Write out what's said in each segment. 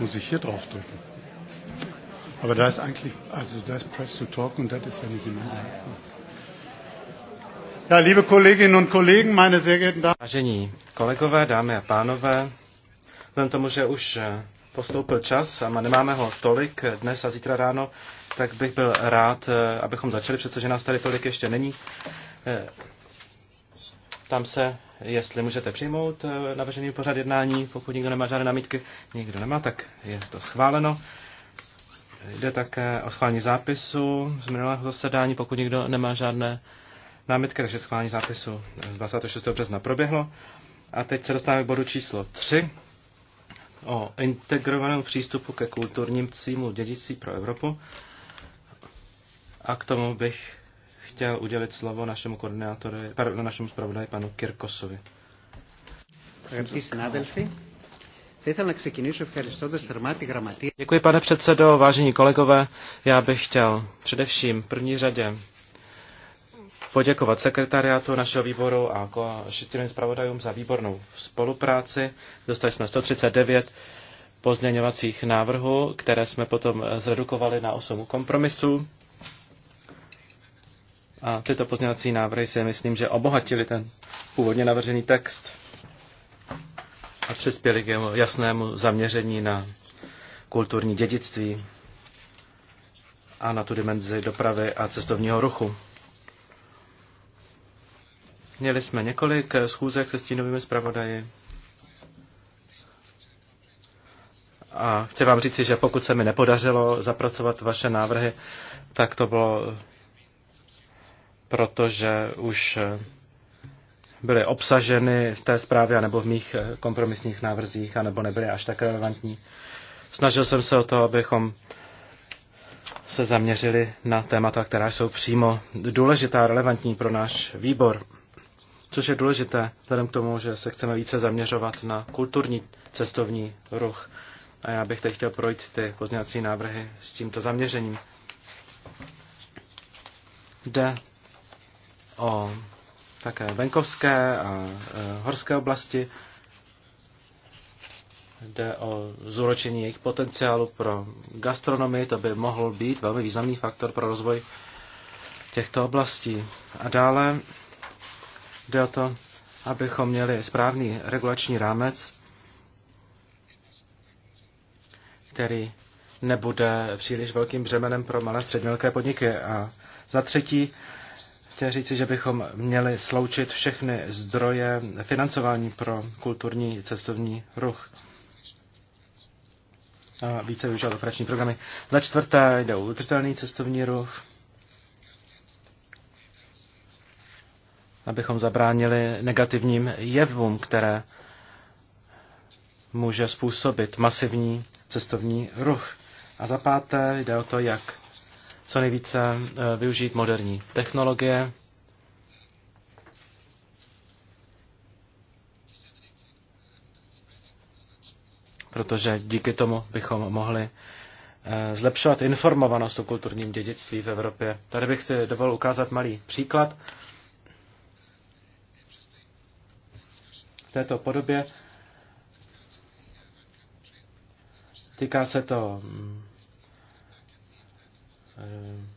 Muss ich hier drauf drücken? Aber da ist eigentlich, also da ist Press to Talk und das ist ja nicht immer. Ja, liebe Kolleginnen und Kollegen, meine sehr geehrten Damen. Vážení kolegové, dámy a pánové, vzhledem tomu, že už eh, postoupil čas a nemáme ho tolik eh, dnes a zítra ráno, tak bych byl rád, eh, abychom začali, přestože nás tady tolik ještě není. Tam se jestli můžete přijmout eh, navržený pořad jednání. Pokud nikdo nemá žádné námitky, nikdo nemá, tak je to schváleno. Jde také o schválení zápisu z minulého zasedání, pokud nikdo nemá žádné námitky, takže schválení zápisu z 26. března proběhlo. A teď se dostáváme k bodu číslo 3 o integrovaném přístupu ke kulturním cílům dědictví pro Evropu. A k tomu bych chtěl udělit slovo našemu koordinátoru, pardon, no, našemu zpravodaji panu Kirkosovi. Děkuji, pane předsedo, vážení kolegové. Já bych chtěl především v první řadě poděkovat sekretariátu našeho výboru a šetřeným zpravodajům za výbornou spolupráci. Dostali jsme 139 pozměňovacích návrhů, které jsme potom zredukovali na 8 kompromisů. A tyto pozměňovací návrhy si myslím, že obohatili ten původně navržený text a přispěli k jeho jasnému zaměření na kulturní dědictví a na tu dimenzi dopravy a cestovního ruchu. Měli jsme několik schůzek se stínovými zpravodaji. A chci vám říci, že pokud se mi nepodařilo zapracovat vaše návrhy, tak to bylo protože už eh, byly obsaženy v té zprávě nebo v mých eh, kompromisních návrzích, anebo nebyly až tak relevantní. Snažil jsem se o to, abychom se zaměřili na témata, která jsou přímo důležitá, relevantní pro náš výbor. Což je důležité, vzhledem k tomu, že se chceme více zaměřovat na kulturní cestovní ruch. A já bych teď chtěl projít ty pozměňovací návrhy s tímto zaměřením. Jde o také venkovské a e, horské oblasti. Jde o zúročení jejich potenciálu pro gastronomii, to by mohl být velmi významný faktor pro rozvoj těchto oblastí. A dále jde o to, abychom měli správný regulační rámec, který nebude příliš velkým břemenem pro malé střední velké podniky. A za třetí chtěl říci, že bychom měli sloučit všechny zdroje financování pro kulturní cestovní ruch a více využívat operační programy. Za čtvrté jde o udržitelný cestovní ruch, abychom zabránili negativním jevům, které může způsobit masivní cestovní ruch. A za páté jde o to, jak co nejvíce eh, využít moderní technologie. protože díky tomu bychom mohli eh, zlepšovat informovanost o kulturním dědictví v Evropě. Tady bych si dovolil ukázat malý příklad. V této podobě týká se to mm, Eh,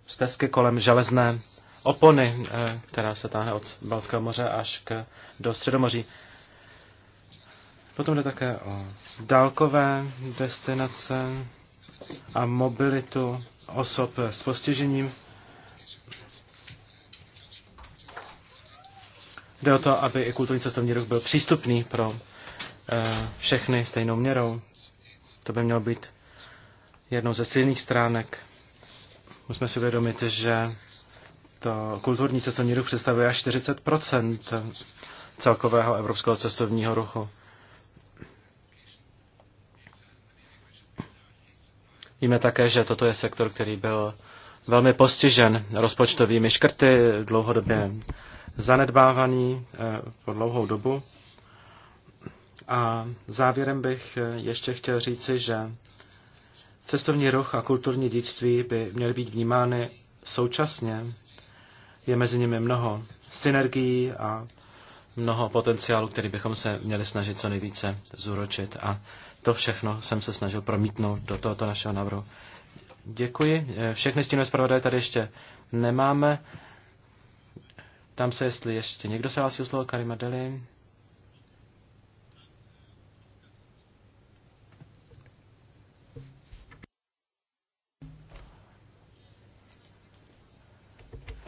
stezky kolem železné opony, eh, která se táhne od Baltského moře až k, do Středomoří. Potom jde také o dálkové destinace a mobilitu osob s postižením. Jde o to, aby i kulturní cestovní ruch byl přístupný pro eh, všechny stejnou měrou. To by mělo být jednou ze silných stránek Musíme si uvědomit, že to kulturní cestovní ruch představuje až 40 celkového evropského cestovního ruchu. Víme také, že toto je sektor, který byl velmi postižen rozpočtovými škrty, dlouhodobě zanedbávaný eh, po dlouhou dobu. A závěrem bych eh, ještě chtěl říci, že Cestovní roh a kulturní dědictví by měly být vnímány současně. Je mezi nimi mnoho synergií a mnoho potenciálu, který bychom se měli snažit co nejvíce zúročit. A to všechno jsem se snažil promítnout do tohoto našeho návrhu. Děkuji. Eh, Všechny stínové zpravodaje tady ještě nemáme. Tam se, jestli ještě někdo se hlásí o slovo, Karima Deli.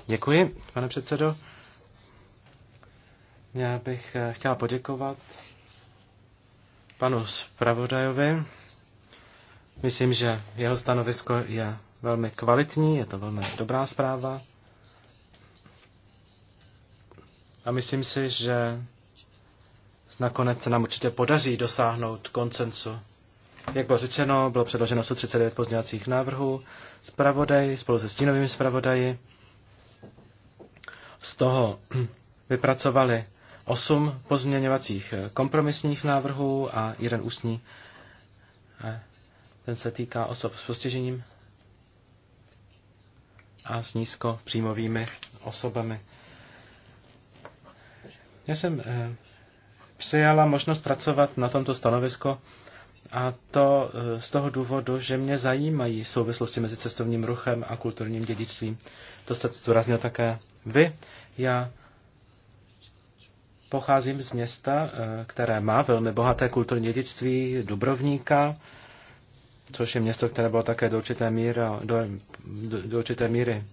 Děkuji, pane předsedo. Já bych eh, chtěla poděkovat panu zpravodajovi. Myslím, že jeho stanovisko je velmi kvalitní, je to velmi dobrá zpráva. A myslím si, že nakonec se nám určitě podaří dosáhnout koncensu. Jak bylo řečeno, bylo předloženo 139 pozdňovacích návrhů. Spravodaj spolu se stínovými spravodaji z toho vypracovali osm pozměňovacích eh, kompromisních návrhů a jeden ústní. Ten se týká osob s postižením a s nízkopříjmovými osobami. Já jsem eh, přijala možnost pracovat na tomto stanovisko a to eh, z toho důvodu, že mě zajímají souvislosti mezi cestovním ruchem a kulturním dědictvím. To jste zdůraznil také vy. Já pocházím z města, eh, které má velmi bohaté kulturní dědictví Dubrovníka, což je město, které bylo také do určité míry, do, do, do určité míry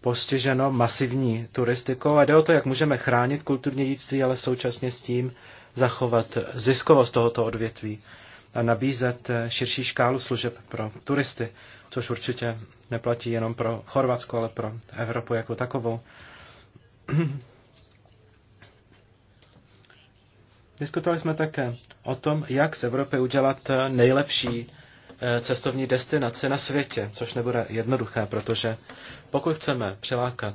postiženo masivní turistikou a jde o to, jak můžeme chránit kulturní dědictví, ale současně s tím zachovat ziskovost tohoto odvětví nabízet eh, širší škálu služeb pro turisty, což určitě neplatí jenom pro Chorvatsko, ale pro Evropu jako takovou. Diskutovali jsme také o tom, jak z Evropy udělat eh, nejlepší eh, cestovní destinace na světě, což nebude jednoduché, protože pokud chceme přilákat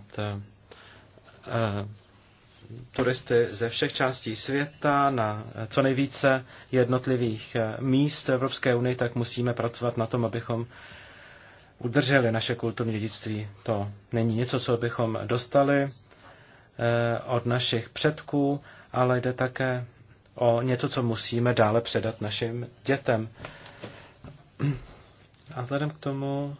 turisty ze všech částí světa na co nejvíce jednotlivých eh, míst Evropské unie, tak musíme pracovat na tom, abychom udrželi naše kulturní dědictví. To není něco, co bychom dostali eh, od našich předků, ale jde také o něco, co musíme dále předat našim dětem. A vzhledem k tomu,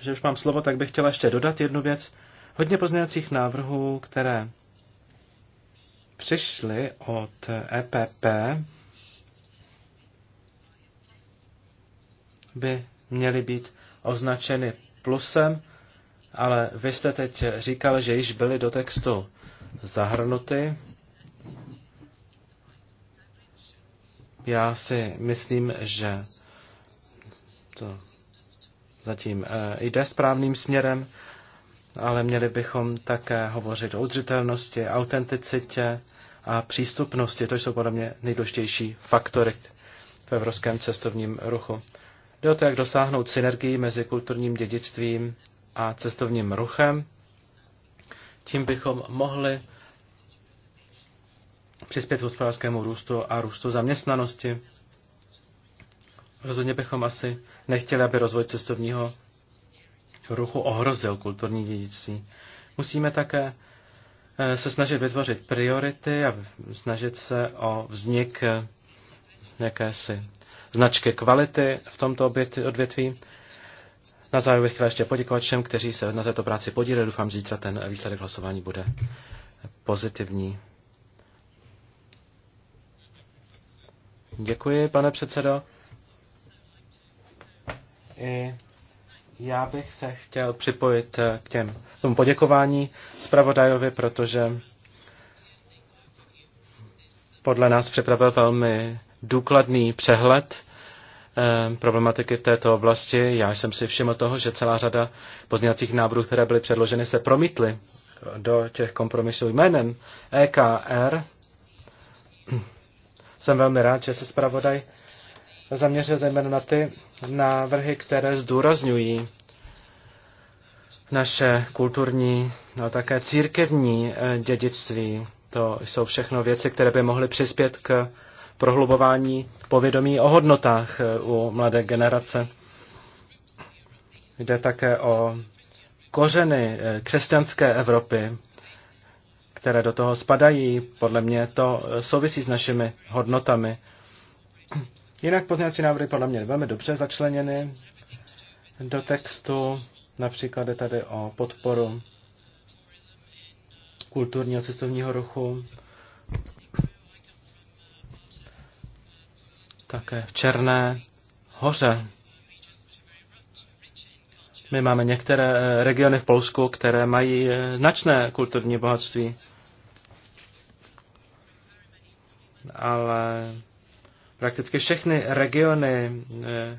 že už mám slovo, tak bych chtěla ještě dodat jednu věc. Hodně pozměňovacích návrhů, které přišli od EPP, by měly být označeny plusem, ale vy jste teď říkal, že již byly do textu zahrnuty. Já si myslím, že to zatím eh, jde správným směrem ale měli bychom také hovořit o udržitelnosti, autenticitě a přístupnosti. To jsou podle mě nejdůležitější faktory v evropském cestovním ruchu. Jde o to, jak dosáhnout synergii mezi kulturním dědictvím a cestovním ruchem. Tím bychom mohli přispět hospodářskému růstu a růstu zaměstnanosti. Rozhodně bychom asi nechtěli, aby rozvoj cestovního ruchu ohrozil kulturní dědictví. Musíme také eh, se snažit vytvořit priority a snažit se o vznik eh, jakési značky kvality v tomto odvětví. Na závěr bych chtěl ještě poděkovat všem, kteří se na této práci podíleli. Doufám, že zítra ten výsledek hlasování bude pozitivní. Děkuji, pane předsedo. I já bych se chtěl připojit eh, k těm tomu poděkování zpravodajovi, protože podle nás připravil velmi důkladný přehled eh, problematiky v této oblasti. Já jsem si všiml toho, že celá řada pozměňovacích návrhů, které byly předloženy, se promítly do těch kompromisů jménem EKR. Jsem velmi rád, že se zpravodaj zaměřil zejména na ty návrhy, které zdůrazňují naše kulturní, no také církevní eh, dědictví. To jsou všechno věci, které by mohly přispět k prohlubování povědomí o hodnotách eh, u mladé generace. Jde také o kořeny eh, křesťanské Evropy, které do toho spadají. Podle mě to souvisí s našimi hodnotami. Jinak pozměňovací návrhy podle mě velmi dobře začleněny do textu. Například je tady o podporu kulturního cestovního ruchu. Také v Černé hoře. My máme některé eh, regiony v Polsku, které mají eh, značné kulturní bohatství. Ale Prakticky všechny regiony eh,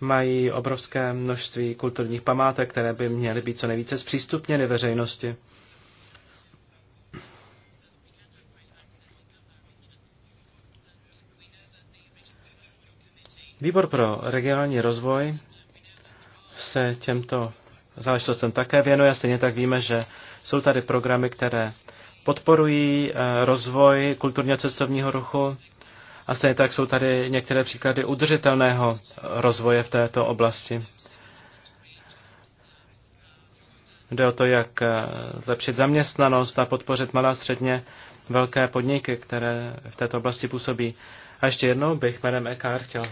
mají obrovské množství kulturních památek, které by měly být co nejvíce zpřístupněny veřejnosti. Výbor pro regionální rozvoj se těmto záležitostem také věnuje. Stejně tak víme, že jsou tady programy, které podporují eh, rozvoj kulturně cestovního ruchu. A stejně tak jsou tady některé příklady udržitelného rozvoje v této oblasti. Jde o to, jak zlepšit zaměstnanost a podpořit malá středně velké podniky, které v této oblasti působí. A ještě jednou bych jménem EKR chtěl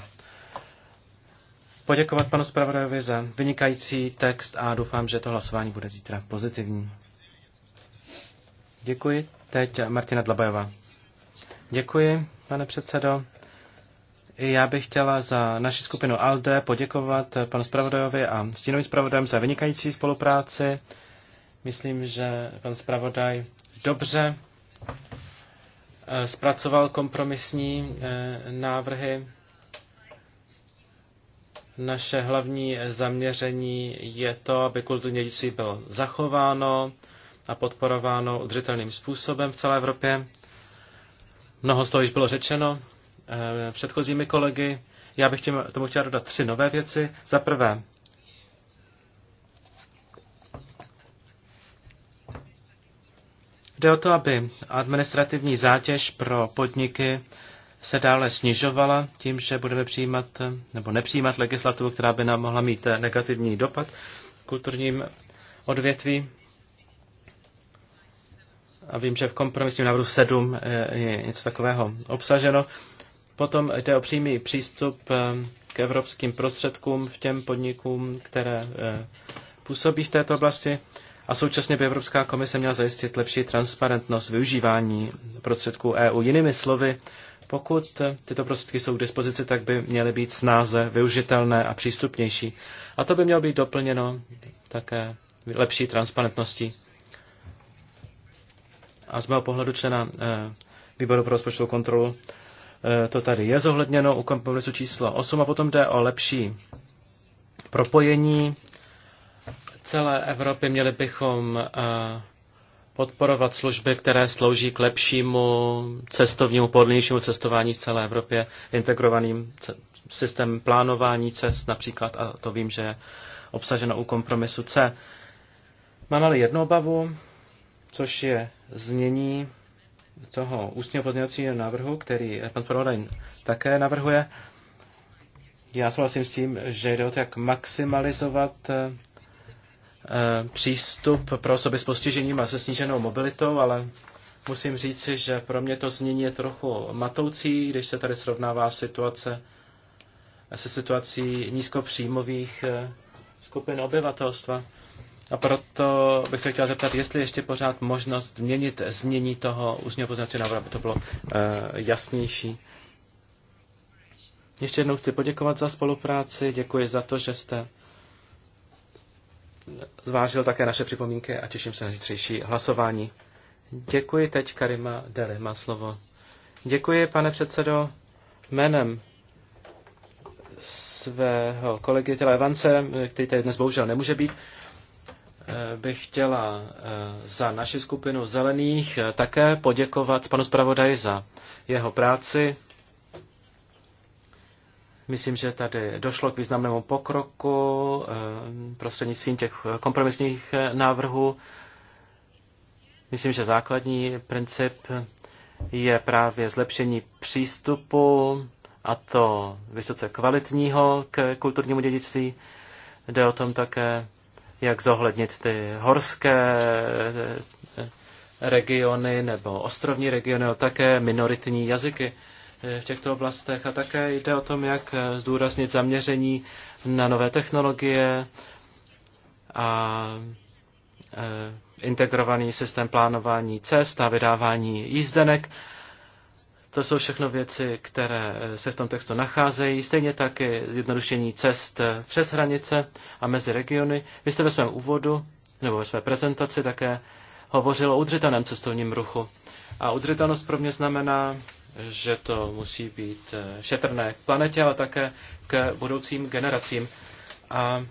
poděkovat panu zpravodajovi za vynikající text a doufám, že to hlasování bude zítra pozitivní. Děkuji. Teď Martina Dlabajová. Děkuji pane předsedo. Já bych chtěla za naši skupinu ALDE poděkovat panu zpravodajovi a stínovým zpravodajem za vynikající spolupráci. Myslím, že pan zpravodaj dobře eh, zpracoval kompromisní eh, návrhy. Naše hlavní zaměření je to, aby kulturní dědictví bylo zachováno a podporováno udržitelným způsobem v celé Evropě. Mnoho z toho již bylo řečeno eh, předchozími kolegy. Já bych těm, tomu chtěl dodat tři nové věci. Za prvé, jde o to, aby administrativní zátěž pro podniky se dále snižovala tím, že budeme přijímat nebo nepřijímat legislativu, která by nám mohla mít negativní dopad kulturním odvětví a vím, že v kompromisním návrhu 7 eh, je něco takového obsaženo. Potom jde o přímý přístup eh, k evropským prostředkům v těm podnikům, které eh, působí v této oblasti a současně by Evropská komise měla zajistit lepší transparentnost využívání prostředků EU. Jinými slovy, pokud tyto prostředky jsou k dispozici, tak by měly být snáze využitelné a přístupnější. A to by mělo být doplněno také lepší transparentností a z mého pohledu člena eh, výboru pro rozpočtovou kontrolu eh, to tady je zohledněno u kompromisu číslo 8 a potom jde o lepší propojení celé Evropy. Měli bychom eh, podporovat služby, které slouží k lepšímu cestovnímu, podlnějšímu cestování v celé Evropě, integrovaným systém plánování cest například, a to vím, že je obsaženo u kompromisu C. Mám ale jednu obavu, což je znění toho ústního pozměňovacího návrhu, který pan zpravodaj také navrhuje. Já souhlasím s tím, že jde o to, jak maximalizovat eh, přístup pro osoby s postižením a se sníženou mobilitou, ale musím říci, že pro mě to znění je trochu matoucí, když se tady srovnává situace se situací nízkopříjmových eh, skupin obyvatelstva. A proto bych se chtěl zeptat, jestli ještě pořád možnost změnit znění toho ústního poznacího návrhu, aby to bylo uh, jasnější. Ještě jednou chci poděkovat za spolupráci, děkuji za to, že jste zvážil také naše připomínky a těším se na zítřejší hlasování. Děkuji teď Karima Deli, má slovo. Děkuji, pane předsedo, jménem svého kolegy Tila Evance, který tady dnes bohužel nemůže být, Eh, bych chtěla eh, za naši skupinu zelených eh, také poděkovat panu zpravodaji za jeho práci. Myslím, že tady došlo k významnému pokroku prostřednictvím těch kompromisních návrhů. Myslím, že základní princip je právě zlepšení přístupu, a to vysoce kvalitního k kulturnímu dědictví. Jde o tom také jak zohlednit ty horské eh, eh, regiony nebo ostrovní regiony, ale také minoritní jazyky eh, v těchto oblastech. A také jde o tom, jak zdůraznit zaměření na nové technologie a integrovaný systém plánování cest a vydávání jízdenek to jsou všechno věci, které eh, se v tom textu nacházejí. Stejně tak zjednodušení cest eh, přes hranice a mezi regiony. Vy jste ve svém úvodu nebo ve své prezentaci také hovořil o udřitelném cestovním ruchu. A udržitelnost pro mě znamená, že to musí být eh, šetrné k planetě, ale také k budoucím generacím. A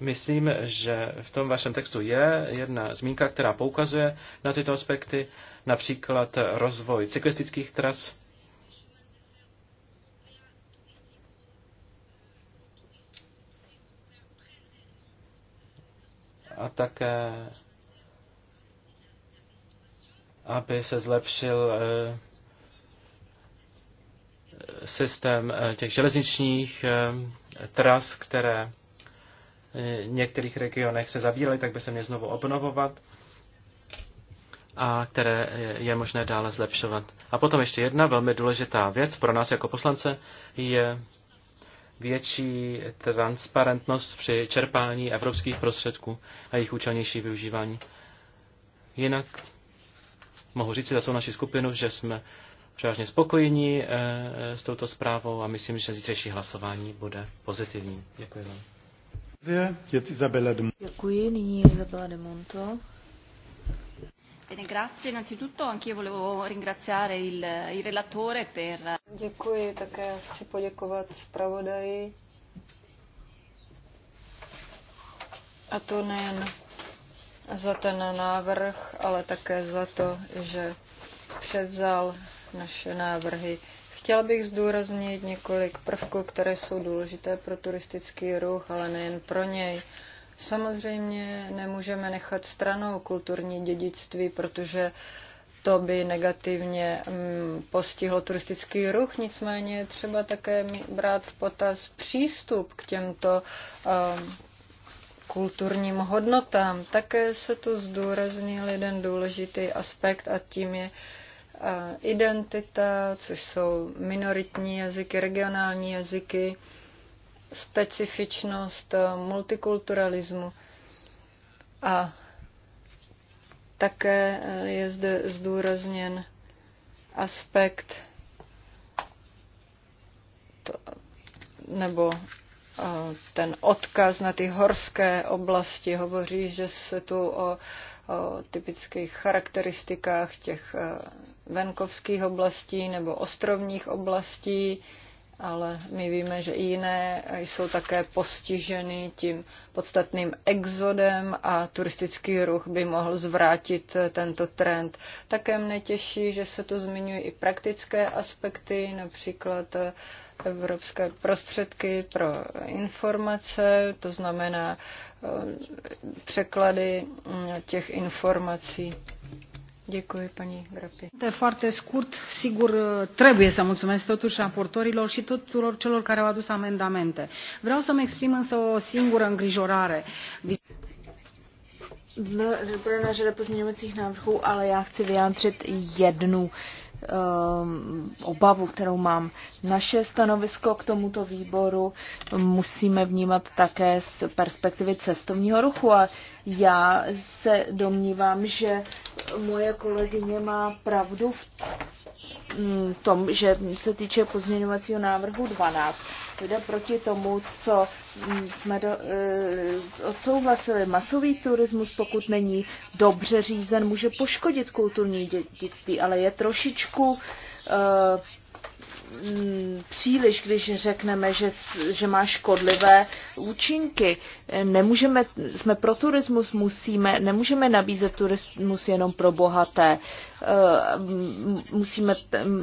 Myslím, že v tom vašem textu je jedna zmínka, která poukazuje na tyto aspekty, například rozvoj cyklistických tras. A také, aby se zlepšil eh, systém eh, těch železničních eh, tras, které některých regionech se zabíraly, tak by se mě znovu obnovovat a které je možné dále zlepšovat. A potom ještě jedna velmi důležitá věc pro nás jako poslance je větší transparentnost při čerpání evropských prostředků a jejich účelnější využívání. Jinak mohu říct za svou naši skupinu, že jsme převážně spokojení eh, s touto zprávou a myslím, že zítřejší hlasování bude pozitivní. Děkuji vám. Děkuji, nyní Isabella de Monto. Bene, grazie. Innanzitutto anch'io volevo ringraziare il, il relatore per... Děkuji, také chci poděkovat zpravodaji. A to nejen za ten návrh, ale také za to, že převzal naše návrhy Chtěl bych zdůraznit několik prvků, které jsou důležité pro turistický ruch, ale nejen pro něj. Samozřejmě nemůžeme nechat stranou kulturní dědictví, protože to by negativně mm, postihlo turistický ruch, nicméně je třeba také brát v potaz přístup k těmto um, kulturním hodnotám. Také se tu zdůraznil jeden důležitý aspekt a tím je E, identita, což jsou minoritní jazyky, regionální jazyky, specifičnost e, multikulturalismu. A také e, je zde zdůrazněn aspekt to, nebo ten odkaz na ty horské oblasti. Hovoří, že se tu o o typických charakteristikách těch eh, venkovských oblastí nebo ostrovních oblastí, ale my víme, že i jiné jsou také postiženy tím podstatným exodem a turistický ruch by mohl zvrátit eh, tento trend. Také mne těší, že se tu zmiňují i praktické aspekty, například eh, evropské prostředky pro informace, to znamená eh, překlady mm, těch informací. Děkuji, paní Grapi. To je foarte scurt, sigur, eh, trebuie să mulțumesc totuși raportorilor și tuturor celor care au adus amendamente. Vreau să-mi exprim însă o singură îngrijorare. Dle, Pro naše pozměňovacích návrhů, ale já chci vyjádřit jednu Uh, Um, obavu, kterou mám. Naše stanovisko k tomuto výboru musíme vnímat také z perspektivy cestovního ruchu a já se domnívám, že moje kolegyně má pravdu v Mm, tom, že se týče pozměňovacího návrhu 12, jde proti tomu, co mm, jsme do, e, odsouhlasili. Masový turismus, pokud není dobře řízen, může poškodit kulturní dědictví, ale je trošičku e, Mm, příliš, když řekneme, že, že má škodlivé účinky. Nemůžeme, jsme pro turismus, musíme, nemůžeme nabízet turismus jenom pro bohaté. Eh, musíme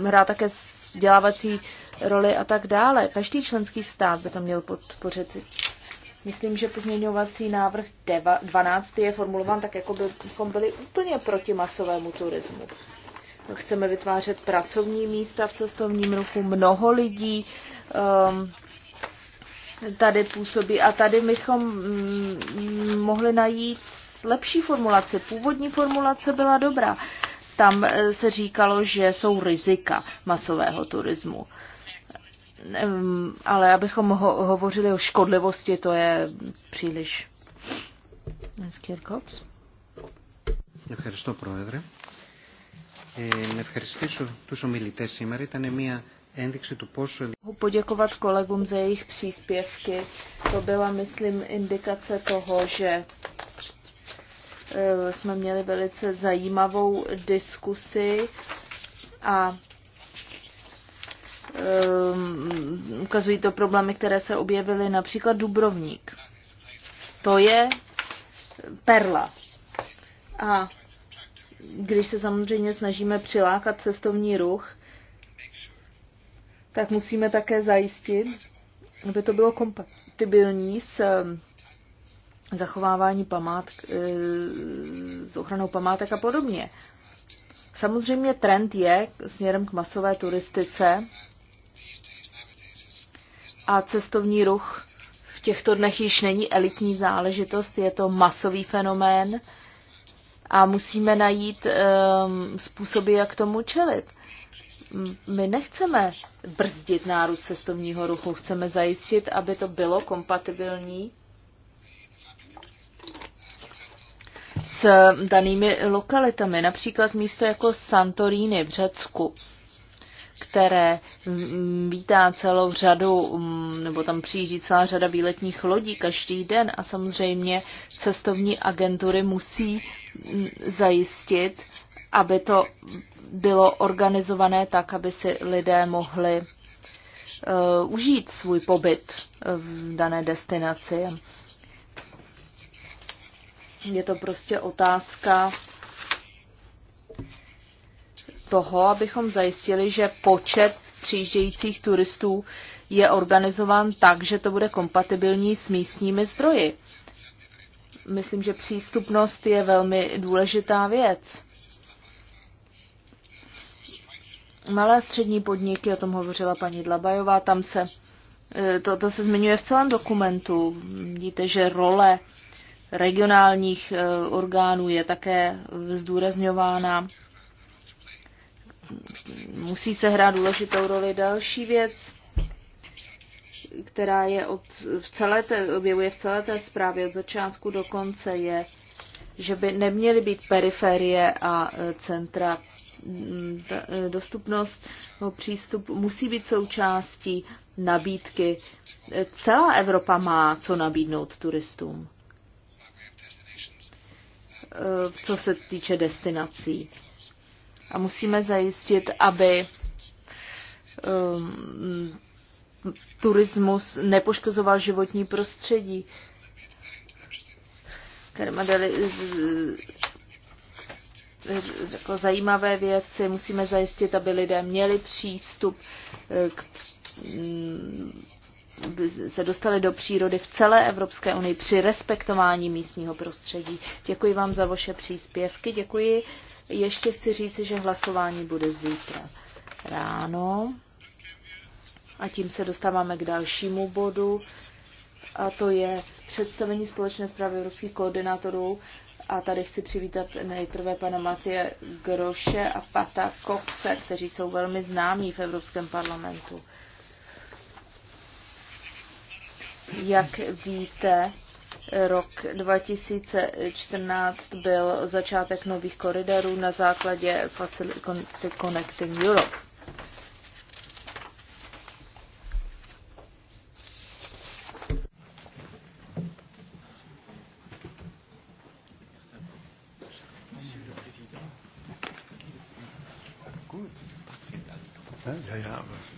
hrát také vzdělávací roli a tak dále. Každý členský stát by to měl podpořit. Myslím, že pozměňovací návrh 12 je formulován tak, jako bychom byli úplně proti masovému turismu chceme vytvářet pracovní místa v cestovním ruchu, mnoho lidí um, tady působí a tady bychom mm, mohli najít lepší formulace. Původní formulace byla dobrá. Tam eh, se říkalo, že jsou rizika masového turismu. Ehm, ale abychom ho- hovořili o škodlivosti, to je příliš. Kirkops. to Πρόεδρε να Poděkovat kolegům za jejich příspěvky. To byla, myslím, indikace toho, že e, jsme měli velice zajímavou diskusi a um, ukazují to problémy, které se objevily, například Dubrovník. To je perla. A když se samozřejmě snažíme přilákat cestovní ruch, tak musíme také zajistit, aby to bylo kompatibilní s um, zachovávání památk, eh, s ochranou památek a podobně. Samozřejmě trend je směrem k masové turistice a cestovní ruch v těchto dnech již není elitní záležitost, je to masový fenomén a musíme najít um, způsoby, jak tomu čelit. My nechceme brzdit nárůst cestovního ruchu, chceme zajistit, aby to bylo kompatibilní s danými lokalitami, například místo jako Santorini v Řecku, které vítá celou řadu, nebo tam přijíždí celá řada výletních lodí každý den a samozřejmě cestovní agentury musí zajistit, aby to bylo organizované tak, aby si lidé mohli uh, užít svůj pobyt v dané destinaci. Je to prostě otázka toho, abychom zajistili, že počet přijíždějících turistů je organizován tak, že to bude kompatibilní s místními zdroji myslím, že přístupnost je velmi důležitá věc. Malé střední podniky, o tom hovořila paní Dlabajová, tam se, e, to, to se zmiňuje v celém dokumentu. Vidíte, že role regionálních e, orgánů je také zdůrazňována. Musí se hrát důležitou roli další věc která je od, v celé té, objevuje v celé té zprávě od začátku do konce, je, že by neměly být periferie a e, centra. Mm, e, dostupnost no, přístup musí být součástí nabídky. E, celá Evropa má co nabídnout turistům, co se týče destinací. A musíme zajistit, aby turismus nepoškozoval životní prostředí. Karmadeli jako zajímavé věci. Musíme zajistit, aby lidé měli přístup eh, k mm, se dostali do přírody v celé Evropské unii při respektování místního prostředí. Děkuji vám za vaše příspěvky, děkuji. Ještě chci říci, že hlasování bude zítra ráno. A tím se dostáváme k dalšímu bodu, a to je představení společné zprávy evropských koordinátorů. A tady chci přivítat nejprve pana Matěje Groše a Pata Kokse, kteří jsou velmi známí v Evropském parlamentu. Jak víte, rok 2014 byl začátek nových koridorů na základě Facility Connecting Europe.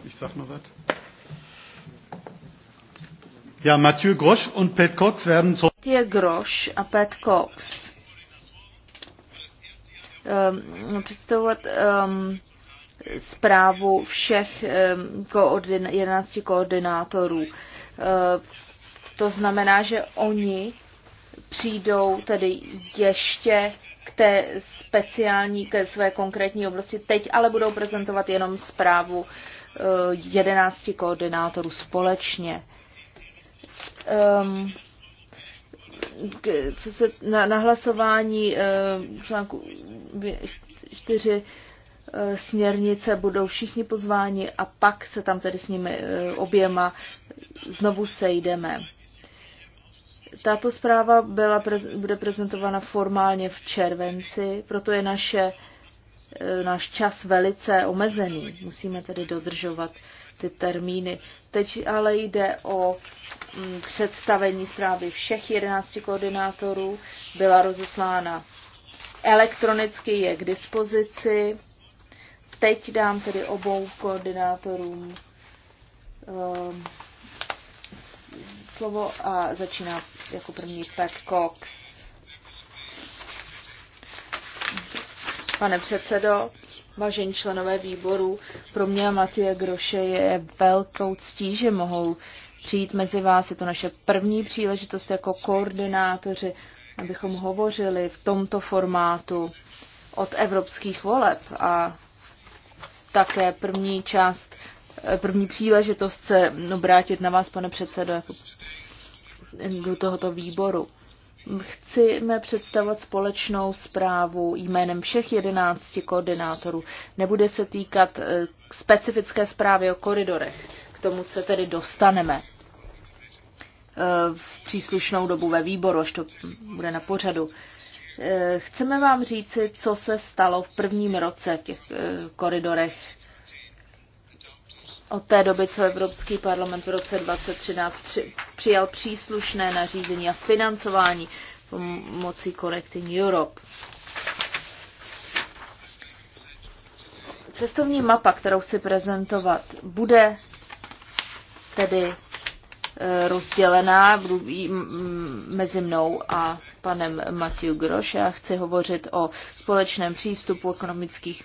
Ich sag noch was. Ja, Mathieu Grosch und Pat Cox werden zu... Mathieu Grosch a Pat Cox um, představovat um, zprávu všech um, ehm, koordin, 11 koordinátorů. Uh, to znamená, že oni přijdou tedy ještě k té speciální, ke své konkrétní oblasti teď, ale budou prezentovat jenom zprávu jedenácti koordinátorů společně. Um, co se na, na hlasování ehm, článku uh, směrnice budou všichni pozváni a pak se tam tedy s nimi e, oběma znovu sejdeme. Tato zpráva byla, bude prezentována formálně v červenci, proto je naše náš čas velice omezený. Musíme tedy dodržovat ty termíny. Teď ale jde o mm, představení zprávy všech 11 koordinátorů. Byla rozeslána elektronicky, je k dispozici. Teď dám tedy obou koordinátorům ehm, slovo a začíná jako první Pat Cox. Pane předsedo, vážení členové výboru, pro mě a Matěje Groše je velkou ctí, že mohou přijít mezi vás. Je to naše první příležitost jako koordinátoři, abychom hovořili v tomto formátu od evropských voleb a také první část, první příležitost se obrátit na vás, pane předsedo, jako do tohoto výboru. Chceme představovat společnou zprávu jménem všech 11 koordinátorů. Nebude se týkat eh, specifické zprávy o koridorech. K tomu se tedy dostaneme eh, v příslušnou dobu ve výboru, až to bude na pořadu. Eh, chceme vám říci, co se stalo v prvním roce v těch koridorech od té doby, co Evropský parlament v roce 2013 při, přijal příslušné nařízení a financování pomocí Connecting Europe. Cestovní mapa, kterou chci prezentovat, bude tedy e, rozdělená mezi mnou a panem Matiu Groš. Já chci hovořit o společném přístupu, ekonomických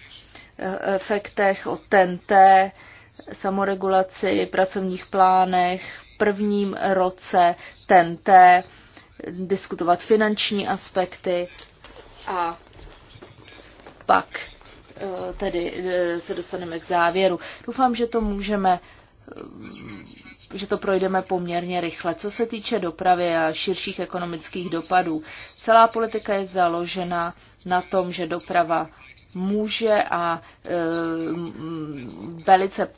e, efektech, o TNT, samoregulaci, pracovních plánech, prvním roce TNT, diskutovat finanční aspekty a pak eh, tedy eh, se dostaneme k závěru. Doufám, že to můžeme eh, že to projdeme poměrně rychle. Co se týče dopravy a širších ekonomických dopadů, celá politika je založena na tom, že doprava může a e, velice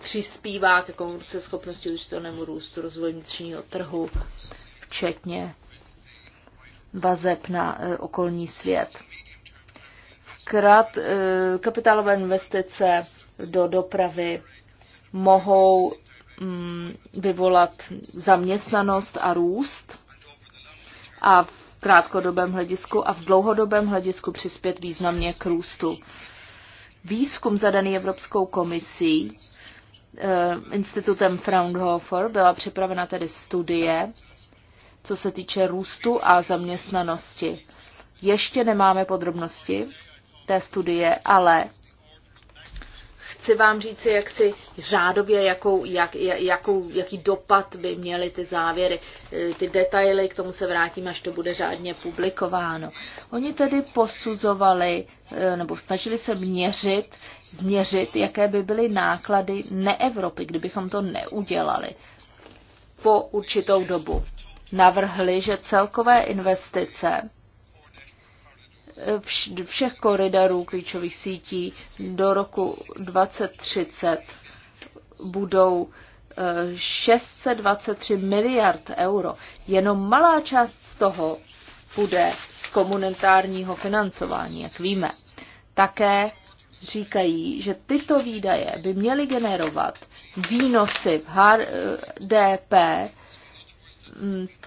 přispívá ke schopnosti udržitelnému růstu, rozvoji vnitřního trhu, včetně vazeb na e, okolní svět. Vkrat e, kapitálové investice do dopravy mohou mm, vyvolat zaměstnanost a růst a krátkodobém hledisku a v dlouhodobém hledisku přispět významně k růstu. Výzkum zadaný Evropskou komisí eh, institutem Fraunhofer byla připravena tedy studie, co se týče růstu a zaměstnanosti. Ještě nemáme podrobnosti té studie, ale chci vám říct, jak si řádově, jakou, jak, jakou, jaký dopad by měly ty závěry, eh, ty detaily, k tomu se vrátím, až to bude řádně publikováno. Oni tedy posuzovali, eh, nebo snažili se měřit, změřit, jaké by byly náklady neevropy, kdybychom to neudělali po určitou dobu. Navrhli, že celkové investice všech koridorů klíčových sítí do roku 2030 budou 623 eh, miliard euro. Jenom malá část z toho bude z komunitárního financování, jak víme. Také říkají, že tyto výdaje by měly generovat výnosy v HDP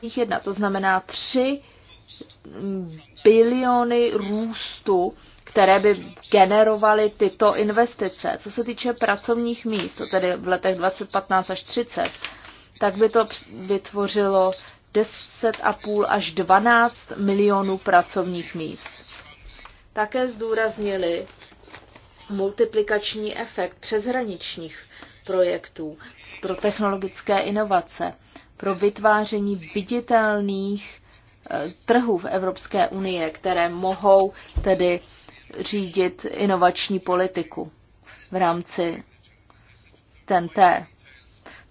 1, hm, to znamená 3 biliony růstu, které by generovaly tyto investice. Co se týče pracovních míst, to tedy v letech 2015 až 30, tak by to vytvořilo 10,5 až 12 milionů pracovních míst. Také zdůraznili multiplikační efekt přeshraničních projektů pro technologické inovace, pro vytváření viditelných trhů v Evropské unie, které mohou tedy řídit inovační politiku v rámci TNT.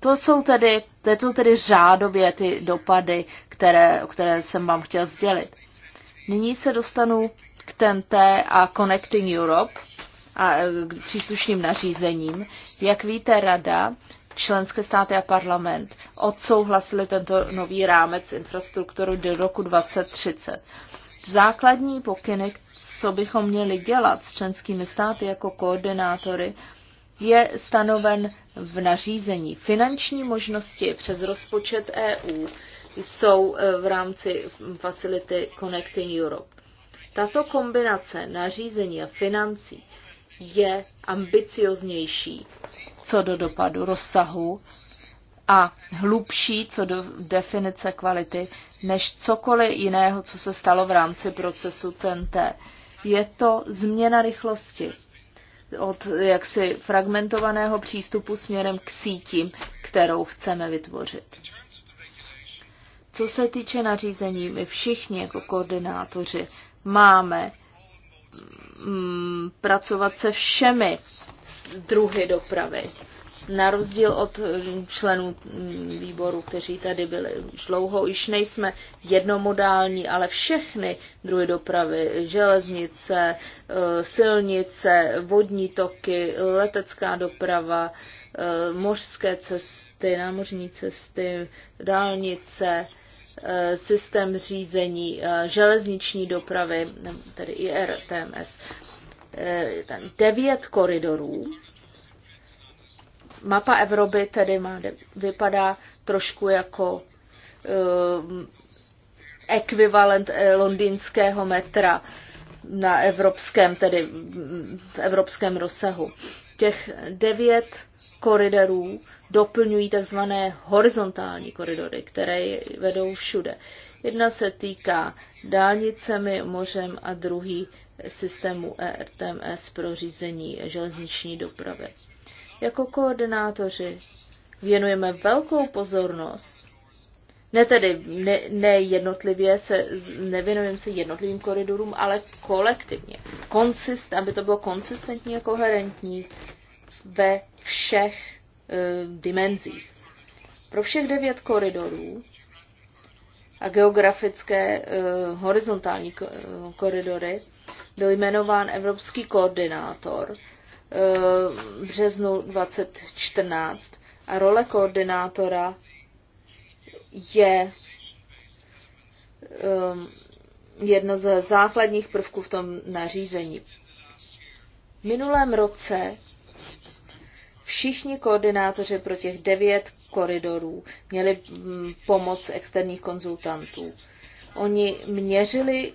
To jsou tedy, to jsou tedy řádově ty dopady, které, které jsem vám chtěl sdělit. Nyní se dostanu k TNT a Connecting Europe a k příslušným nařízením. Jak víte, Rada členské státy a parlament odsouhlasili tento nový rámec infrastrukturu do roku 2030. Základní pokyny, co bychom měli dělat s členskými státy jako koordinátory, je stanoven v nařízení. Finanční možnosti přes rozpočet EU jsou e, v rámci facility Connecting Europe. Tato kombinace nařízení a financí je ambicioznější co do dopadu, rozsahu a hlubší co do definice kvality než cokoliv jiného, co se stalo v rámci procesu TNT. Je to změna rychlosti od jaksi fragmentovaného přístupu směrem k sítím, kterou chceme vytvořit. Co se týče nařízení, my všichni jako koordinátoři máme mm, pracovat se všemi druhy dopravy. Na rozdíl od mm, členů mm, výboru, kteří tady byli už dlouho, již nejsme jednomodální, ale všechny druhy dopravy, železnice, e, silnice, vodní toky, letecká doprava, e, mořské cesty, námořní cesty, dálnice, e, systém řízení železniční dopravy, tedy IRTMS. Eh, devět koridorů. Mapa Evropy tedy má, vypadá trošku jako eh, ekvivalent eh, londýnského metra na evropském, tedy v evropském rozsahu. Těch devět koridorů doplňují takzvané horizontální koridory, které vedou všude. Jedna se týká dálnicemi, mořem a druhý systému ERTMS pro řízení železniční dopravy. Jako koordinátoři věnujeme velkou pozornost, ne tedy ne, ne jednotlivě, se, nevěnujeme se jednotlivým koridorům, ale kolektivně, konsist, aby to bylo konsistentní a koherentní ve všech uh, dimenzích. Pro všech devět koridorů a geografické uh, horizontální e, koridory byl jmenován evropský koordinátor eh, v březnu 2014 a role koordinátora je eh, jedno z základních prvků v tom nařízení. V minulém roce všichni koordinátoři pro těch devět koridorů měli mm, pomoc externích konzultantů. Oni měřili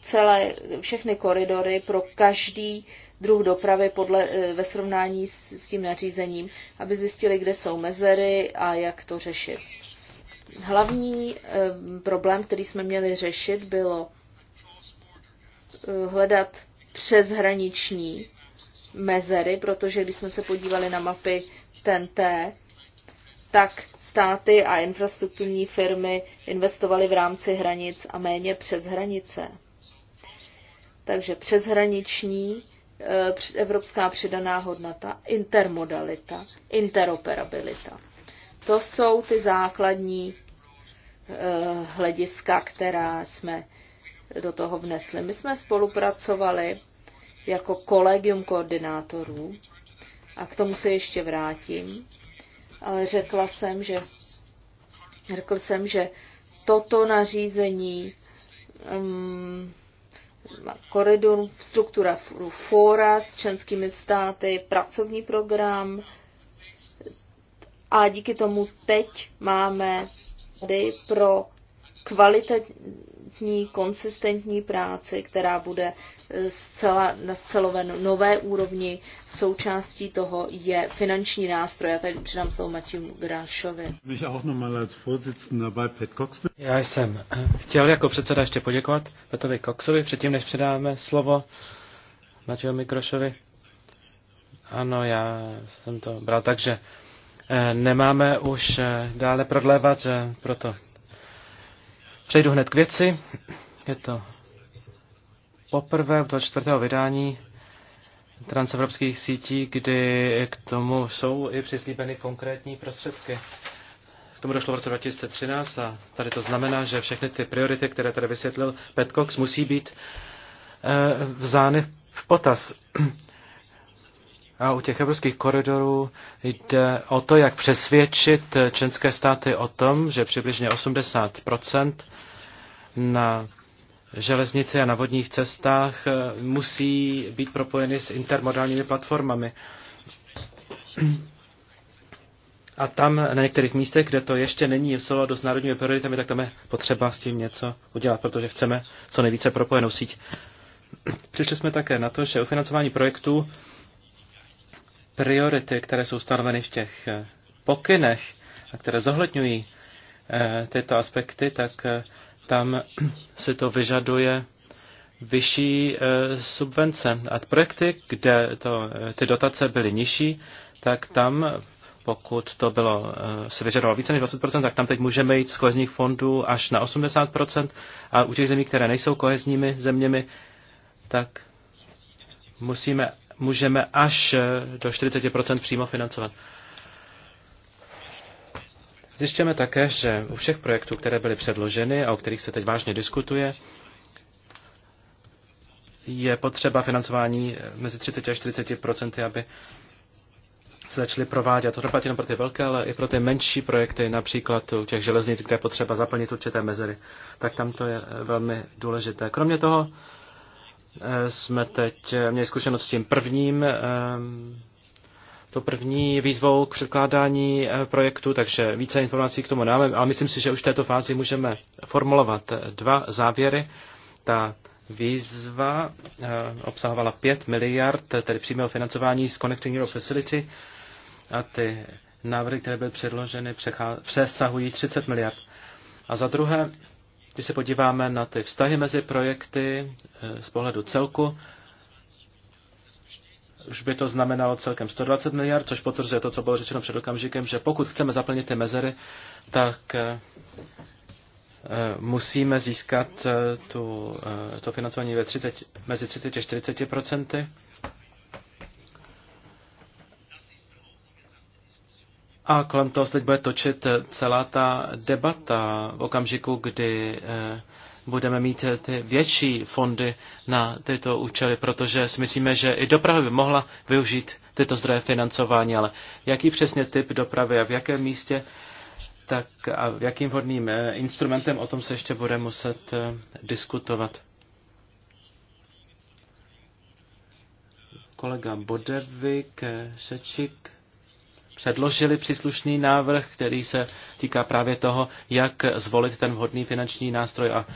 celé, všechny koridory pro každý druh dopravy podle, eh, ve srovnání s, s tím nařízením, aby zjistili, kde jsou mezery a jak to řešit. Hlavní e, problém, který jsme měli řešit, bylo e, hledat přeshraniční mezery, protože když jsme se podívali na mapy TNT, tak státy a infrastrukturní firmy investovaly v rámci hranic a méně přes hranice. Takže přeshraniční eh, evropská přidaná hodnota, intermodalita, interoperabilita. To jsou ty základní eh, hlediska, která jsme do toho vnesli. My jsme spolupracovali jako kolegium koordinátorů a k tomu se ještě vrátím, ale řekla jsem, že řekl jsem, že toto nařízení um, koridor, struktura fóra s členskými státy, pracovní program a díky tomu teď máme tady pro kvalitní, konsistentní práci, která bude zcela, na zcelové no-, nové úrovni. Součástí toho je finanční nástroj. Já tady přidám slovo Matěju Grášovi. Já jsem chtěl jako předseda ještě poděkovat Petovi Coxovi, předtím než předáme slovo Matěju Mikrošovi. Ano, já jsem to bral, takže eh, nemáme už eh, dále prodlévat, že eh, proto Přejdu hned k věci. Je to poprvé toho čtvrtého vydání transevropských sítí, kdy k tomu jsou i přislíbeny konkrétní prostředky. K tomu došlo v roce 2013 a tady to znamená, že všechny ty priority, které tady vysvětlil Petcox, musí být eh, vzány v potaz. A u těch evropských koridorů jde o to, jak přesvědčit členské státy o tom, že přibližně 80 na železnici a na vodních cestách eh, musí být propojeny s intermodálními platformami. A tam na některých místech, kde to ještě není v souladu s národními prioritami, tak tam je potřeba s tím něco udělat, protože chceme co nejvíce propojenou síť. Přišli jsme také na to, že u financování projektů priority, které jsou stanoveny v těch eh, pokynech a které zohledňují eh, tyto aspekty, tak eh, tam se to vyžaduje vyšší subvence. A projekty, kde to, ty dotace byly nižší, tak tam, pokud to bylo, se vyžadovalo více než 20%, tak tam teď můžeme jít z kohezních fondů až na 80%. A u těch zemí, které nejsou kohezními zeměmi, tak musíme můžeme až eh, do 40 přímo financovat. Zjišťujeme také, že u všech projektů, které byly předloženy a o kterých se teď vážně diskutuje, je potřeba financování eh, mezi 30 a 40 aby se začaly provádět. To platí pro ty velké, ale i pro ty menší projekty, například u těch železnic, kde je potřeba zaplnit určité mezery. Tak tam to je eh, velmi důležité. Kromě toho Eh, jsme teď eh, měli zkušenost s tím prvním, ehm, to první výzvou k předkládání eh, projektu, takže více informací k tomu dáme, A myslím si, že už v této fázi můžeme formulovat dva závěry. Ta výzva obsahovala 5 miliard, tedy přímého financování z Connecting Europe Facility a ty návrhy, které byly předloženy, přesahují 30 miliard. A za druhé, když se podíváme na ty vztahy mezi projekty eh, z pohledu celku, už by to znamenalo celkem 120 miliard, což potvrzuje to, co bylo řečeno před okamžikem, že pokud chceme zaplnit ty mezery, tak eh, eh, musíme získat tu, to financování ve 30, mezi 30 a 40 procenty. A kolem toho se teď bude točit eh, celá ta debata v okamžiku, kdy eh, budeme mít eh, ty větší fondy na tyto účely, protože si myslíme, že i doprava by mohla využít tyto zdroje financování, ale jaký přesně typ dopravy a v jakém místě, tak a v jakým vhodným instrumentem, o tom se ještě bude muset diskutovat. Kolega Bodevik, Sečik, předložili příslušný návrh, který se týká právě toho, jak zvolit ten vhodný finanční nástroj a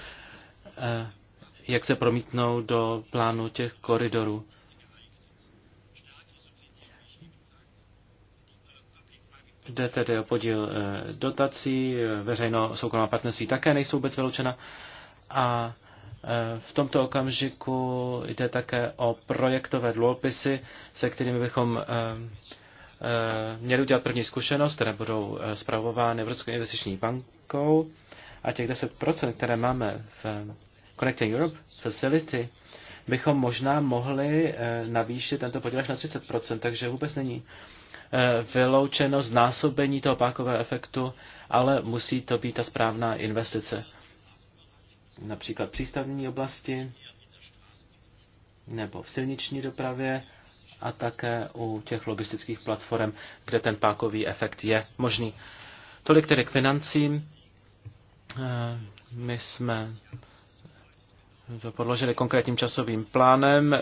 e, jak se promítnou do plánu těch koridorů. Jde tedy o podíl e, dotací, e, veřejno-soukromá partnerství také nejsou vůbec vyloučena a v tomto okamžiku jde také o projektové dluhopisy, se kterými bychom Eh, měli udělat první zkušenost, které budou zpravovány eh, Evropskou investiční bankou a těch 10%, které máme v eh, Connecting Europe Facility, bychom možná mohli navýšit tento podíl až na 30%, takže vůbec není vyloučeno znásobení toho pákového efektu, ale musí to být ta správná investice. Například přístavní oblasti nebo v silniční dopravě a také u těch logistických platform, kde ten pákový efekt je možný. Tolik tedy k financím. Eh, my jsme to podložili konkrétním časovým plánem,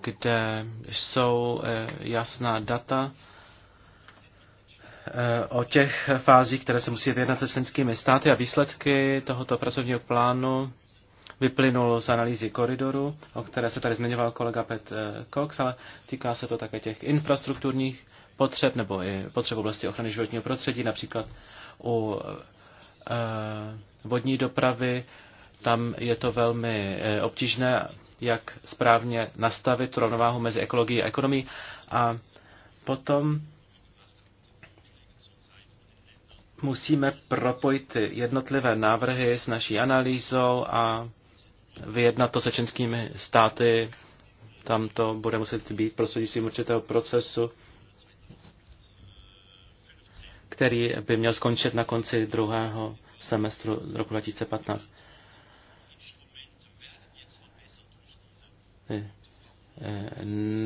kde jsou eh, jasná data eh, o těch fázích, které se musí vyjednat se členskými státy a výsledky tohoto pracovního plánu vyplynul z analýzy koridoru, o které se tady zmiňoval kolega Pet eh, Cox, ale týká se to také těch infrastrukturních potřeb nebo i potřeb oblasti ochrany životního prostředí, například u eh, vodní dopravy. Tam je to velmi eh, obtížné, jak správně nastavit rovnováhu mezi ekologií a ekonomií. A potom musíme propojit jednotlivé návrhy s naší analýzou a vyjednat to se členskými státy, tam to bude muset být prostřednictvím určitého procesu, který by měl skončit na konci druhého semestru roku 2015. Eh, eh,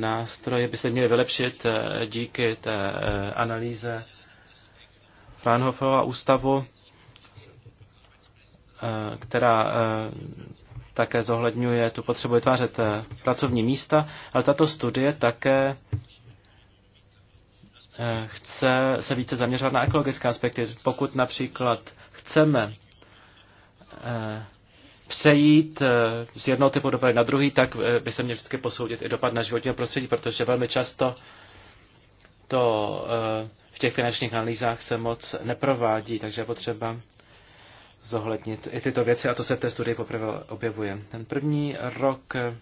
nástroje by se měly vylepšit eh, díky té analýze Fraunhoferova ústavu, která také zohledňuje tu potřebu vytvářet eh, pracovní místa, ale tato studie také eh, chce se více zaměřovat na ekologické aspekty. Pokud například chceme eh, přejít z jednoho typu dopravy na druhý, tak by se měl vždycky posoudit i dopad na životního prostředí, protože velmi často to v těch finančních analýzách se moc neprovádí, takže je potřeba zohlednit i tyto věci a to se v té studii poprvé objevuje. Ten první rok eh,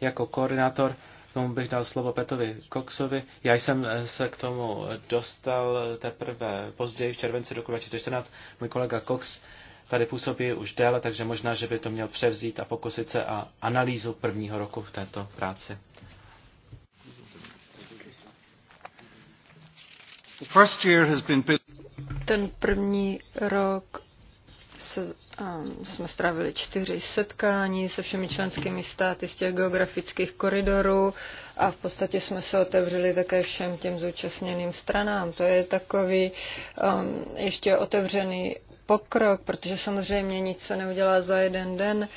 jako koordinátor, tomu bych dal slovo Petovi Coxovi. Já jsem eh, se k tomu dostal teprve později v červenci roku 2014. Můj kolega Cox tady působí už déle, takže možná, že by to měl převzít a pokusit se a analýzu prvního roku v této práci. Ten první rok se, um, jsme strávili čtyři setkání se všemi členskými státy z těch geografických koridorů a v podstatě jsme se otevřeli také všem těm zúčastněným stranám. To je takový um, ještě otevřený pokrok, protože samozřejmě nic se neudělá za jeden den.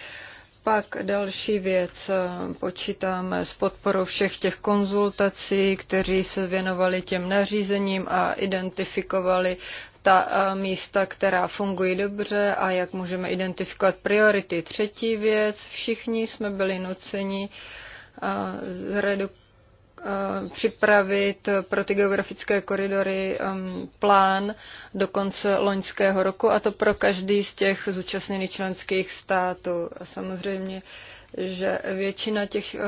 Pak další věc, um, počítáme s podporou všech těch konzultací, kteří se věnovali těm nařízením a identifikovali ta eh, místa, která fungují dobře a jak můžeme identifikovat priority. Třetí věc, všichni jsme byli nuceni eh, eh, připravit pro ty geografické koridory plán do konce loňského roku, a to pro každý z těch zúčastněných členských států. A samozřejmě že většina těch eh,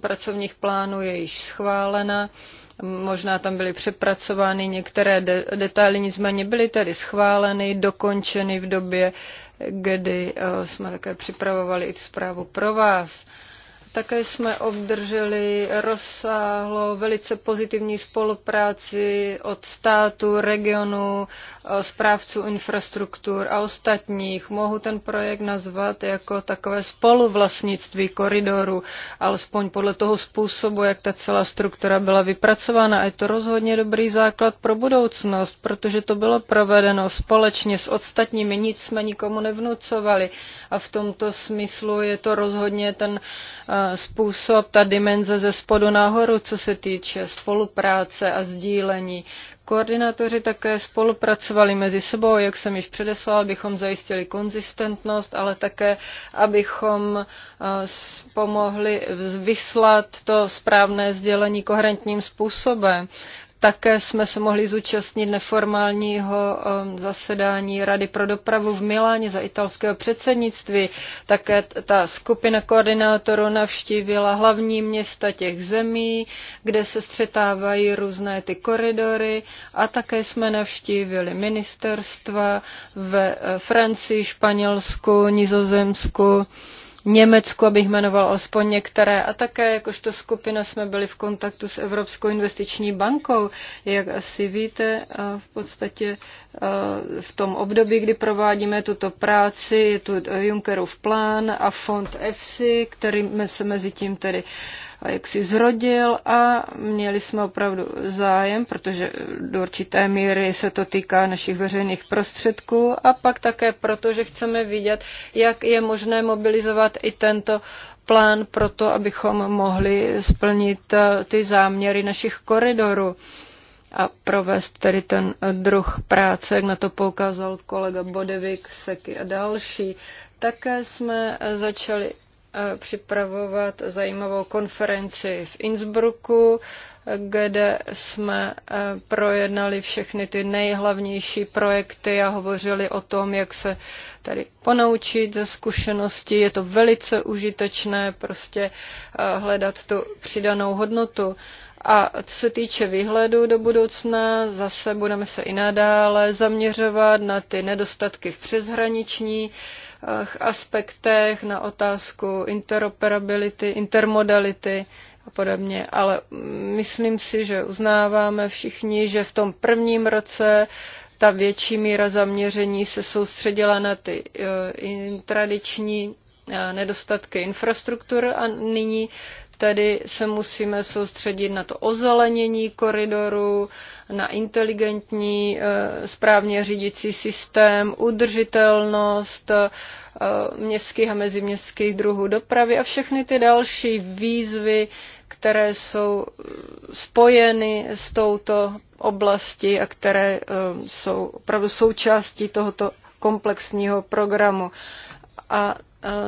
pracovních plánů je již schválena. Možná tam byly přepracovány některé de- detaily, nicméně byly tedy schváleny, dokončeny v době, kdy eh, jsme také připravovali i zprávu pro vás. Také jsme obdrželi rozsáhlou, velice pozitivní spolupráci od státu, regionu, eh, správců infrastruktur a ostatních. Mohu ten projekt nazvat jako takové spoluvlastnictví koridoru, alespoň podle toho způsobu, jak ta celá struktura byla vypracována. A je to rozhodně dobrý základ pro budoucnost, protože to bylo provedeno společně s ostatními, nic jsme nikomu nevnucovali. A v tomto smyslu je to rozhodně ten eh, způsob, ta dimenze ze spodu nahoru, co se týče spolupráce a sdílení. Koordinátoři také spolupracovali mezi sebou, jak jsem již předeslal, abychom zajistili konzistentnost, ale také, abychom eh, pomohli vyslat to správné sdělení koherentním způsobem. Také jsme se mohli zúčastnit neformálního um, zasedání Rady pro dopravu v Miláně za italského předsednictví. Také ta skupina koordinátorů navštívila hlavní města těch zemí, kde se střetávají různé ty koridory a také jsme navštívili ministerstva ve eh, Francii, Španělsku, Nizozemsku. Německu, abych jmenoval alespoň některé. A také jakožto skupina jsme byli v kontaktu s Evropskou investiční bankou. Jak asi víte, v podstatě v tom období, kdy provádíme tuto práci, je tu Junckerův plán a fond EFSI, který se mezi tím tedy uh, jak si zrodil a měli jsme opravdu zájem, protože do určité míry se to týká našich veřejných prostředků a pak také proto, že chceme vidět, jak je možné mobilizovat i tento plán pro to, abychom mohli splnit eh, ty záměry našich koridorů a provést tedy ten eh, druh práce, jak na to poukázal kolega Bodevik, Seky a další. Také jsme eh, začali připravovat zajímavou konferenci v Innsbrucku, kde jsme e, projednali všechny ty nejhlavnější projekty a hovořili o tom, jak se tady ponaučit ze zkušenosti. Je to velice užitečné prostě e, hledat tu přidanou hodnotu. A co se týče výhledu do budoucna, zase budeme se i nadále zaměřovat na ty nedostatky v přeshraniční uh, Eh, aspektech, na otázku interoperability, intermodality a podobně. Ale myslím si, že uznáváme všichni, že v tom prvním roce ta větší míra zaměření se soustředila na ty eh, tradiční eh, nedostatky infrastruktury a nyní tedy se musíme soustředit na to ozelenění koridoru, na inteligentní eh, správně řídící systém, udržitelnost eh, městských a meziměstských druhů dopravy a všechny ty další výzvy, které jsou eh, spojeny s touto oblastí a které jsou opravdu součástí tohoto komplexního programu. A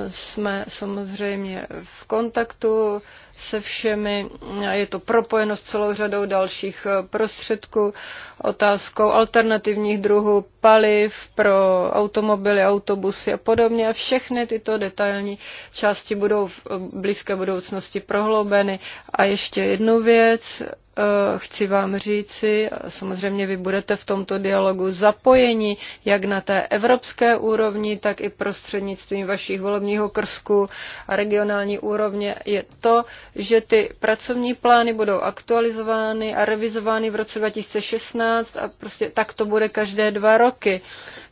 jsme samozřejmě v kontaktu se všemi. Je to propojeno s celou řadou dalších prostředků, otázkou alternativních druhů paliv pro automobily, autobusy a podobně. A všechny tyto detailní části budou v blízké budoucnosti prohloubeny. A ještě jednu věc, eh, chci vám říci, samozřejmě vy budete v tomto dialogu zapojeni jak na té evropské úrovni, tak i prostřednictvím vašich předvolebního krsku a regionální úrovně, je to, že ty pracovní plány budou aktualizovány a revizovány v roce 2016 a prostě tak to bude každé dva roky.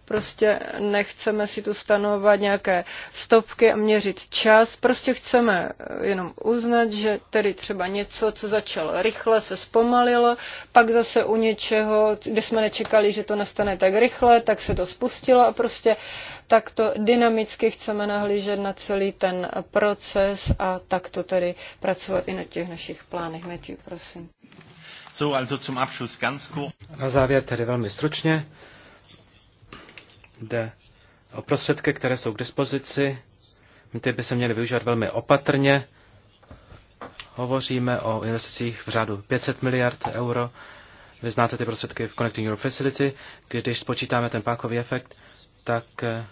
Prostě nechceme si tu stanovat nějaké stopky a měřit čas. Prostě chceme eh, jenom uznat, že tedy třeba něco, co začalo rychle, se zpomalilo, pak zase u něčeho, kde jsme nečekali, že to nastane tak rychle, tak se to spustilo a prostě takto dynamicky chceme nahlížet na celý ten proces a takto tedy pracovat i na těch našich plánech. Matthew, prosím. So, also zum Abschluss ganz kurz. Na závěr tedy velmi stručně. Jde o prostředky, které jsou k dispozici. Ty by se měly využívat velmi opatrně. Hovoříme o investicích v řádu 500 miliard euro. Vy znáte ty prostředky v Connecting Europe Facility. Když spočítáme ten pákový efekt, tak eh,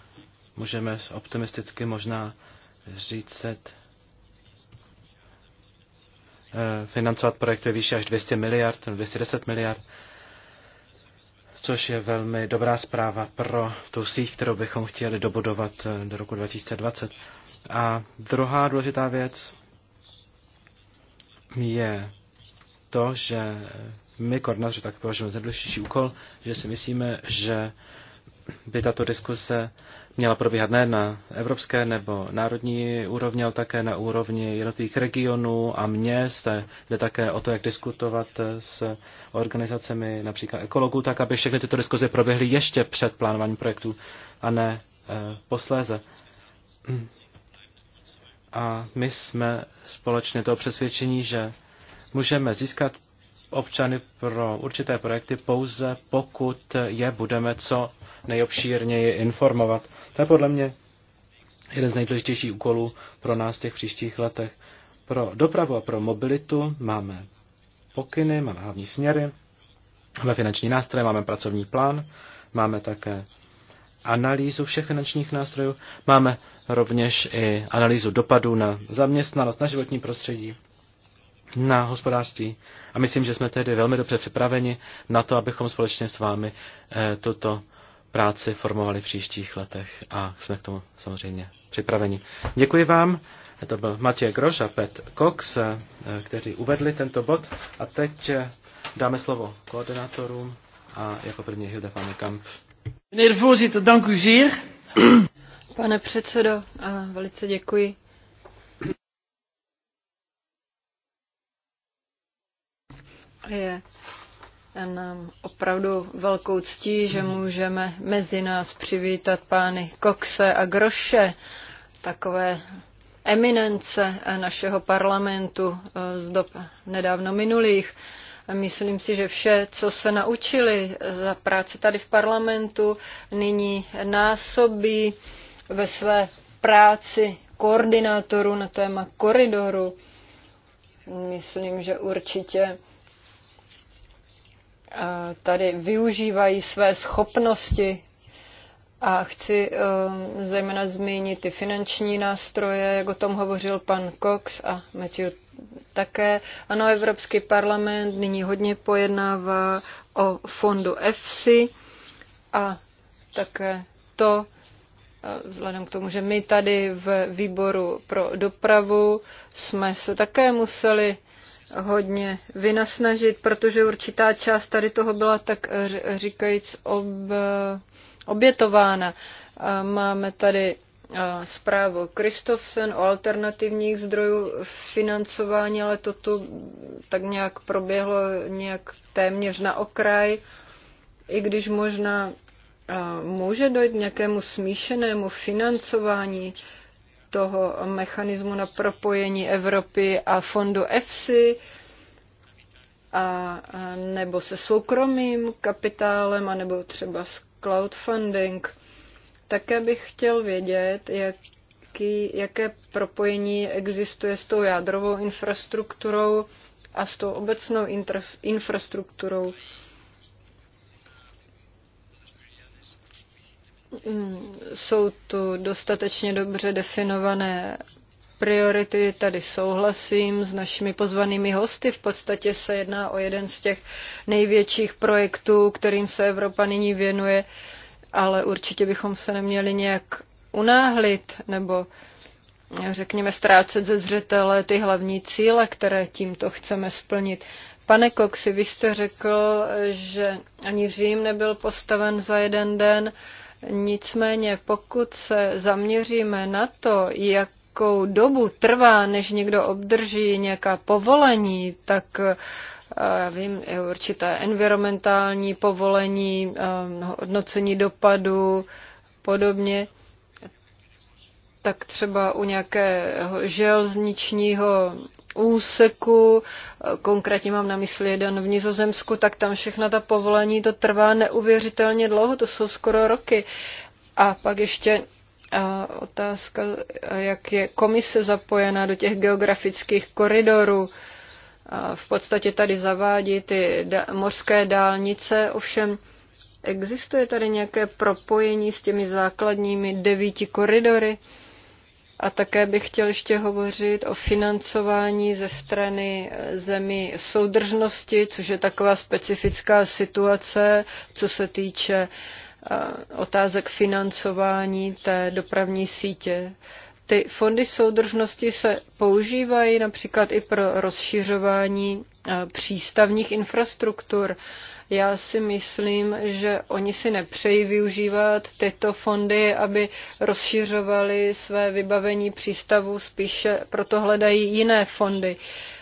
můžeme optimisticky možná říct, eh, financovat projekty výše až 200 miliard, 210 miliard což je velmi dobrá zpráva pro tu síť, kterou bychom chtěli dobudovat eh, do roku 2020. A druhá důležitá věc je to, že my koordinátoři tak považujeme za důležitější úkol, že si myslíme, že by tato diskuse měla probíhat ne na evropské nebo národní úrovni, ale také na úrovni jednotlivých regionů a měst. Jde také o to, jak diskutovat s organizacemi například ekologů, tak aby všechny tyto diskuze proběhly ještě před plánováním projektů a ne e, posléze. A my jsme společně toho přesvědčení, že můžeme získat občany pro určité projekty pouze pokud je budeme co nejobšírněji informovat. To je podle mě jeden z nejdůležitějších úkolů pro nás v těch příštích letech. Pro dopravu a pro mobilitu máme pokyny, máme hlavní směry, máme finanční nástroje, máme pracovní plán, máme také analýzu všech finančních nástrojů, máme rovněž i analýzu dopadů na zaměstnanost, na životní prostředí, na hospodářství. A myslím, že jsme tedy velmi dobře připraveni na to, abychom společně s vámi eh, tuto práci formovali v příštích letech a jsme k tomu samozřejmě připraveni. Děkuji vám. To byl Matěj Groš a Pet Cox, eh, kteří uvedli tento bod. A teď eh, dáme slovo koordinátorům a jako první Hilde van Kamp. Pane předsedo, velice děkuji. Je nám opravdu velkou ctí, že můžeme mezi nás přivítat pány Coxe a Groše, takové eminence našeho parlamentu eh, z dob nedávno minulých. Myslím si, že vše, co se naučili za práci tady v parlamentu, nyní násobí ve své práci koordinátoru na téma koridoru. Myslím, že určitě tady využívají své schopnosti a chci eh, zejména zmínit ty finanční nástroje, jak o tom hovořil pan Cox a Matthew také. Ano, Evropský parlament nyní hodně pojednává o fondu EFSI a také to, eh, vzhledem k tomu, že my tady v výboru pro dopravu jsme se také museli hodně vynasnažit, protože určitá část tady toho byla tak říkajíc ob, obětována. A máme tady zprávu Kristofsen o alternativních zdrojů financování, ale to tu tak nějak proběhlo nějak téměř na okraj, i když možná může dojít k nějakému smíšenému financování, toho mechanismu na propojení Evropy a fondu EFSI, a, a nebo se soukromým kapitálem, a nebo třeba s crowdfunding. Také bych chtěl vědět, jaký, jaké propojení existuje s tou jádrovou infrastrukturou a s tou obecnou infrastrukturou Jsou tu dostatečně dobře definované priority, tady souhlasím s našimi pozvanými hosty. V podstatě se jedná o jeden z těch největších projektů, kterým se Evropa nyní věnuje, ale určitě bychom se neměli nějak unáhlit nebo řekněme ztrácet ze zřetele ty hlavní cíle, které tímto chceme splnit. Pane Koksi, vy jste řekl, že ani Řím nebyl postaven za jeden den. Uh, Nicméně pokud se zaměříme na to, jak jakou dobu trvá, než někdo obdrží nějaká povolení, tak eh, já vím, určité environmentální povolení, eh, hodnocení dopadu, podobně, tak třeba u nějakého železničního úseku, konkrétně mám na mysli jeden v Nizozemsku, tak tam všechna ta povolení, to trvá neuvěřitelně dlouho, to jsou skoro roky. A pak ještě otázka, jak je komise zapojená do těch geografických koridorů. V podstatě tady zavádí ty mořské dálnice, ovšem existuje tady nějaké propojení s těmi základními devíti koridory? A také bych chtěl ještě hovořit o financování ze strany eh, zemí soudržnosti, což je taková specifická situace, co se týče eh, otázek financování té dopravní sítě. Ty fondy soudržnosti se používají například i pro rozšiřování eh, přístavních infrastruktur. Já si myslím, že oni si nepřejí využívat tyto fondy, aby rozšiřovali své vybavení přístavů, spíše proto hledají jiné fondy.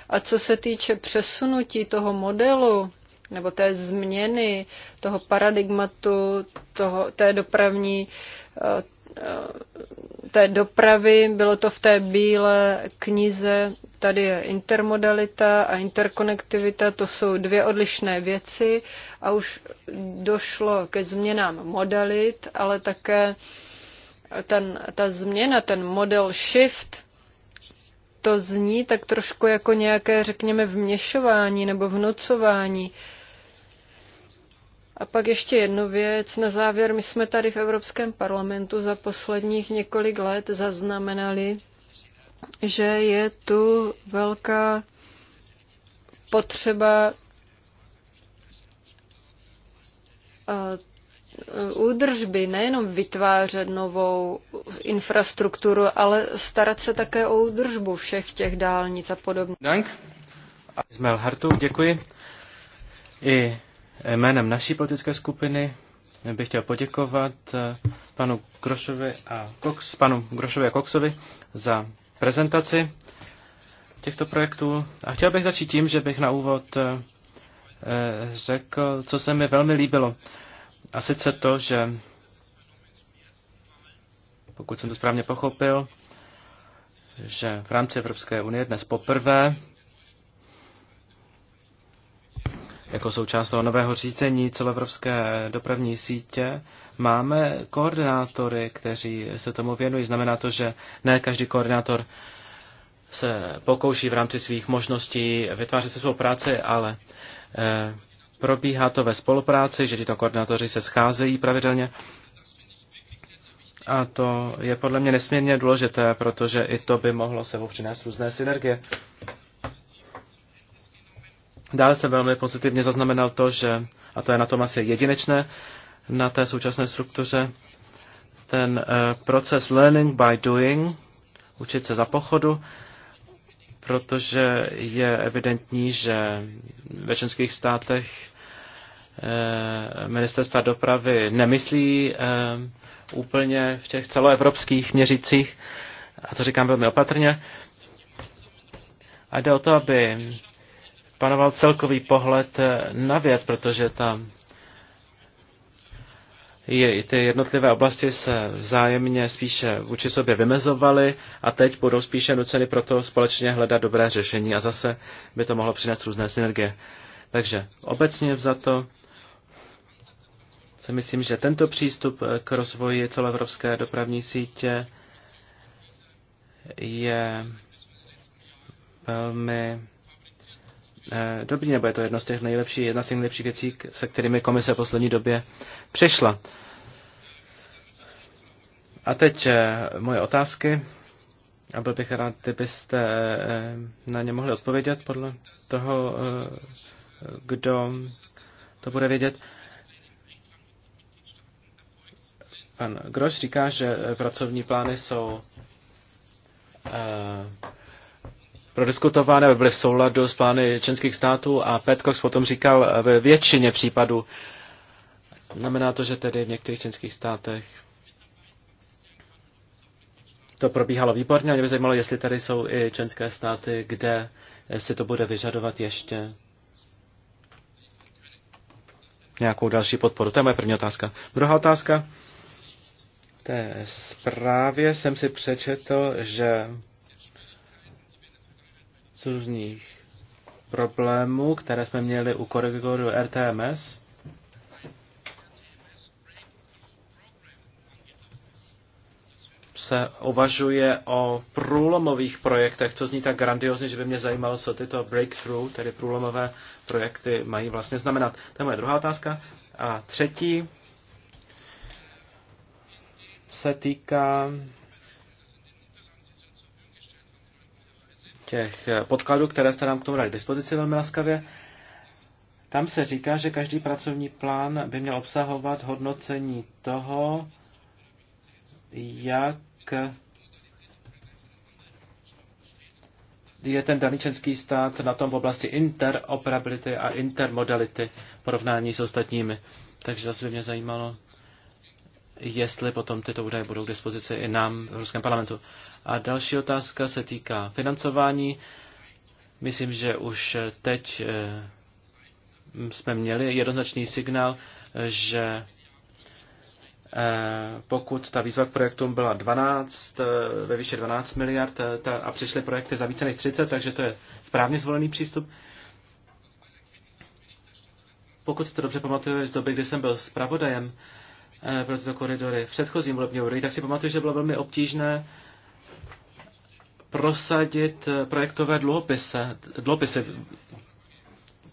A co se týče přesunutí toho modelu, nebo té změny, toho paradigmatu, toho, té dopravní eh, Eh, té dopravy, bylo to v té bílé knize, tady je intermodalita a interkonektivita, to jsou dvě odlišné věci a už došlo ke změnám modalit, ale také ten, ta změna, ten model shift, to zní tak trošku jako nějaké, řekněme, vměšování nebo vnucování. Uh, a pak ještě jednu věc. Na závěr, my jsme tady v Evropském parlamentu za posledních několik let zaznamenali, že je tu velká potřeba e, údržby, nejenom vytvářet novou infrastrukturu, ale starat se také o údržbu všech těch dálnic a podobně. Dank. Ismail Hartu, děkuji. I Jménem naší politické skupiny bych chtěl poděkovat eh, panu Grošovi a Cox, panu Grošovi a Coxovi za prezentaci těchto projektů. A chtěl bych začít tím, že bych na úvod eh, eh, řekl, co se mi velmi líbilo. A sice to, že pokud jsem to správně pochopil, že v rámci Evropské unie dnes poprvé jako součást toho nového řízení celoevropské dopravní sítě máme koordinátory, kteří se tomu věnují. Znamená to, že ne každý koordinátor se pokouší v rámci svých možností vytvářet se svou práci, ale e, probíhá to ve spolupráci, že tito koordinátoři se scházejí pravidelně. A to je podle mě nesmírně důležité, protože i to by mohlo sebou přinést různé synergie. Dále jsem velmi pozitivně zaznamenal to, že, a to je na tom asi jedinečné, na té současné struktuře, ten eh, proces learning by doing, učit se za pochodu, protože je evidentní, že ve členských státech eh, ministerstva dopravy nemyslí eh, úplně v těch celoevropských měřících, a to říkám velmi opatrně, a jde o to, aby panoval celkový pohled eh, na věc, protože tam je, ty jednotlivé oblasti se vzájemně spíše vůči sobě vymezovaly a teď budou spíše nuceny proto společně hledat dobré řešení a zase by to mohlo přinést různé synergie. Takže obecně vzato si myslím, že tento přístup eh, k rozvoji celoevropské dopravní sítě je velmi Eh, dobrý, nebo je to jedno z těch nejlepších, jedna z těch nejlepších věcí, se kterými komise v poslední době přišla. A teď eh, moje otázky. A byl bych rád, kdybyste eh, na ně mohli odpovědět podle toho, kdo to bude vědět. Pan Groš říká, že pracovní plány jsou prodiskutované, aby byly v souladu s plány členských států a Petkox potom říkal eh, ve většině případů. Znamená to, že tedy v některých členských státech to probíhalo výborně a mě by zajímalo, jestli tady jsou i členské státy, kde eh, si to bude vyžadovat ještě nějakou další podporu. To je moje první otázka. Druhá otázka. V té zprávě jsem si přečetl, že z různých problémů, které jsme měli u korigoru RTMS. se uvažuje o průlomových projektech, co zní tak grandiozně, že by mě zajímalo, co tyto breakthrough, tedy průlomové projekty, mají vlastně znamenat. To je moje druhá otázka. A třetí se týká těch eh, podkladů, které jste nám k tomu dali k dispozici velmi laskavě. Tam se říká, že každý pracovní plán by měl obsahovat hodnocení toho, jak je ten daný členský stát na tom v oblasti interoperability a intermodality porovnání s ostatními. Takže zase by mě zajímalo, jestli potom tyto údaje budou k dispozici i nám v Ruském parlamentu. A další otázka se týká financování. Myslím, že už teď eh, jsme měli jednoznačný signál, že eh, pokud ta výzva k projektům byla 12, eh, ve výši 12 miliard a přišly projekty za více než 30, takže to je správně zvolený přístup. Pokud si to dobře pamatuju z doby, kdy jsem byl zpravodajem Eh, pro tyto koridory v předchozím volebním období, tak si pamatuju, že bylo velmi obtížné prosadit eh, projektové dluhopisy, dluhopisy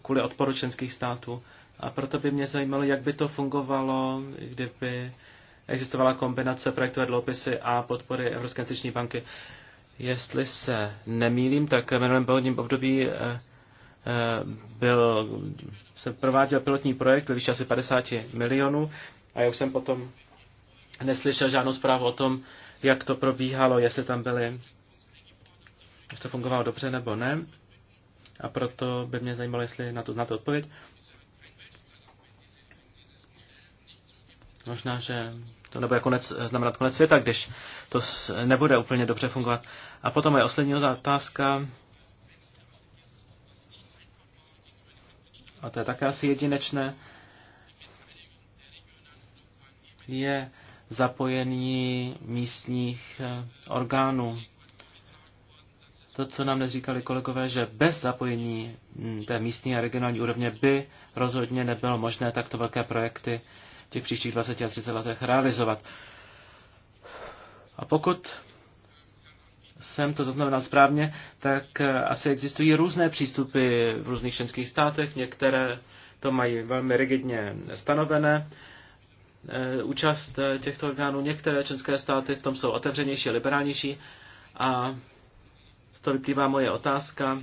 kvůli odporu členských států. A proto by mě zajímalo, jak by to fungovalo, kdyby existovala kombinace projektové dluhopisy a podpory Evropské centrální banky. Jestli se nemýlím, tak v minulém volebním období eh, byl, se prováděl pilotní projekt ve výši asi 50 milionů a já už jsem potom neslyšel žádnou zprávu o tom, jak to probíhalo, jestli tam byli, jestli to fungovalo dobře nebo ne. A proto by mě zajímalo, jestli na to znáte odpověď. Možná, že to nebude konec, znamenat konec světa, když to nebude úplně dobře fungovat. A potom je poslední otázka. A to je také asi jedinečné je zapojení místních eh, orgánů. To, co nám neříkali kolegové, že bez zapojení mm, té místní a regionální úrovně by rozhodně nebylo možné takto velké projekty v těch příštích 20 a 30 letech realizovat. A pokud jsem to zaznamenal správně, tak eh, asi existují různé přístupy v různých členských státech. Některé to mají velmi rigidně stanovené Eh, účast eh, těchto orgánů. Některé členské státy v tom jsou otevřenější, liberálnější a z toho vyplývá moje otázka,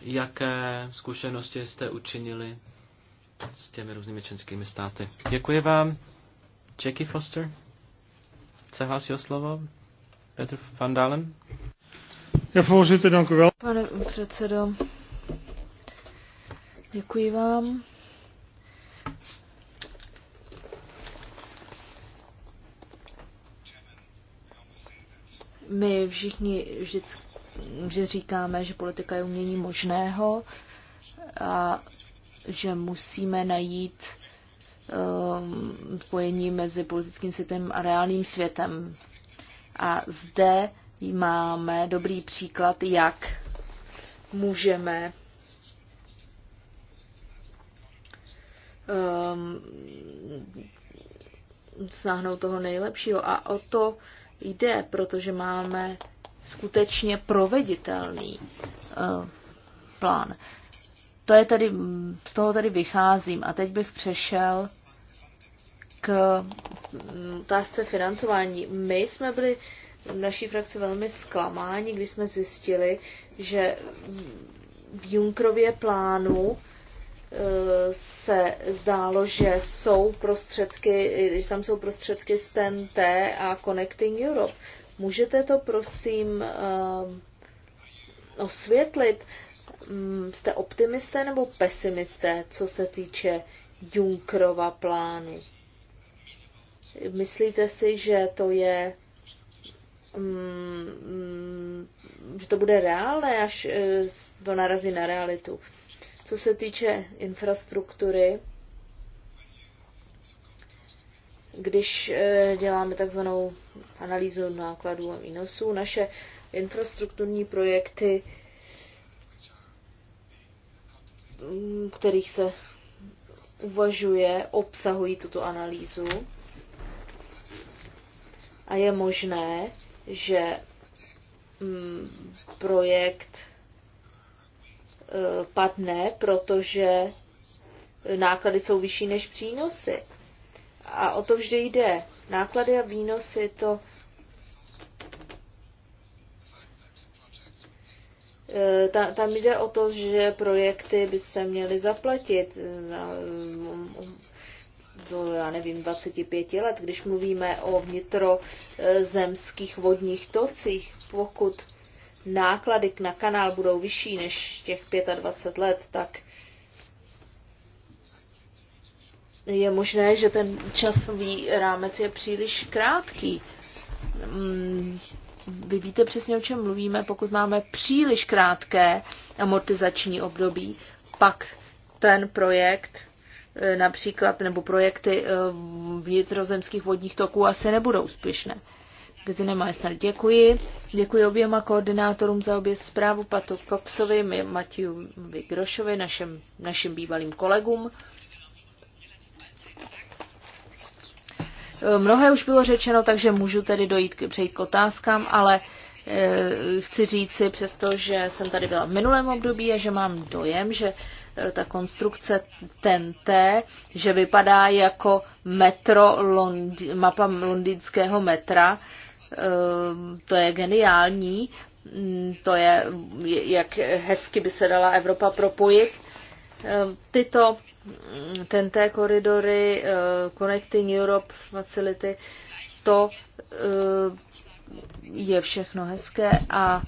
jaké zkušenosti jste učinili s těmi různými členskými státy. Děkuji vám. Jackie Foster se hlásí o slovo. Petr van Dalen. Já voorzitter, Pane předsedo, děkuji vám. My všichni vždycky že říkáme, že politika je umění možného a že musíme najít um, spojení mezi politickým světem a reálným světem. A zde máme dobrý příklad, jak můžeme um, sáhnout toho nejlepšího. A o to jde, protože máme skutečně proveditelný uh, plán. To je tady, z toho tady vycházím a teď bych přešel k mm, otázce financování. My jsme byli v naší frakci velmi zklamáni, když jsme zjistili, že v Junkrově plánu se zdálo, že jsou prostředky, že tam jsou prostředky z TNT a Connecting Europe. Můžete to prosím um, osvětlit? Mm, jste optimisté nebo pesimisté, co se týče Junkrova plánu? Myslíte si, že to je mm, mm, že to bude reálné, až eh, to narazí na realitu? Co se týče infrastruktury, když eh, děláme takzvanou analýzu nákladů a výnosů, naše infrastrukturní projekty, mm, kterých se uvažuje, obsahují tuto analýzu a je možné, že mm, projekt Eh, padne, protože náklady jsou vyšší než přínosy. A o to vždy jde. Náklady a výnosy to eh, Ta, tam jde o to, že projekty by se měly zaplatit do, eh, um, já nevím, 25 let, když mluvíme o vnitrozemských vodních tocích. Pokud náklady na kanál budou vyšší než těch 25 let, tak je možné, že ten časový rámec je příliš krátký. Mm, vy víte přesně, o čem mluvíme. Pokud máme příliš krátké amortizační období, pak ten projekt eh, například, nebo projekty eh, vnitrozemských vodních toků asi nebudou úspěšné. Gesine Meissner. Děkuji. Děkuji oběma koordinátorům za obě zprávu, Patu Coxovi, Matiu Grošovi, našem, našim bývalým kolegům. E, mnohé už bylo řečeno, takže můžu tedy dojít k, přejít k otázkám, ale e, chci říci, že jsem tady byla v minulém období a že mám dojem, že e, ta konstrukce TNT, že vypadá jako metro Lond- mapa londýnského metra, Ehm, to je geniální, mm, to je, jak hezky by se dala Evropa propojit. Ehm, tyto mm, tenté koridory, eh, Connecting Europe Facility, to eh, je všechno hezké a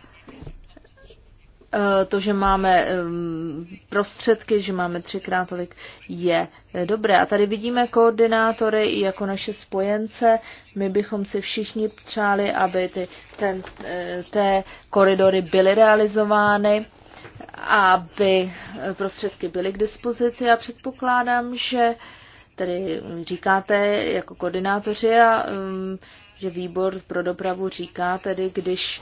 Eh, to, že máme prostředky, že máme třikrát tolik, je dobré. A tady vidíme koordinátory i jako naše spojence. My bychom si všichni přáli, aby ty ten, eh, té koridory byly realizovány, aby eh, prostředky byly k dispozici. Já předpokládám, že tedy říkáte jako koordinátoři a že výbor pro dopravu říká tedy, když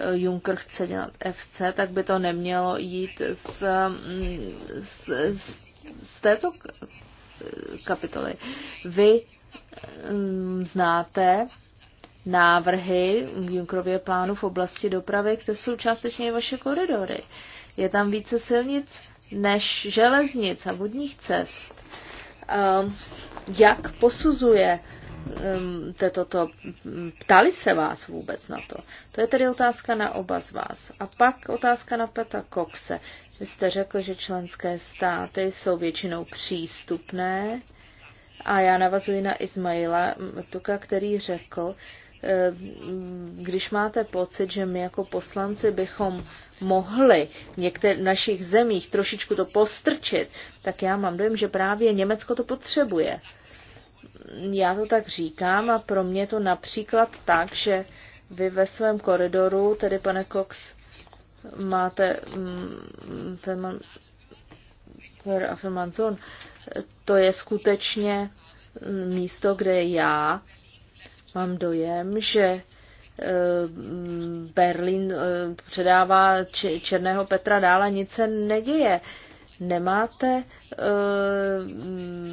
Eh, Juncker chce dělat FC, tak by to nemělo jít z, mm, z, z, z této kapitoly. Vy mm, znáte návrhy Junckerově plánu v oblasti dopravy, které jsou částečně vaše koridory. Je tam více silnic než železnic a vodních cest. Ehm, jak posuzuje jste ehm, to ptali se vás vůbec na to? To je tedy otázka na oba z vás. A pak otázka na Petra Coxe. Vy jste řekl, že členské státy jsou většinou přístupné a já navazuji na Ismaila Tuka, který řekl, ehm, když máte pocit, že my jako poslanci bychom mohli v některých našich zemích trošičku to postrčit, tak já mám dojem, že právě Německo to potřebuje já to tak říkám a pro mě to například tak, že vy ve svém koridoru, tedy pane Cox, máte mm, to je skutečně mm, místo, kde já mám dojem, že e, mm, Berlín e, předává Černého Petra dál a nic se neděje nemáte eh,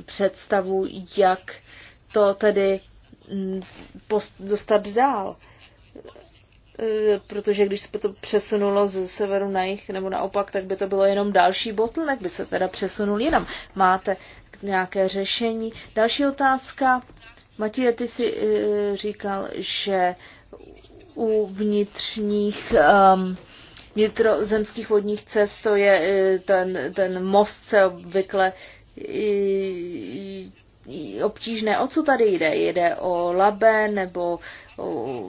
představu, jak to tedy mm, dostat dál. Eh, protože když se to přesunulo ze severu na jih nebo naopak, tak by to bylo jenom další bottleneck, by se teda přesunul jinam. Máte nějaké řešení? Další otázka. Matěj, ty si eh, říkal, že u vnitřních um, vnitrozemských vodních cest, to je e, ten, ten most se obvykle obtížné. O co tady jde? Jde o labe nebo o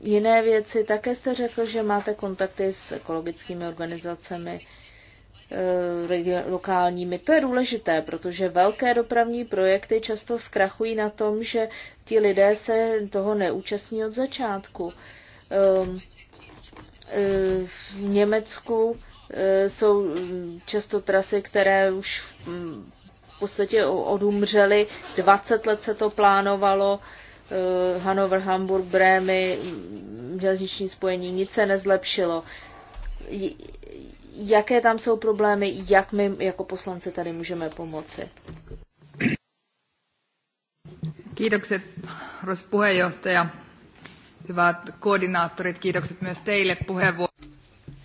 jiné věci. Také jste řekl, že máte kontakty s ekologickými organizacemi e, lokálními. To je důležité, protože velké dopravní projekty často zkrachují na tom, že ti lidé se toho neúčastní od začátku. Um, E, v Německu e, jsou často trasy, které už mm, v podstatě odumřely. 20 let se to plánovalo. E, Hanover, Hamburg, Brémy, mm, železniční spojení, nic se nezlepšilo. Jaké tam jsou problémy, jak my jako poslanci tady můžeme pomoci? Kiitokset, arvoisa puheenjohtaja. Hyvät koordinátorit, kiitokset myös teille puheenvuorosta.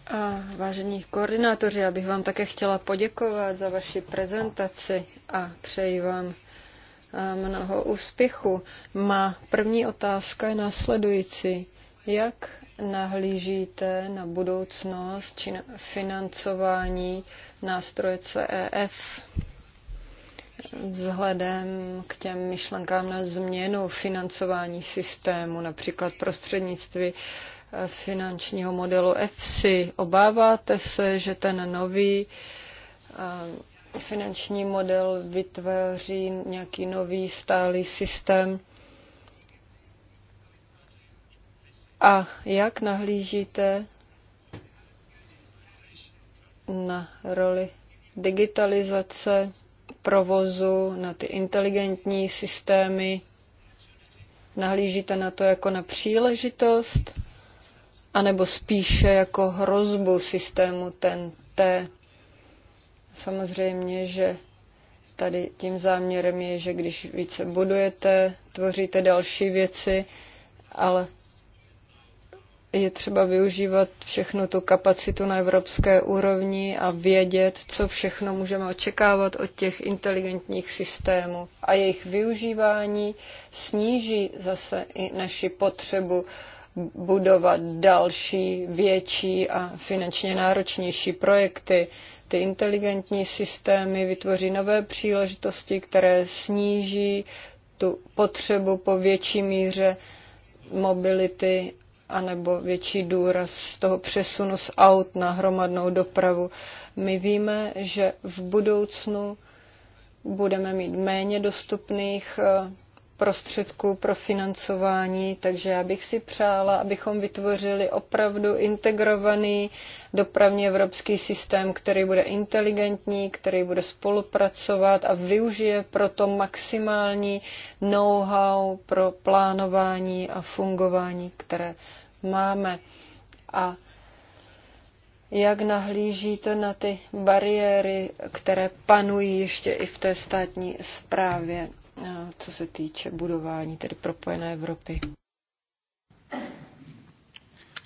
A vážení koordinátoři, já bych vám také chtěla poděkovat za vaši prezentaci a přeji vám mnoho úspěchu. Má první otázka je následující. Jak nahlížíte na budoucnost či na financování nástroje CEF? vzhledem k těm myšlenkám na změnu financování systému, například prostřednictví eh, finančního modelu EFSI. Obáváte se, že ten nový eh, finanční model vytváří nějaký nový stálý systém? A jak nahlížíte na roli digitalizace provozu, na ty inteligentní systémy? Nahlížíte na to jako na příležitost, anebo spíše jako hrozbu systému ten t. Samozřejmě, že tady tím záměrem je, že když více budujete, tvoříte další věci, ale je třeba využívat všechnu tu kapacitu na evropské úrovni a vědět, co všechno můžeme očekávat od těch inteligentních systémů. A jejich využívání sníží zase i naši potřebu budovat další, větší a finančně náročnější projekty. Ty inteligentní systémy vytvoří nové příležitosti, které sníží tu potřebu po větší míře mobility anebo větší důraz z toho přesunu z aut na hromadnou dopravu. My víme, že v budoucnu budeme mít méně dostupných eh, prostředků pro financování, takže já bych si přála, abychom vytvořili opravdu integrovaný dopravně evropský systém, který bude inteligentní, který bude spolupracovat a využije proto maximální know-how pro plánování a fungování, které máme. A jak nahlížíte na ty bariéry, které panují ještě i v té státní správě, eh, co se týče budování tedy propojené Evropy?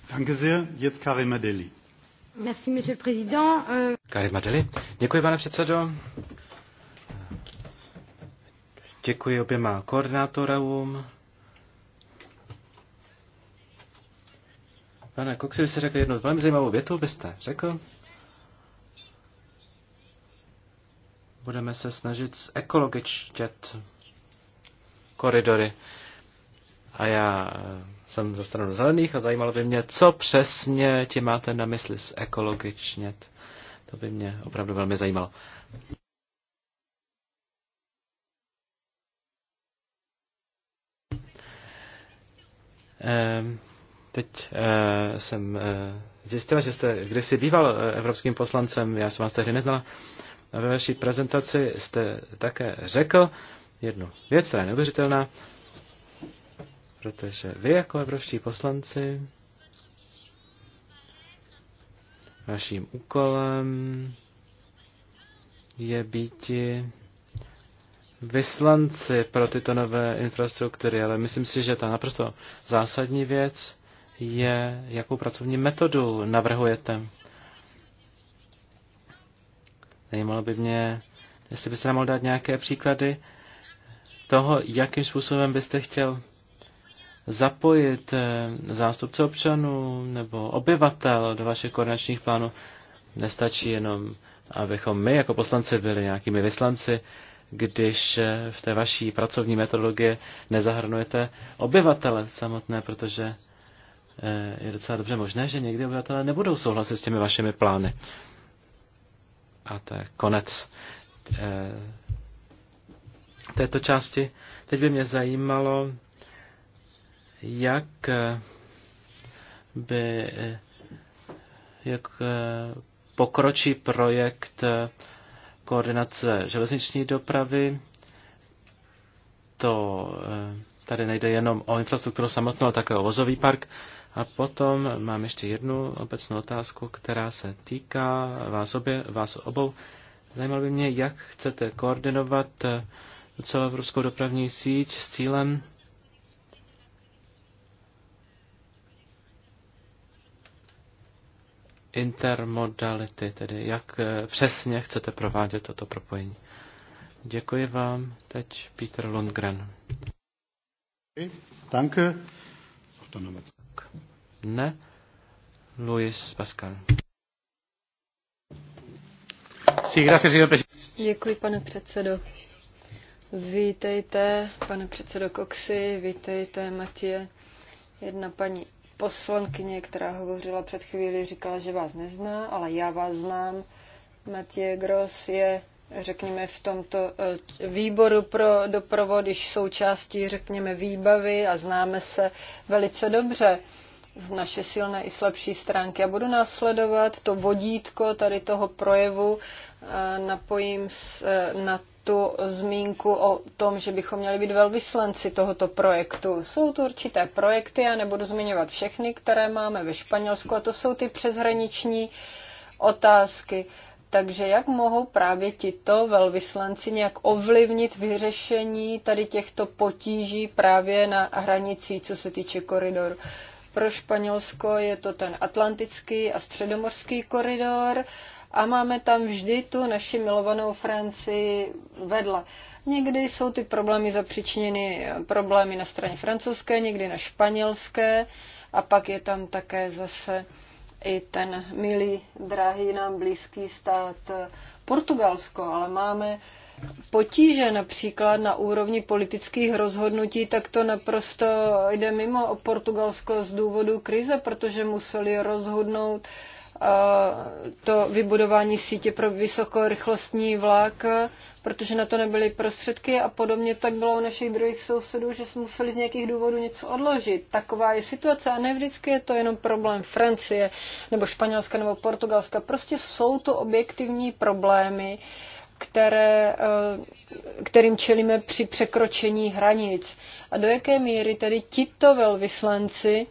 Danke sehr. Jetzt Karim Adeli. Merci, monsieur le président. Euh, Karim Adeli. Děkuji, pane předsedo. Děkuji oběma koordinátorům Pane Koksi, vy jste řekl jednu velmi zajímavou větu, vy jste řekl, budeme se snažit ekologičtět koridory. A já eh, jsem ze stranu zelených a zajímalo by mě, co přesně ti máte na mysli s ekologičnět. To by mě opravdu velmi zajímalo. Um, Teď eh, jsem eh, zjistil, že jste kdysi býval eh, evropským poslancem, já jsem vás tehdy neznal. A ve vaší prezentaci jste také řekl jednu věc, která je neuvěřitelná, protože vy jako evropští poslanci vaším úkolem je být vyslanci pro tyto nové infrastruktury, ale myslím si, že ta naprosto zásadní věc je, jakou pracovní metodu navrhujete. Zajímalo by mě, jestli byste nám mohl dát nějaké příklady toho, jakým způsobem byste chtěl zapojit eh, zástupce občanů nebo obyvatel do vašich koordinačních plánů. Nestačí jenom, abychom my jako poslanci byli nějakými vyslanci, když eh, v té vaší pracovní metodologii nezahrnujete obyvatele samotné, protože je docela dobře možné, že někdy obyvatelé nebudou souhlasit s těmi vašimi plány. A to je konec eh, této části. Teď by mě zajímalo, jak eh, by eh, jak pokročí projekt koordinace železniční dopravy. To tady nejde jenom o infrastrukturu samotnou, ale také o vozový park. A potom mám ještě jednu obecnou otázku, která se týká vás, obě, vás obou. Zajímalo by mě, jak chcete koordinovat eh, celou evropskou dopravní síť s cílem intermodality, tedy jak eh, přesně chcete provádět toto propojení. Děkuji vám. Teď Peter Lundgren. Danke. Ne. Luis Pascal. Děkuji, pane předsedo. Vítejte, pane předsedo Coxy, vítejte, Matě. Jedna paní poslankyně, která hovořila před chvíli, říkala, že vás nezná, ale já vás znám. Matěj Gross je, řekněme, v tomto eh, výboru pro doprovod, když součástí, řekněme, výbavy a známe se velice dobře z naše silné i slabší stránky. Já budu následovat to vodítko tady toho projevu, eh, napojím eh, na tu zmínku o tom, že bychom měli být velvyslanci tohoto projektu. Jsou tu určité projekty, já nebudu zmiňovat všechny, které máme ve Španělsku, a to jsou ty přeshraniční otázky. Takže jak mohou právě tito velvyslanci nějak ovlivnit vyřešení tady těchto potíží právě na hranicích, co se týče koridoru? Pro Španělsko je to ten atlantický a středomorský koridor a máme tam vždy tu naši milovanou Francii vedla. Někdy jsou ty problémy zapříčněny problémy na straně francouzské, někdy na španělské a pak je tam také zase i ten milý, drahý nám blízký stát Portugalsko, ale máme potíže například na úrovni politických rozhodnutí, tak to naprosto jde mimo o Portugalsko z důvodu krize, protože museli rozhodnout eh, to vybudování sítě pro vysokorychlostní vlak, protože na to nebyly prostředky a podobně tak bylo u našich druhých sousedů, že jsme museli z nějakých důvodů něco odložit. Taková je situace a nevždycky je to jenom problém Francie nebo Španělska nebo Portugalska. Prostě jsou to objektivní problémy, které, eh, kterým čelíme při překročení hranic. A do jaké míry tedy tito velvyslanci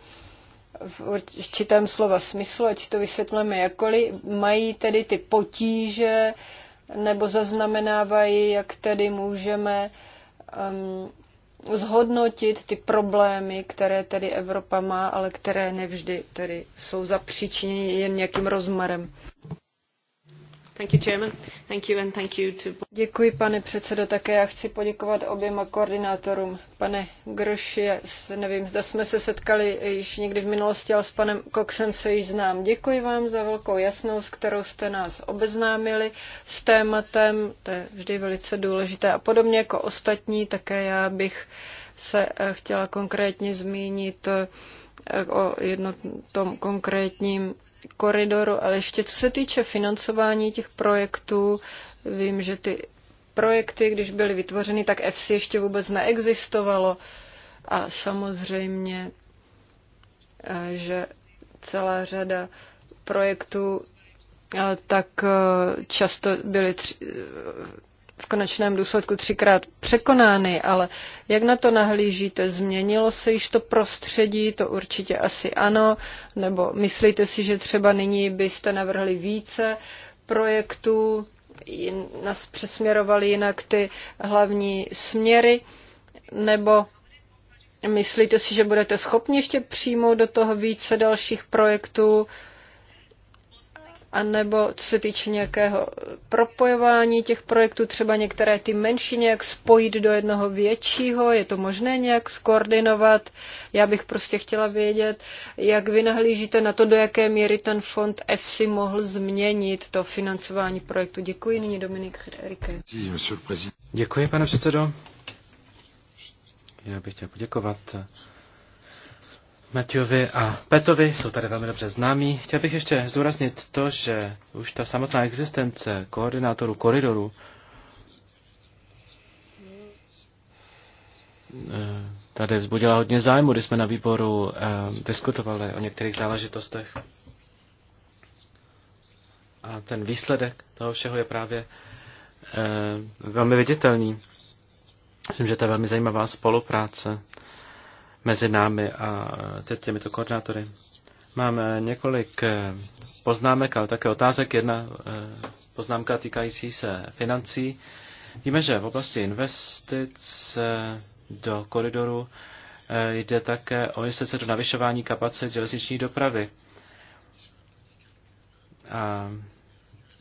v určitém slova smyslu, ať si to vysvětlíme jakkoliv, mají tedy ty potíže nebo zaznamenávají, jak tedy můžeme um, zhodnotit ty problémy, které tedy Evropa má, ale které nevždy tedy jsou zapříčiněny jen nějakým rozmarem. Děkuji, pane předsedo, také já chci poděkovat oběma koordinátorům. Pane Groši, nevím, zda jsme se setkali již někdy v minulosti, ale s panem Coxem se již znám. Děkuji vám za velkou jasnost, kterou jste nás obeznámili s tématem, to je vždy velice důležité. A podobně jako ostatní, také já bych se eh, chtěla konkrétně zmínit eh, o jednom tom konkrétním koridoru, ale ještě co se týče financování těch projektů, vím, že ty projekty, když byly vytvořeny, tak FC ještě vůbec neexistovalo. A samozřejmě, eh, že celá řada projektů eh, tak eh, často byly tři, v konečném důsledku třikrát překonány, ale jak na to nahlížíte? Změnilo se již to prostředí? To určitě asi ano. Nebo myslíte si, že třeba nyní byste navrhli více projektů, nás přesměrovali jinak ty hlavní směry? Nebo myslíte si, že budete schopni ještě přijmout do toho více dalších projektů? a nebo co se týče nějakého propojování těch projektů, třeba některé ty menší nějak spojit do jednoho většího, je to možné nějak skoordinovat? Já bych prostě chtěla vědět, jak vy nahlížíte na to, do jaké míry ten fond EFSI mohl změnit to financování projektu. Děkuji, nyní Dominik Rike. Děkuji, pane předsedo. Já bych chtěl poděkovat Matějovi a Petovi, jsou tady velmi dobře známí. Chtěl bych ještě zdůraznit to, že už ta samotná existence koordinátorů koridoru eh, tady vzbudila hodně zájmu, když jsme na výboru eh, diskutovali o některých záležitostech. A ten výsledek toho všeho je právě eh, velmi viditelný. Myslím, že to je velmi zajímavá spolupráce mezi námi a těmito koordinátory. Mám eh, několik eh, poznámek, ale také otázek. Jedna eh, poznámka týkající se financí. Víme, že v oblasti investic do koridoru jde také o investice do navyšování kapacit železniční dopravy. A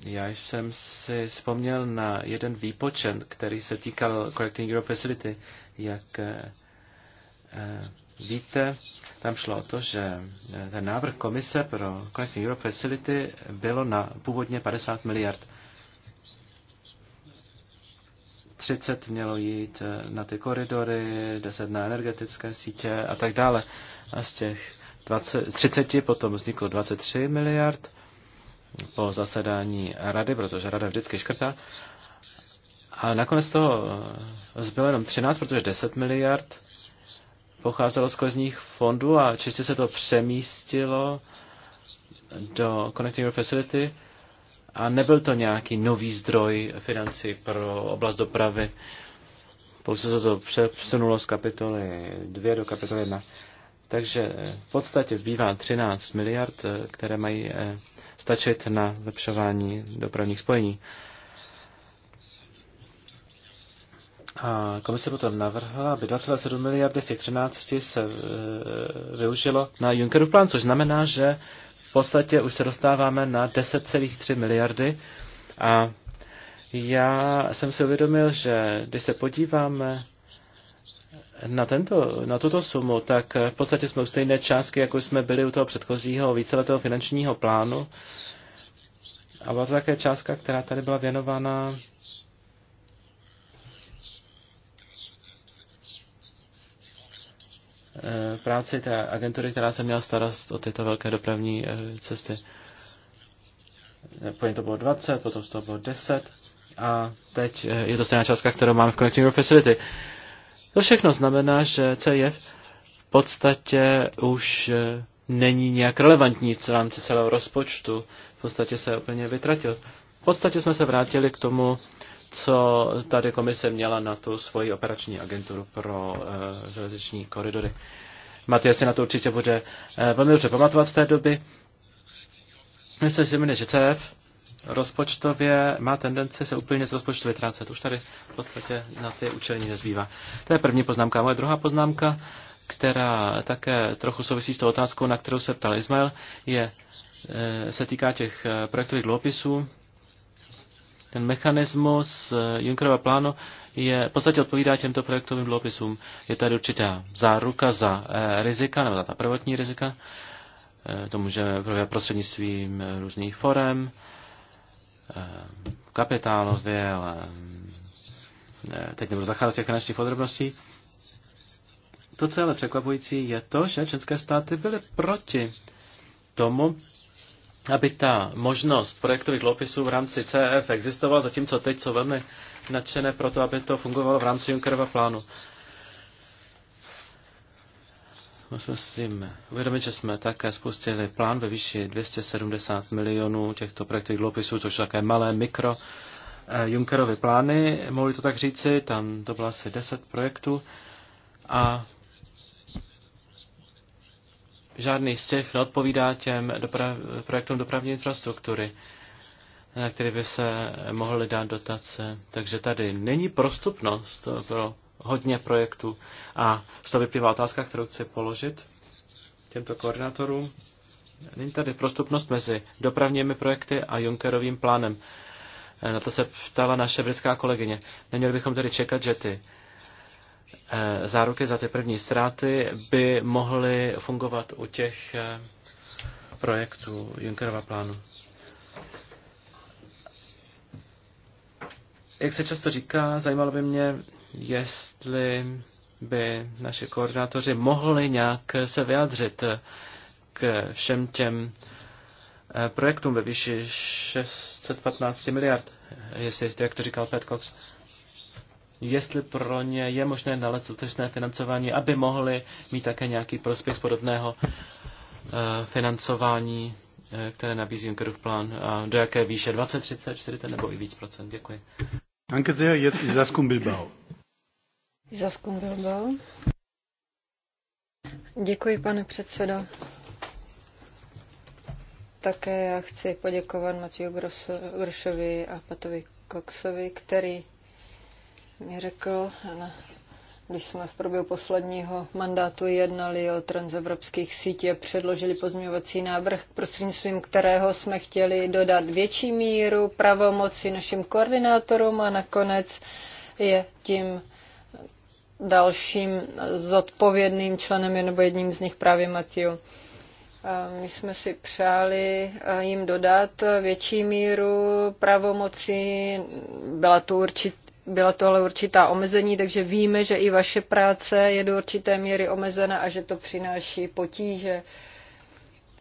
já jsem si vzpomněl na jeden výpočet, který se týkal Connecting Europe Facility, jak Eh, víte, tam šlo o to, že eh, ten návrh komise pro Connecting Europe Facility bylo na původně 50 miliard. 30 mělo jít eh, na ty koridory, 10 na energetické sítě a tak dále. A z těch 20, 30 potom vzniklo 23 miliard po zasedání rady, protože rada vždycky škrtá. Ale nakonec toho zbylo jenom 13, protože 10 miliard pocházelo z kohezních fondů a čistě se to přemístilo do Connecting Europe Facility a nebyl to nějaký nový zdroj financí pro oblast dopravy. Pouze se to přesunulo z kapitoly 2 do kapitoly 1. Takže v podstatě zbývá 13 miliard, eh, které mají eh, stačit na zlepšování dopravních spojení. A komise potom navrhla, aby 2,7 miliardy z těch 13 se e, využilo na Junckerův plán, což znamená, že v podstatě už se dostáváme na 10,3 miliardy. A já jsem si uvědomil, že když se podíváme na, tento, na tuto sumu, tak v podstatě jsme u stejné částky, jako jsme byli u toho předchozího víceletého finančního plánu. A byla to také částka, která tady byla věnována Eh, práci té agentury, která se měla starost o tyto velké dopravní eh, cesty. Po to bylo 20, potom to bylo 10 a teď eh, je to stejná částka, kterou máme v Connecting Europe Facility. To všechno znamená, že CIF v podstatě už není nějak relevantní v rámci celého rozpočtu. V podstatě se úplně vytratil. V podstatě jsme se vrátili k tomu co tady komise měla na tu svoji operační agenturu pro uh, železniční koridory. Matěj si na to určitě bude uh, velmi dobře pamatovat z té doby. Myslím si, že CF rozpočtově má tendenci se úplně z rozpočtu vytrácet. Už tady v podstatě na ty účelní nezbývá. To je první poznámka. Moje druhá poznámka, která také trochu souvisí s tou otázkou, na kterou se ptal Ismail, je, eh, se týká těch projektových dluhopisů. Ten mechanismus eh, Junckerova plánu je, v podstatě odpovídá těmto projektovým dluhopisům. Je tady určitá záruka za eh, rizika, nebo za ta prvotní rizika. Eh, to můžeme probíhat prostřednictvím různých forem, kapitálově, ale mm, teď nebudu zacházet těch finančních podrobností. To, co je ale překvapující, je to, že české státy byly proti tomu aby ta možnost projektových dloupisů v rámci CF e existovala, zatímco teď jsou velmi nadšené pro to, aby to fungovalo v rámci Junckerova plánu. Musíme si uvědomit, že jsme také spustili plán ve výši 270 milionů těchto projektových dloupisů, což jsou také malé mikro eh, Junckerovy plány, mohli to tak říci, tam to bylo asi 10 projektů a žádný z těch neodpovídá těm doprav, projektům dopravní infrastruktury, na které by se mohly dát dotace. Takže tady není prostupnost pro hodně projektů. A z toho vyplývá otázka, kterou chci položit těmto koordinátorům. Není tady prostupnost mezi dopravními projekty a Junckerovým plánem. Na to se ptala naše britská kolegyně. Neměli bychom tedy čekat, že ty Eh, záruky za ty první ztráty by mohly fungovat u těch eh, projektů Junckerova plánu. Jak se často říká, zajímalo by mě, jestli by naši koordinátoři mohli nějak se vyjádřit k všem těm eh, projektům ve výši 615 miliard, jestli, jak to říkal Pat Cox jestli pro ně je možné nalézt dostatečné financování, aby mohli mít také nějaký prospěch z podobného eh, financování, eh, které nabízí Junckerův plán. A do jaké výše? 20, 30, 40 nebo i víc procent? Děkuji. Danke sehr, jetzt Saskum Bilbao. Saskum Bilbao. Děkuji, pane předsedo. Také já chci poděkovat Matěju Grošovi a Patovi Koksovi, který mi řekl, když jsme v průběhu posledního mandátu jednali o transevropských sítě, předložili pozměňovací návrh, prostřednictvím kterého jsme chtěli dodat větší míru pravomoci našim koordinátorům a nakonec je tím dalším zodpovědným členem nebo jedním z nich právě Matiu. My jsme si přáli eh, jim dodat větší míru pravomocí. Byla tu určitá byla to ale určitá omezení, takže víme, že i vaše práce je do určité míry omezena a že to přináší potíže.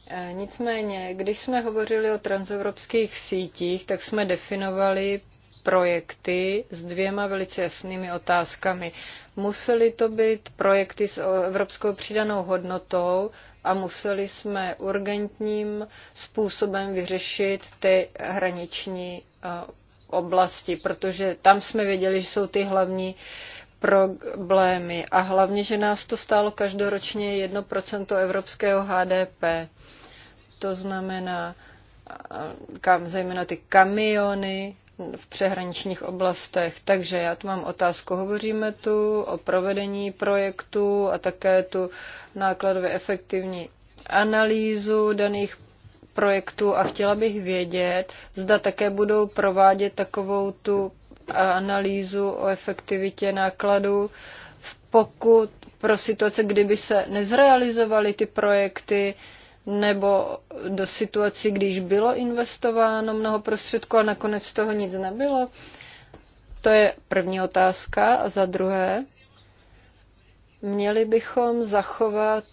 E, nicméně, když jsme hovořili o transevropských sítích, tak jsme definovali projekty s dvěma velice jasnými otázkami. Musely to být projekty s evropskou přidanou hodnotou a museli jsme urgentním způsobem vyřešit ty hraniční e, oblasti, protože tam jsme věděli, že jsou ty hlavní problémy. A hlavně, že nás to stálo každoročně 1% evropského HDP. To znamená, kam, zejména ty kamiony v přehraničních oblastech. Takže já tu mám otázku. Hovoříme tu o provedení projektu a také tu nákladově efektivní analýzu daných projektu a chtěla bych vědět, zda také budou provádět takovou tu analýzu o efektivitě nákladů, pokud pro situace, kdyby se nezrealizovaly ty projekty, nebo do situací, když bylo investováno mnoho prostředků a nakonec toho nic nebylo? To je první otázka. A za druhé, měli bychom zachovat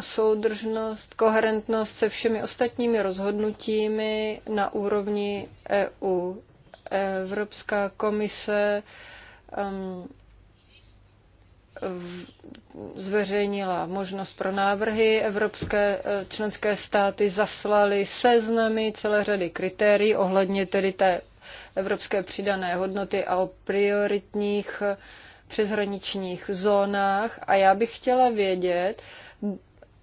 soudržnost, koherentnost se všemi ostatními rozhodnutími na úrovni EU. Evropská komise um, zveřejnila možnost pro návrhy. Evropské eh, členské státy zaslaly seznamy celé řady kritérií ohledně tedy té evropské přidané hodnoty a o prioritních eh, přeshraničních zónách. A já bych chtěla vědět,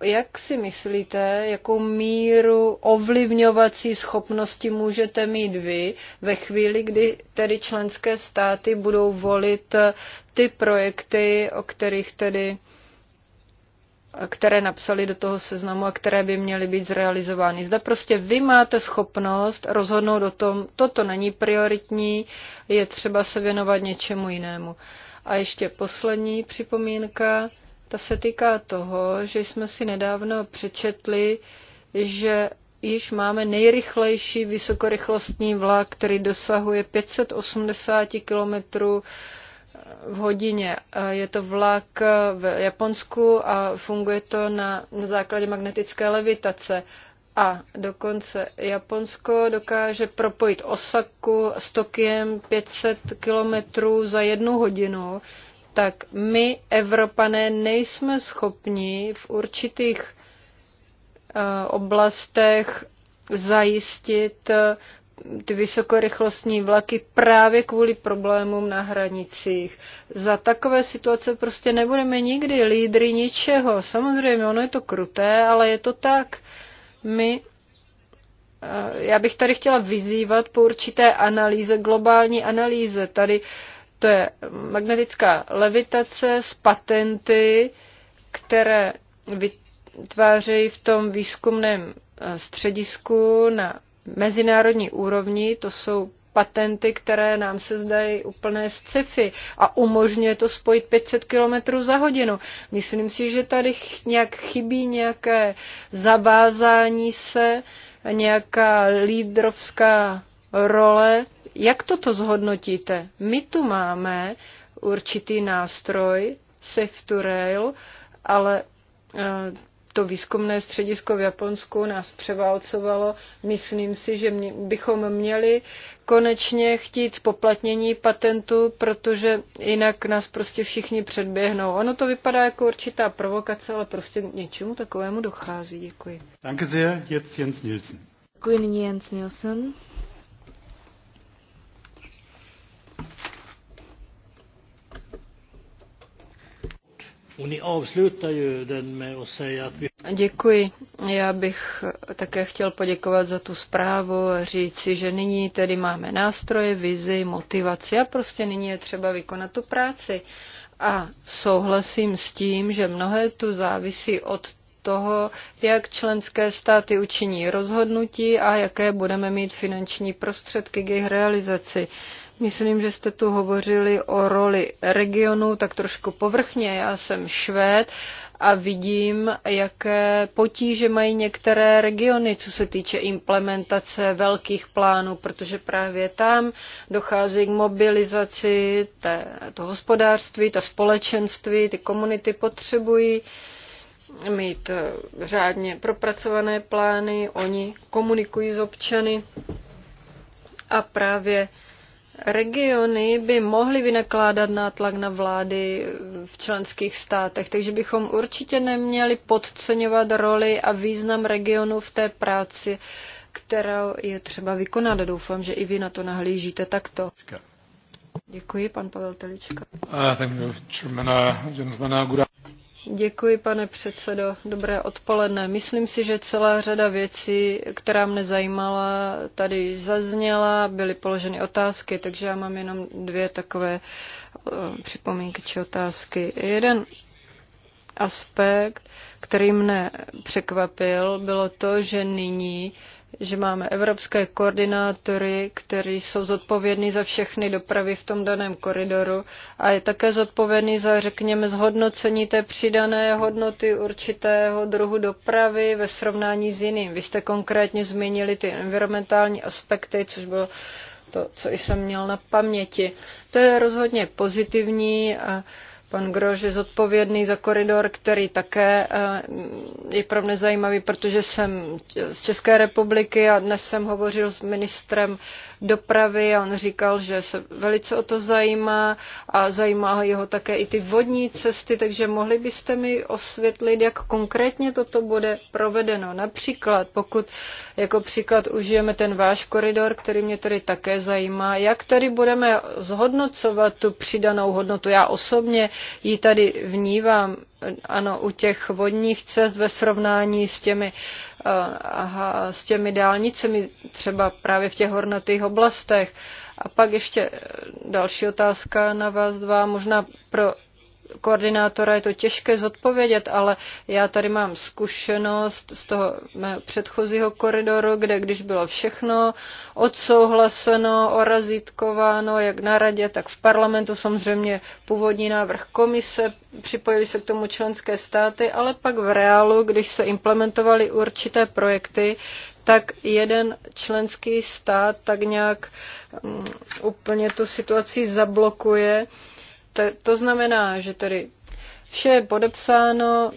jak si myslíte, jakou míru ovlivňovací schopnosti můžete mít vy ve chvíli, kdy tedy členské státy budou volit eh, ty projekty, o kterých tedy eh, které napsali do toho seznamu a které by měly být zrealizovány. Zda prostě vy máte schopnost rozhodnout o tom, toto není prioritní, je třeba se věnovat něčemu jinému. A ještě poslední připomínka ta se týká toho, že jsme si nedávno přečetli, že již máme nejrychlejší vysokorychlostní vlak, který dosahuje 580 km v hodině. Je to vlak v Japonsku a funguje to na základě magnetické levitace. A dokonce Japonsko dokáže propojit Osaku s Tokiem 500 km za jednu hodinu, tak my, Evropané, nejsme schopni v určitých eh, oblastech zajistit eh, ty vysokorychlostní vlaky právě kvůli problémům na hranicích. Za takové situace prostě nebudeme nikdy lídry ničeho. Samozřejmě, ono je to kruté, ale je to tak. My eh, já bych tady chtěla vyzývat po určité analýze, globální analýze. Tady to je magnetická levitace s patenty, které vytvářejí v tom výzkumném eh, středisku na mezinárodní úrovni. To jsou patenty, které nám se zdají úplné sci-fi a umožňuje to spojit 500 km za hodinu. Myslím si, že tady nějak chybí nějaké zavázání se, nějaká lídrovská role jak toto zhodnotíte? My tu máme určitý nástroj, Safe to Rail, ale eh, to výzkumné středisko v Japonsku nás převálcovalo. Myslím si, že bychom měli konečně chtít poplatnění patentu, protože jinak nás prostě všichni předběhnou. Ono to vypadá jako určitá provokace, ale prostě něčemu takovému dochází. Děkuji. Danke sehr, jetzt Jens Nielsen. Děkuji Jens Nielsen. Děkuji. Já bych také chtěl poděkovat za tu zprávu a říci, že nyní tedy máme nástroje, vizi, motivaci a prostě nyní je třeba vykonat tu práci. A souhlasím s tím, že mnohé tu závisí od toho, jak členské státy učiní rozhodnutí a jaké budeme mít finanční prostředky k jejich realizaci. Uh, Myslím, že jste tu hovořili o roli regionu tak trošku povrchně. Já jsem Švéd a vidím, jaké potíže mají některé regiony, co se týče implementace velkých plánů, protože právě tam dochází k mobilizaci té, to hospodářství, ta společenství, ty komunity potřebují mít eh, řádně propracované plány, oni komunikují s občany a právě Regiony by mohly vynakládat nátlak na vlády v členských státech, takže bychom určitě neměli podceňovat roli a význam regionu v té práci, kterou je třeba vykonat. Doufám, že i vy na to nahlížíte takto. Děkuji, pan Pavel Telička. Eh, eh, Děkuji, pane předsedo. Dobré odpoledne. Myslím si, že celá řada věcí, která mne zajímala, tady zazněla, byly položeny otázky, takže já mám jenom dvě takové eh, připomínky či otázky. Jeden aspekt, který mne překvapil, bylo to, že nyní že máme evropské koordinátory, kteří jsou zodpovědní za všechny dopravy v tom daném koridoru a je také zodpovědný za, řekněme, zhodnocení té přidané hodnoty určitého druhu dopravy ve srovnání s jiným. Vy jste konkrétně zmínili ty environmentální aspekty, což bylo to, co jsem měl na paměti. To je rozhodně pozitivní a Pan Grož je zodpovědný za koridor, který také eh, je pro mě zajímavý, protože jsem z České republiky a dnes jsem hovořil s ministrem dopravy a on říkal, že se velice o to zajímá a zajímá jeho také i ty vodní cesty, takže mohli byste mi osvětlit, jak konkrétně toto bude provedeno. Například, pokud jako příklad užijeme ten váš koridor, který mě tady také zajímá, jak tady budeme zhodnocovat tu přidanou hodnotu. Já osobně ji tady vnívám ano, u těch vodních cest ve srovnání s těmi, eh, aha, s těmi dálnicemi, třeba právě v těch hornatých oblastech. A pak ještě další otázka na vás dva, možná pro koordinátora je to těžké zodpovědět, ale já tady mám zkušenost z toho mého předchozího koridoru, kde když bylo všechno odsouhlaseno, orazítkováno, jak na radě, tak v parlamentu samozřejmě původní návrh komise, připojili se k tomu členské státy, ale pak v reálu, když se implementovaly určité projekty, tak jeden členský stát tak nějak mm, úplně tu situaci zablokuje to znamená, že tedy vše je podepsáno,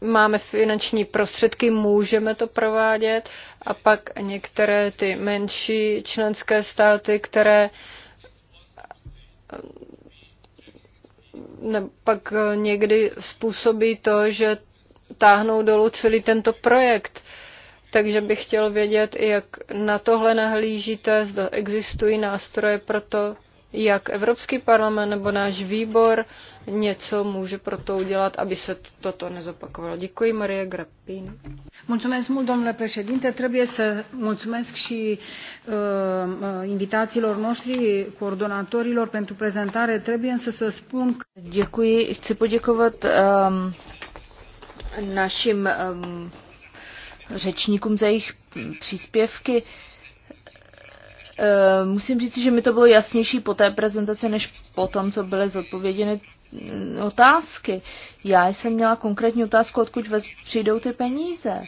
máme finanční prostředky, můžeme to provádět a pak některé ty menší členské státy, které ne, pak někdy způsobí to, že táhnou dolů celý tento projekt. Takže bych chtěl vědět, jak na tohle nahlížíte, zda existují nástroje pro to, jak Evropský parlament nebo náš výbor něco může pro to udělat, aby se toto nezopakovalo. Děkuji, Marie Grappin. Mulțumesc mult, domnule președinte. Trebuie să mulțumesc și uh, invitațiilor noștri, coordonatorilor pentru prezentare. Trebuie însă să spun că... Děkuji, chci poděkovat um, našim um, řečníkům za jejich příspěvky. Uh, Eh, musím říct, že mi to bylo jasnější po té prezentaci, než po tom, co byly zodpověděny mm, otázky. Já jsem měla konkrétní otázku, odkud přijdou ty peníze.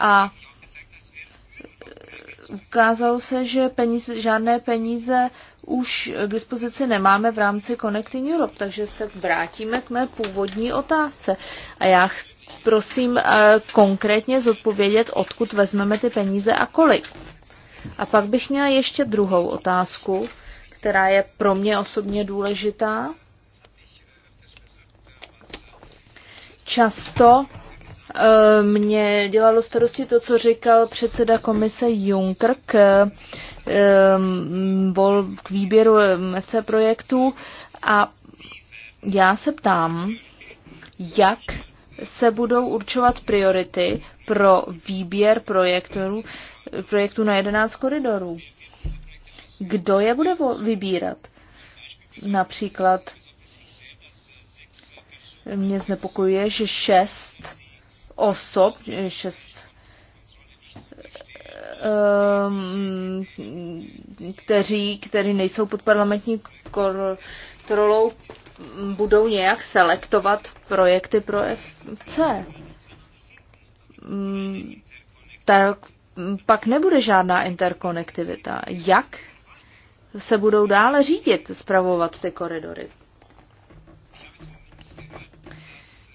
A eh, ukázalo se, že peníze, žádné peníze už k dispozici nemáme v rámci Connecting Europe, takže se vrátíme k mé původní otázce. A já prosím eh, konkrétně zodpovědět, odkud vezmeme ty peníze a kolik. A pak bych měla ještě druhou otázku, která je pro mě osobně důležitá. Často eh, mě dělalo starosti to, co říkal předseda komise Juncker k, eh, k výběru MC eh, projektů a já se ptám, jak se budou určovat priority pro výběr projektů projektu na 11 koridorů. Kdo je bude vybírat? Například mě znepokojuje, že šest osob, šest ehm, kteří, kteří nejsou pod parlamentní kontrolou, budou nějak selektovat projekty pro FC. Mm, tak pak nebude žádná interkonektivita. Jak se budou dále řídit, zpravovat ty koridory?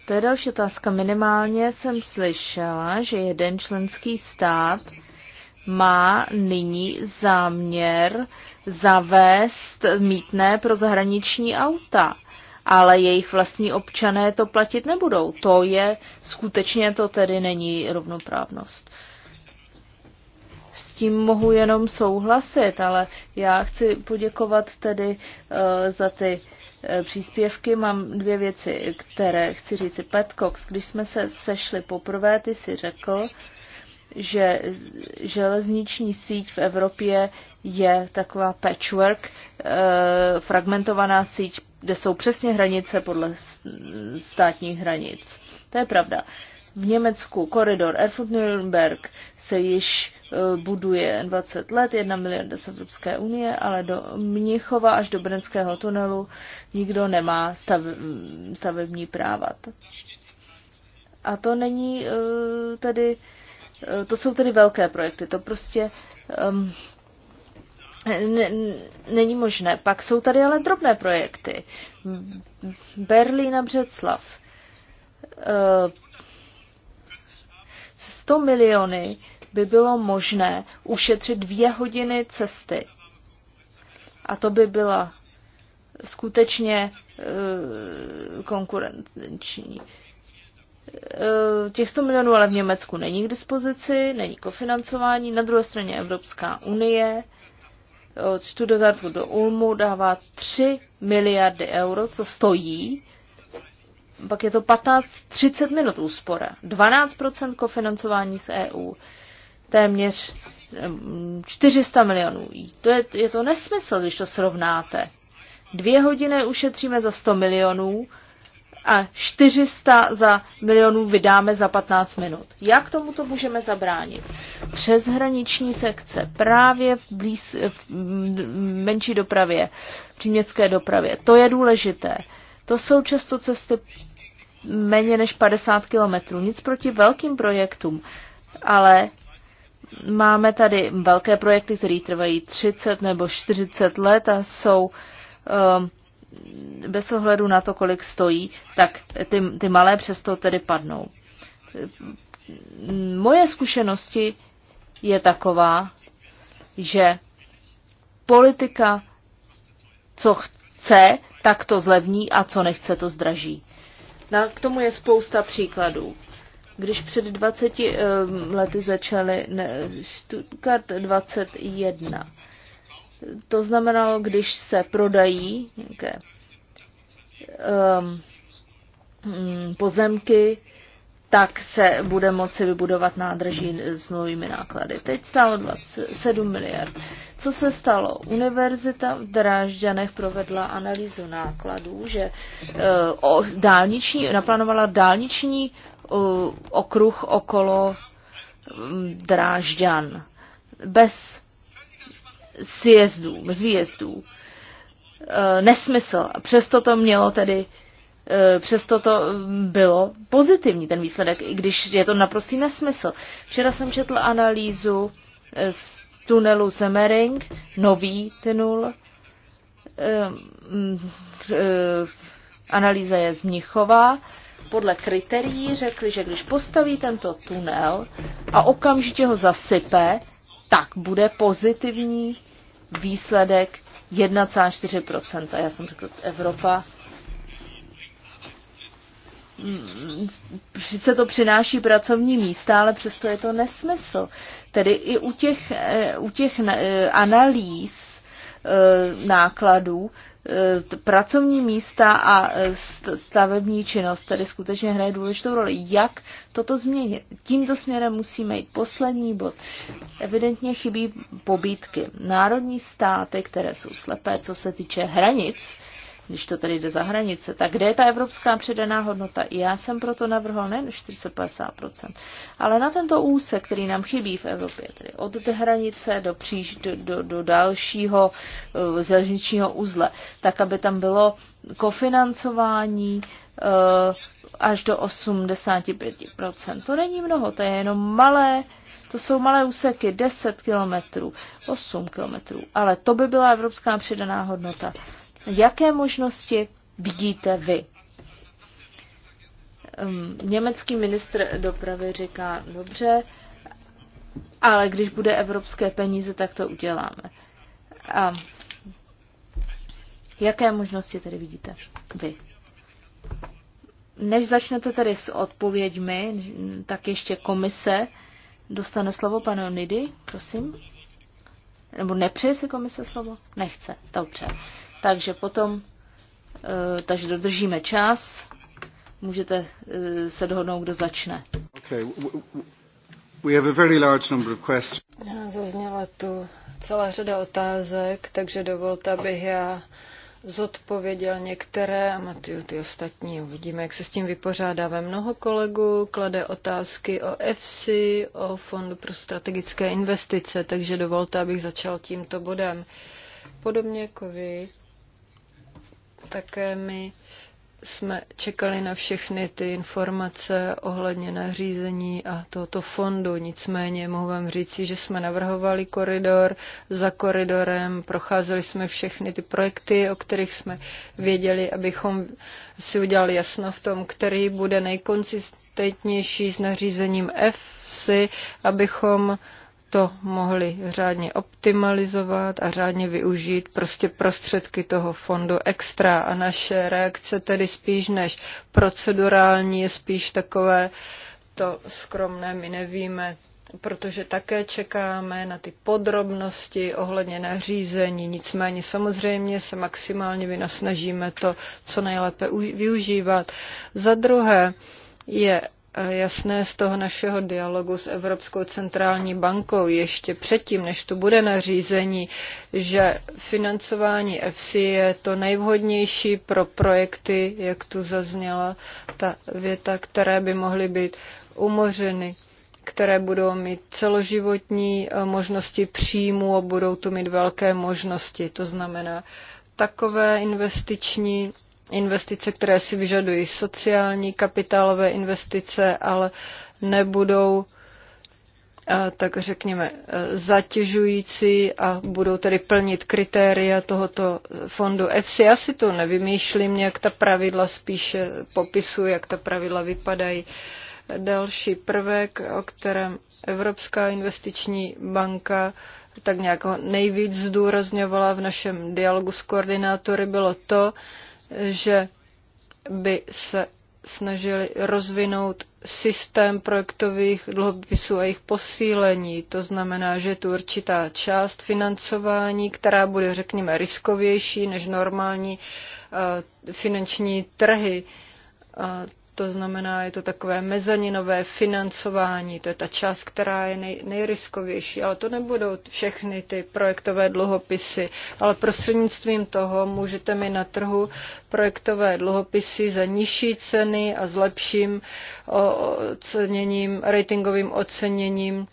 To je další otázka. Minimálně jsem slyšela, že jeden členský stát má nyní záměr zavést mítné pro zahraniční auta, ale jejich vlastní občané to platit nebudou. To je skutečně to tedy není rovnoprávnost. Uh, tím mohu jenom souhlasit, ale já chci poděkovat tedy eh, za ty eh, příspěvky. Mám dvě věci, které chci říct. Pat Cox, když jsme se sešli poprvé, ty si řekl, že železniční síť v Evropě je taková patchwork, eh, fragmentovaná síť, kde jsou přesně hranice podle státních hranic. To je pravda v Německu koridor Erfurt-Nürnberg se již e, buduje 20 let, 1 miliarda z Evropské unie, ale do Mnichova až do Brenského tunelu nikdo nemá stav, stavební práva. A to není e, tedy, e, to jsou tedy velké projekty, to prostě um, není možné. Pak jsou tady ale drobné projekty. Berlín a Břeclav 100 miliony by bylo možné ušetřit dvě hodiny cesty. A to by byla skutečně uh, konkurenční. Uh, těch 100 milionů ale v Německu není k dispozici, není kofinancování. Na druhé straně Evropská unie od Stuttgartu do Ulmu dává 3 miliardy euro, co stojí pak je to 15-30 minut úspora, 12% kofinancování z EU, téměř 400 milionů. To je, je to nesmysl, když to srovnáte. Dvě hodiny ušetříme za 100 milionů a 400 za milionů vydáme za 15 minut. Jak tomu to můžeme zabránit? Přeshraniční sekce právě v, blíz, v menší dopravě, v příměstské dopravě. To je důležité. To jsou často cesty méně než 50 kilometrů. Nic proti velkým projektům, ale máme tady velké projekty, které trvají 30 nebo 40 let a jsou um, bez ohledu na to, kolik stojí, tak ty, ty malé přesto tedy padnou. Moje zkušenosti je taková, že politika, co chce, tak to zlevní a co nechce, to zdraží. Na, k tomu je spousta příkladů. Když před 20 um, lety začaly ne, Stuttgart 21, to znamenalo, když se prodají nějaké um, pozemky, tak se bude moci vybudovat nádrží s novými náklady. Teď stálo 27 miliard. Co se stalo? Univerzita v Drážďanech provedla analýzu nákladů, že eh, o, dálniční, naplánovala dálniční uh, okruh okolo mm, Drážďan bez sjezdů, bez výjezdů. Eh, nesmysl. Přesto to mělo tedy Eh, přesto to mm, bylo pozitivní, ten výsledek, i když je to naprostý nesmysl. Včera jsem četl analýzu eh, z tunelu Semmering, nový tunel. Ehm, mm, eh, analýza je z Mnichova. Podle kritérií řekli, že když postaví tento tunel a okamžitě ho zasype, tak bude pozitivní výsledek 1,4%. Já jsem řekl, Evropa sice to přináší pracovní místa, ale přesto je to nesmysl. Tedy i u těch, eh, u těch eh, analýz eh, nákladů pracovní místa a stavební činnost tady skutečně hraje důležitou roli. Jak toto změnit? Tímto směrem musíme jít. Poslední bod. Evidentně chybí pobítky. Národní státy, které jsou slepé, co se týče hranic, když to tady jde za hranice, tak kde je ta evropská přidaná hodnota? Já jsem proto navrhl nejen 40-50%, ale na tento úsek, který nám chybí v Evropě, tedy od té hranice do, příž, do, do, do dalšího uh, železničního uzle, tak aby tam bylo kofinancování uh, až do 85%. To není mnoho, to je jenom malé to jsou malé úseky, 10 kilometrů, 8 kilometrů, ale to by byla evropská přidaná hodnota. Jaké možnosti vidíte vy? Německý ministr dopravy říká, dobře, ale když bude evropské peníze, tak to uděláme. A jaké možnosti tedy vidíte vy? Než začnete tedy s odpověďmi, tak ještě komise dostane slovo panu Nidy, prosím. Nebo nepřeje si komise slovo? Nechce, dobře. Takže potom, eh, takže dodržíme čas. Můžete eh, se dohodnout, kdo začne. Okay. We have a very large number of questions. Zazněla tu celá řada otázek, takže dovolte, abych já zodpověděl některé a Matiu ty ostatní. Uvidíme, jak se s tím vypořádáme. Mnoho kolegů klade otázky o EFSI, o Fondu pro strategické investice, takže dovolte, abych začal tímto bodem. Podobně jako vy, také my jsme čekali na všechny ty informace ohledně nařízení a tohoto fondu. Nicméně mohu vám říci, že jsme navrhovali koridor za koridorem, procházeli jsme všechny ty projekty, o kterých jsme věděli, abychom si udělali jasno v tom, který bude nejkonsistentnější s nařízením EFSI, abychom to mohli řádně optimalizovat a řádně využít prostě prostředky toho fondu extra. A naše reakce tedy spíš než procedurální je spíš takové to skromné, my nevíme, protože také čekáme na ty podrobnosti ohledně nařízení. Nicméně samozřejmě se maximálně vynasnažíme to, co nejlépe využívat. Za druhé je jasné z toho našeho dialogu s Evropskou centrální bankou ještě předtím, než to bude nařízení, že financování EFSI je to nejvhodnější pro projekty, jak tu zazněla ta věta, které by mohly být umořeny které budou mít celoživotní eh, možnosti příjmu a budou tu mít velké možnosti. To znamená takové investiční investice, které si vyžadují sociální kapitálové investice, ale nebudou eh, tak řekněme, eh, zatěžující a budou tedy plnit kritéria tohoto eh, fondu EFSI. Já si to nevymýšlím, jak ta pravidla spíše popisu, jak ta pravidla vypadají. Další prvek, o kterém Evropská investiční banka tak nějak nejvíc zdůrazňovala v našem dialogu s koordinátory, bylo to, že by se snažili rozvinout systém projektových dluhopisů a jejich posílení. To znamená, že je tu určitá část financování, která bude, řekněme, riskovější než normální eh, finanční trhy. Eh, to znamená, je to takové mezaninové financování, to je ta část, která je nej, nejriskovější, ale to nebudou všechny ty projektové dluhopisy, ale prostřednictvím toho můžete mi na trhu projektové dluhopisy za nižší ceny a s lepším oceněním, ratingovým oceněním,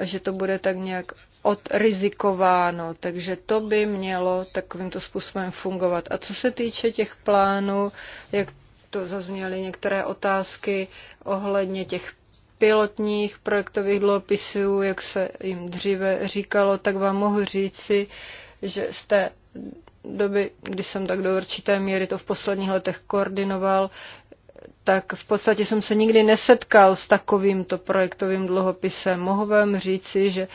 že to bude tak nějak odrizikováno, takže to by mělo takovýmto způsobem fungovat. A co se týče těch plánů, jak to zazněly některé otázky ohledně těch pilotních projektových dluhopisů, jak se jim dříve říkalo, tak vám mohu říci, že z té doby, kdy jsem tak do určité míry to v posledních letech koordinoval, tak v podstatě jsem se nikdy nesetkal s takovýmto projektovým dluhopisem. Mohu vám říci, že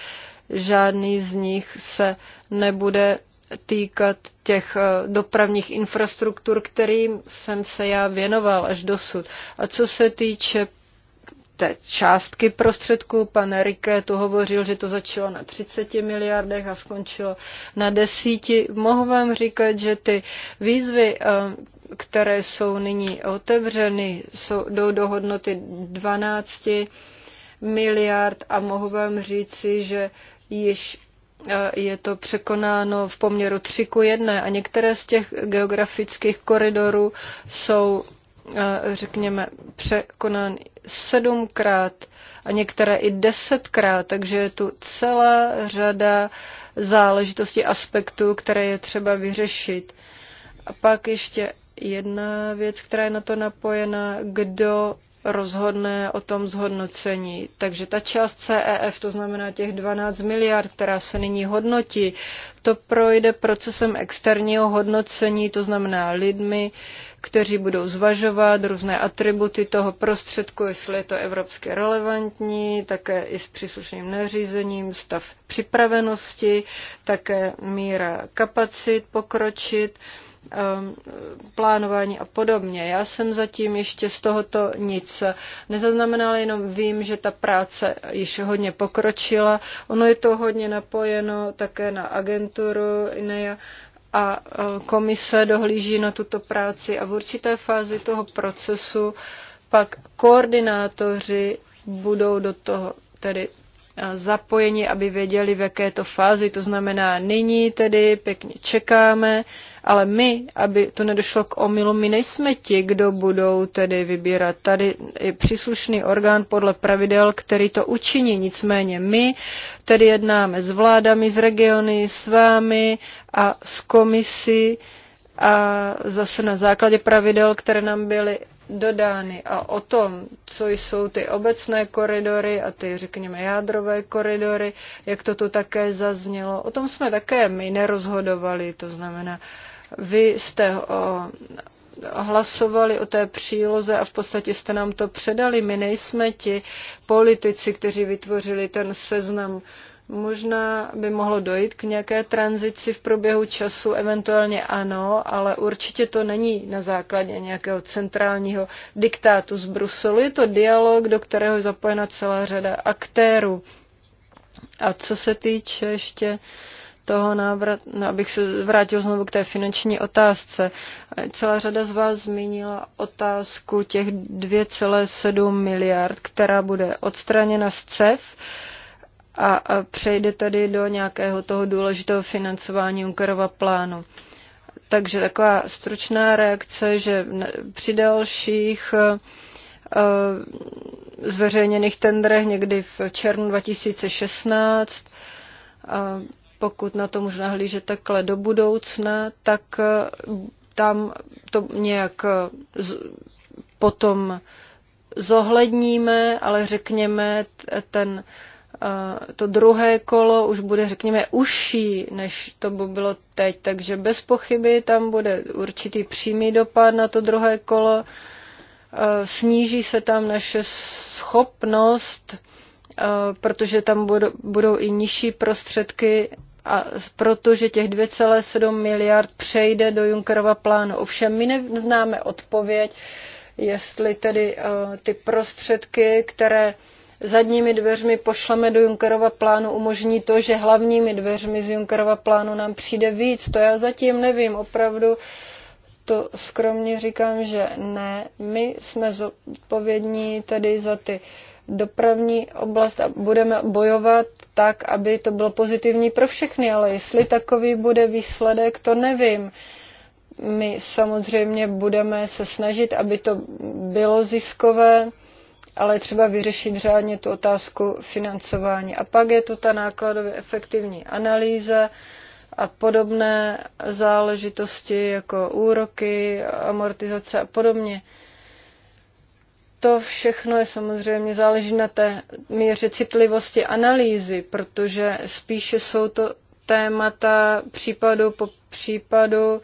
žádný z nich se nebude týkat těch eh, dopravních infrastruktur, kterým jsem se já věnoval až dosud. A co se týče té částky prostředků, pan Rike tu hovořil, že to začalo na 30 miliardech a skončilo na desíti. Mohu vám říkat, že ty výzvy, eh, které jsou nyní otevřeny, jsou, jdou do hodnoty 12 miliard a mohu vám říci, že již je to překonáno v poměru 3 ku 1 a některé z těch geografických koridorů jsou, řekněme, překonány sedmkrát a některé i desetkrát, takže je tu celá řada záležitostí aspektů, které je třeba vyřešit. A pak ještě jedna věc, která je na to napojena, kdo rozhodne o tom zhodnocení. Takže ta část CEF, to znamená těch 12 miliard, která se nyní hodnotí, to projde procesem externího hodnocení, to znamená lidmi, kteří budou zvažovat různé atributy toho prostředku, jestli je to evropsky relevantní, také i s příslušným nařízením, stav připravenosti, také míra kapacit pokročit. Um, plánování a podobně. Já jsem zatím ještě z tohoto nic nezaznamenala, jenom vím, že ta práce již hodně pokročila. Ono je to hodně napojeno také na agenturu INEA a uh, komise dohlíží na tuto práci a v určité fázi toho procesu pak koordinátoři budou do toho tedy uh, zapojeni, aby věděli, v jaké to fázi. To znamená, nyní tedy pěkně čekáme, ale my, aby to nedošlo k omylu, my nejsme ti, kdo budou tedy vybírat. Tady je příslušný orgán podle pravidel, který to učiní. Nicméně my tedy jednáme s vládami, s regiony, s vámi a s komisí a zase na základě pravidel, které nám byly dodány a o tom, co jsou ty obecné koridory a ty, řekněme, jádrové koridory, jak to tu také zaznělo, o tom jsme také my nerozhodovali, to znamená, vy jste eh, hlasovali o té příloze a v podstatě jste nám to předali. My nejsme ti politici, kteří vytvořili ten seznam. Možná by mohlo dojít k nějaké tranzici v průběhu času, eventuálně ano, ale určitě to není na základě nějakého centrálního diktátu z Bruselu. Je to dialog, do kterého je zapojena celá řada aktérů. A co se týče ještě uh, toho návrat, no, abych se vrátil znovu k té finanční otázce. Celá řada z vás zmínila otázku těch 2,7 miliard, která bude odstraněna z CEF a, a přejde tady do nějakého toho důležitého financování Junckerova plánu. Takže taková stručná reakce, že při dalších eh, eh, zveřejněných tendrech někdy v červnu 2016 pokud na to můžu nahlížet takhle do budoucna, tak eh, tam to nějak eh, potom zohledníme, ale řekněme, ten, eh, to druhé kolo už bude, řekněme, užší, než to by bylo teď. Takže bez pochyby tam bude určitý přímý dopad na to druhé kolo. Sníží se tam naše schopnost, protože tam budou, budou i nižší prostředky a protože těch 2,7 miliard přejde do Junckerova plánu. Ovšem my neznáme odpověď, jestli tedy eh, ty prostředky, které zadními dveřmi pošleme do Junckerova plánu, umožní to, že hlavními dveřmi z Junckerova plánu nám přijde víc. To já zatím nevím. Opravdu to skromně říkám, že ne. My jsme zodpovědní tedy za ty uh, dopravní oblast a budeme bojovat tak, aby to bylo pozitivní pro všechny, ale jestli takový bude výsledek, to nevím. My samozřejmě budeme se snažit, aby to bylo ziskové, ale třeba vyřešit řádně tu otázku financování. A pak je tu ta nákladově efektivní analýza a podobné záležitosti jako úroky, amortizace a podobně to všechno je samozřejmě záleží na té míře citlivosti analýzy, protože spíše jsou to témata případu po případu,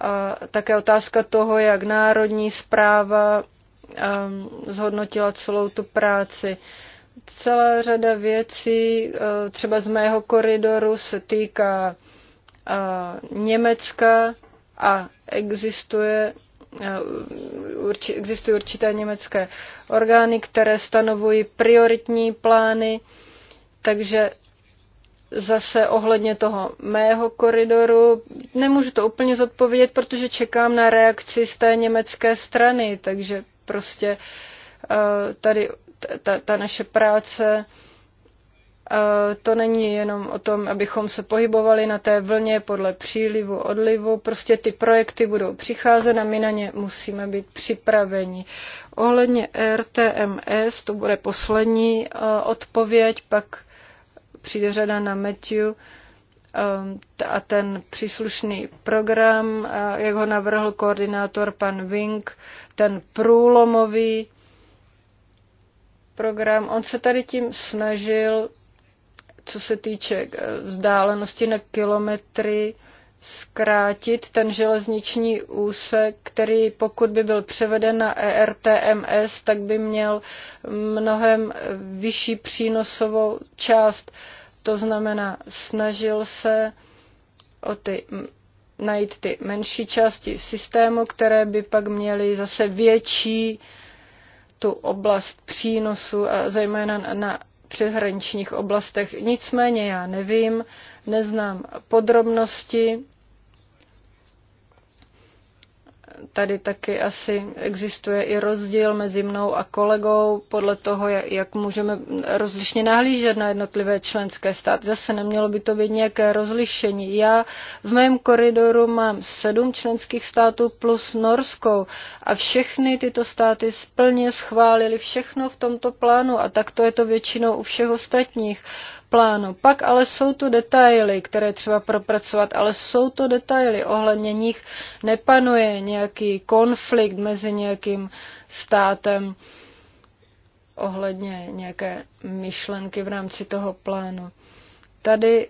a také otázka toho, jak národní zpráva ehm, zhodnotila celou tu práci. Celá řada věcí, eh, třeba z mého koridoru, se týká eh, Německa a existuje Eh, existují určité německé orgány, které stanovují prioritní plány, takže zase ohledně toho mého koridoru. Nemůžu to úplně zodpovědět, protože čekám na reakci z té německé strany, takže prostě eh, tady ta, ta naše práce to není jenom o tom, abychom se pohybovali na té vlně podle přílivu, odlivu. Prostě ty projekty budou přicházet a my na ně musíme být připraveni. Ohledně RTMS, to bude poslední odpověď, pak přijde řada na Matthew a ten příslušný program, jak ho navrhl koordinátor pan Wink, ten průlomový program. On se tady tím snažil co se týče eh, vzdálenosti na kilometry, zkrátit ten železniční úsek, který pokud by byl převeden na ERTMS, tak by měl mnohem vyšší přínosovou část. To znamená, snažil se o ty, najít ty menší části systému, které by pak měly zase větší tu oblast přínosu a zejména na přeshraničních oblastech. Nicméně já nevím, neznám podrobnosti tady taky asi existuje i rozdíl mezi mnou a kolegou podle toho, jak, jak můžeme rozlišně nahlížet na jednotlivé členské státy. Zase nemělo by to být nějaké rozlišení. Já v mém koridoru mám sedm členských států plus Norskou a všechny tyto státy splně schválili všechno v tomto plánu a tak to je to většinou u všech ostatních plánu. Pak ale jsou tu detaily, které třeba propracovat, ale jsou to detaily, ohledně nich nepanuje nějaký konflikt mezi nějakým státem ohledně nějaké myšlenky v rámci toho plánu. Tady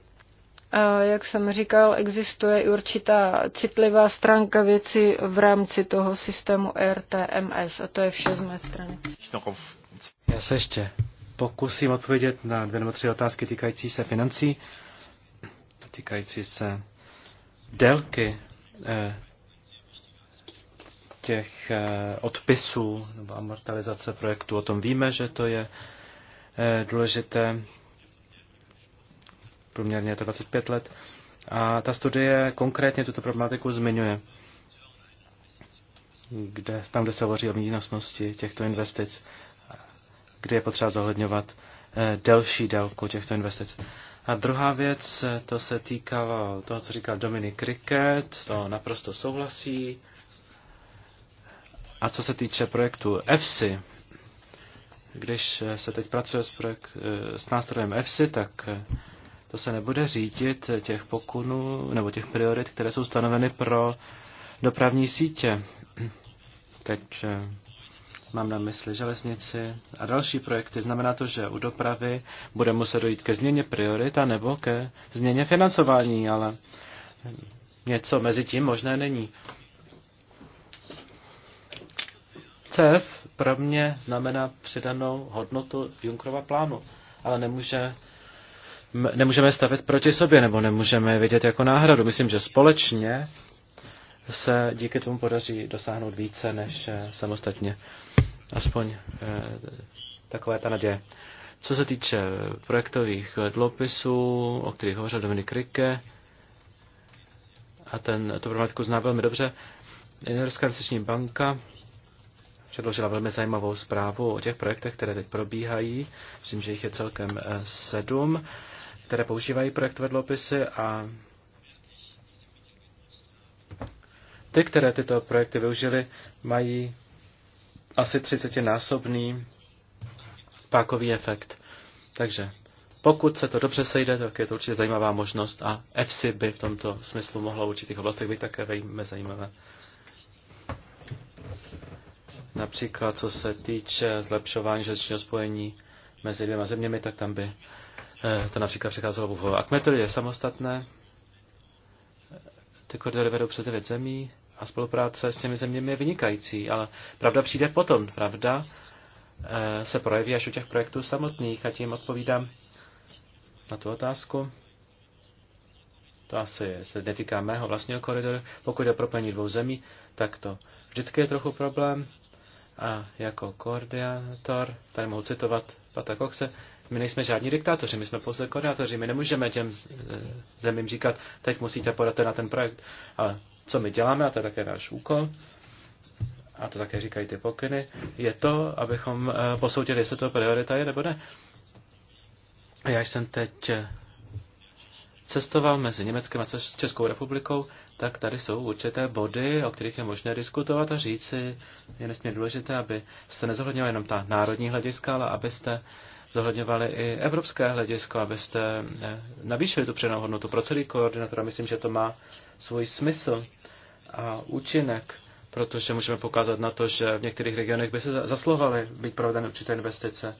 jak jsem říkal, existuje určitá citlivá stránka věci v rámci toho systému RTMS a to je vše z mé strany. Já se ještě pokusím odpovědět na dvě nebo tři otázky týkající se financí, týkající se délky eh, těch eh, odpisů nebo amortalizace projektu. O tom víme, že to je eh, důležité. Průměrně je to 25 let. A ta studie konkrétně tuto problematiku zmiňuje. Kde, tam, kde se hovoří o výnosnosti těchto investic kdy je potřeba zohledňovat eh, delší délku těchto investic. A druhá věc, eh, to se týkalo toho, co říkal Dominik Rickett, to naprosto souhlasí. A co se týče projektu EFSI, když eh, se teď pracuje s, projekt, s nástrojem EFSI, tak to se nebude řídit těch pokunů nebo těch priorit, které jsou stanoveny pro dopravní sítě. Takže mám na mysli železnici a další projekty. Znamená to, že u dopravy bude muset dojít ke změně priorit nebo ke změně financování, ale něco mezi tím možné není. CEF pro mě znamená přidanou hodnotu Junkrova plánu, ale nemůže, nemůžeme stavět proti sobě nebo nemůžeme vidět jako náhradu. Myslím, že společně se díky tomu podaří dosáhnout více než eh, samostatně. Aspoň eh, takové ta naděje. Co se týče projektových dlopisů, o kterých hovořil Dominik Rike, a ten, tu problematiku zná velmi dobře, Evropská investiční banka předložila velmi zajímavou zprávu o těch projektech, které teď probíhají. Myslím, že jich je celkem eh, sedm, které používají projektové dlopisy a Ty, které tyto projekty využili, mají asi 30-násobný pákový efekt. Takže pokud se to dobře sejde, tak je to určitě zajímavá možnost a FC by v tomto smyslu mohlo v určitých oblastech být také velmi zajímavé. Například co se týče zlepšování železničního spojení mezi dvěma zeměmi, tak tam by eh, to například přecházelo v Akmetr je samostatné. Ty koridory vedou přes devět zemí a spolupráce s těmi zeměmi je vynikající, ale pravda přijde potom. Pravda eh, se projeví až u těch projektů samotných a tím odpovídám na tu otázku. To asi se netýká mého vlastního koridoru. Pokud je propojení dvou zemí, tak to vždycky je trochu problém. A jako koordinátor, tady mohu citovat Pata Coxe, my nejsme žádní diktátoři, my jsme pouze koordinátoři, my nemůžeme těm eh, zemím říkat, teď musíte podat na ten projekt, ale co my děláme, a to je také náš úkol, a to také říkají ty pokyny, je to, abychom eh, posoudili, jestli to priorita je nebo ne. Já jsem teď eh, cestoval mezi Německem a Českou republikou, tak tady jsou určité body, o kterých je možné diskutovat a říci. Je nesmírně důležité, aby nezohledňovali jenom ta národní hlediska, ale abyste zohledňovali i evropské hledisko, abyste eh, navýšili tu přenou hodnotu pro celý koordinátor. Myslím, že to má svůj smysl a účinek, protože můžeme pokázat na to, že v některých regionech by se zaslovaly být provedeny určité investice,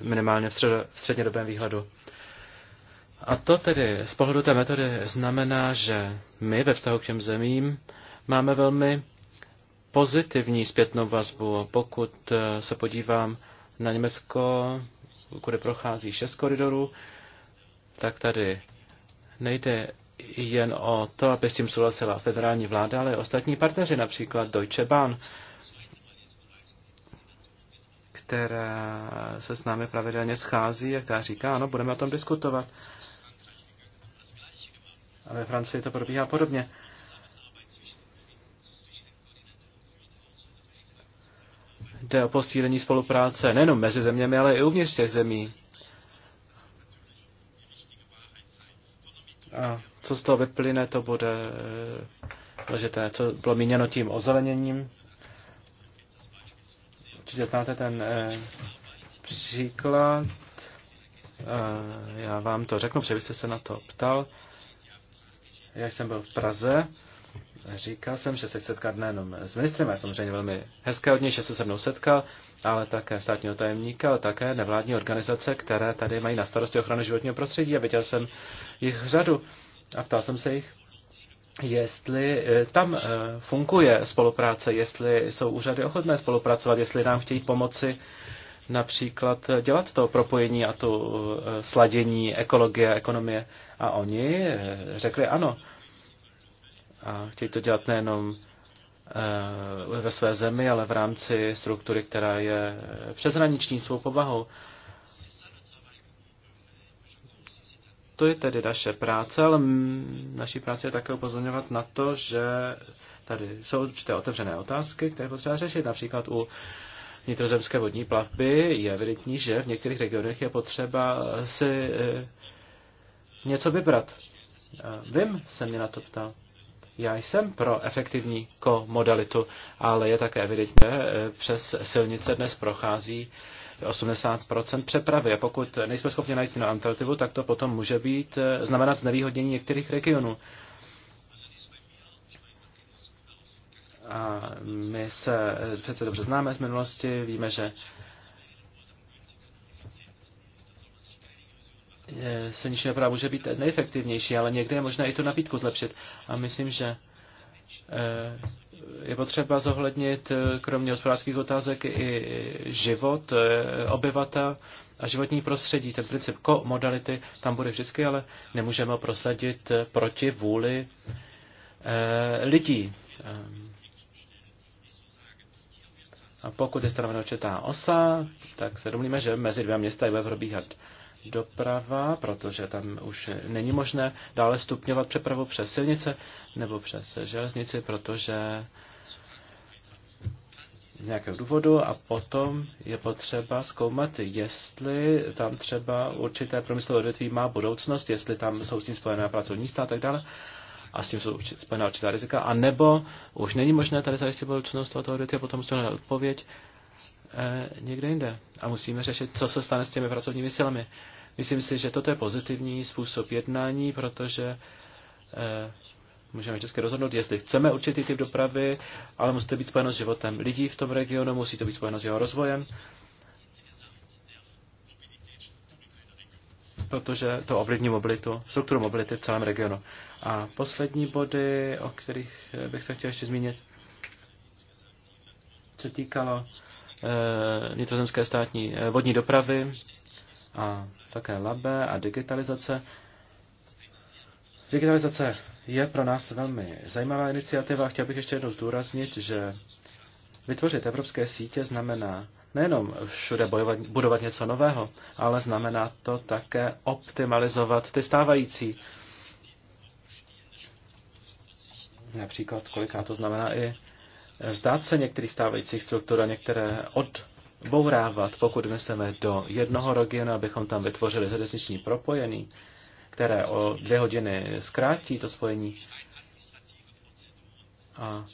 minimálně v, střed, v střednědobém výhledu. A to tedy z pohledu té metody znamená, že my ve vztahu k těm zemím máme velmi pozitivní zpětnou vazbu. Pokud eh, se podívám na Německo, kde prochází šest koridorů, tak tady nejde jen o to, aby s tím souhlasila federální vláda, ale i ostatní partneři, například Deutsche Bahn, která se s námi pravidelně schází a která říká, ano, budeme o tom diskutovat. A ve Francii to probíhá podobně. Jde o posílení spolupráce nejen mezi zeměmi, ale i uvnitř těch zemí. A co z toho vyplyne, to bude eh, důležité, co bylo míněno tím ozeleněním. Určitě znáte ten eh, příklad. Eh, já vám to řeknu, protože vy jste se na to ptal. Já jsem byl v Praze. Říkal jsem, že se chci setkat nejenom s ministrem, já samozřejmě velmi hezké od něj, že se se mnou setkal, ale také státního tajemníka, ale také nevládní organizace, které tady mají na starosti ochranu životního prostředí a viděl jsem jich řadu a ptal jsem se jich, jestli eh, tam eh, funguje spolupráce, jestli jsou úřady ochotné spolupracovat, jestli nám chtějí pomoci například dělat to propojení a to eh, sladění ekologie, ekonomie. A oni řekli ano. A chtějí to dělat nejenom ve své zemi, ale v rámci struktury, která je přeshraniční svou povahou. To je tedy naše práce, ale naší práce je také upozorňovat na to, že tady jsou určité otevřené otázky, které potřeba řešit. Například u vnitrozemské vodní plavby je evidentní, že v některých regionech je potřeba si eh, něco vybrat. Vím, se mě na to ptal. Já jsem pro efektivní komodalitu, ale je také evidentní, že eh, přes silnice dnes prochází 80% přepravy. A pokud nejsme schopni najít na alternativu, tak to potom může být eh, znamenat znevýhodnění některých regionů. A my se přece dobře známe z minulosti, víme, že silniční doprava může být neefektivnější, ale někde je možné i tu nabídku zlepšit. A myslím, že eh, je potřeba zohlednit eh, kromě hospodářských otázek i život eh, obyvatel a životní prostředí. Ten princip komodality tam bude vždycky, ale nemůžeme ho prosadit eh, proti vůli lidí. A pokud je stanovena četá osa, tak se domníme, že mezi dvěma města je bude probíhat doprava, protože tam už není možné dále stupňovat přepravu přes silnice nebo přes železnici, protože z nějakého důvodu a potom je potřeba zkoumat, jestli tam třeba určité průmyslové odvětví má budoucnost, jestli tam jsou s tím spojená pracovní místa a tak dále a s tím jsou spojená určitá rizika, a nebo už není možné tady zajistit budoucnost tohoto odvětví a potom musíme na odpověď eh, někde jinde. A musíme řešit, co se stane s těmi pracovními silami. Myslím si, že toto je pozitivní způsob jednání, protože eh, můžeme vždycky rozhodnout, jestli chceme určitý typ dopravy, ale musí to být spojeno s životem lidí v tom regionu, musí to být spojeno s jeho rozvojem, protože to ovlivní mobilitu, strukturu mobility v celém regionu. A poslední body, o kterých eh, bych se chtěl ještě zmínit, se týkalo eh, vnitrozemské státní eh, vodní dopravy a také labé a digitalizace. Digitalizace je pro nás velmi zajímavá iniciativa. Chtěl bych ještě jednou zdůraznit, že vytvořit evropské sítě znamená nejenom všude bojovat, budovat něco nového, ale znamená to také optimalizovat ty stávající. Například koliká to znamená i vzdát se některých stávajících struktur a některé od bourávat, pokud vneseme do jednoho regionu, abychom tam vytvořili železniční propojení, které o dvě hodiny zkrátí to spojení. A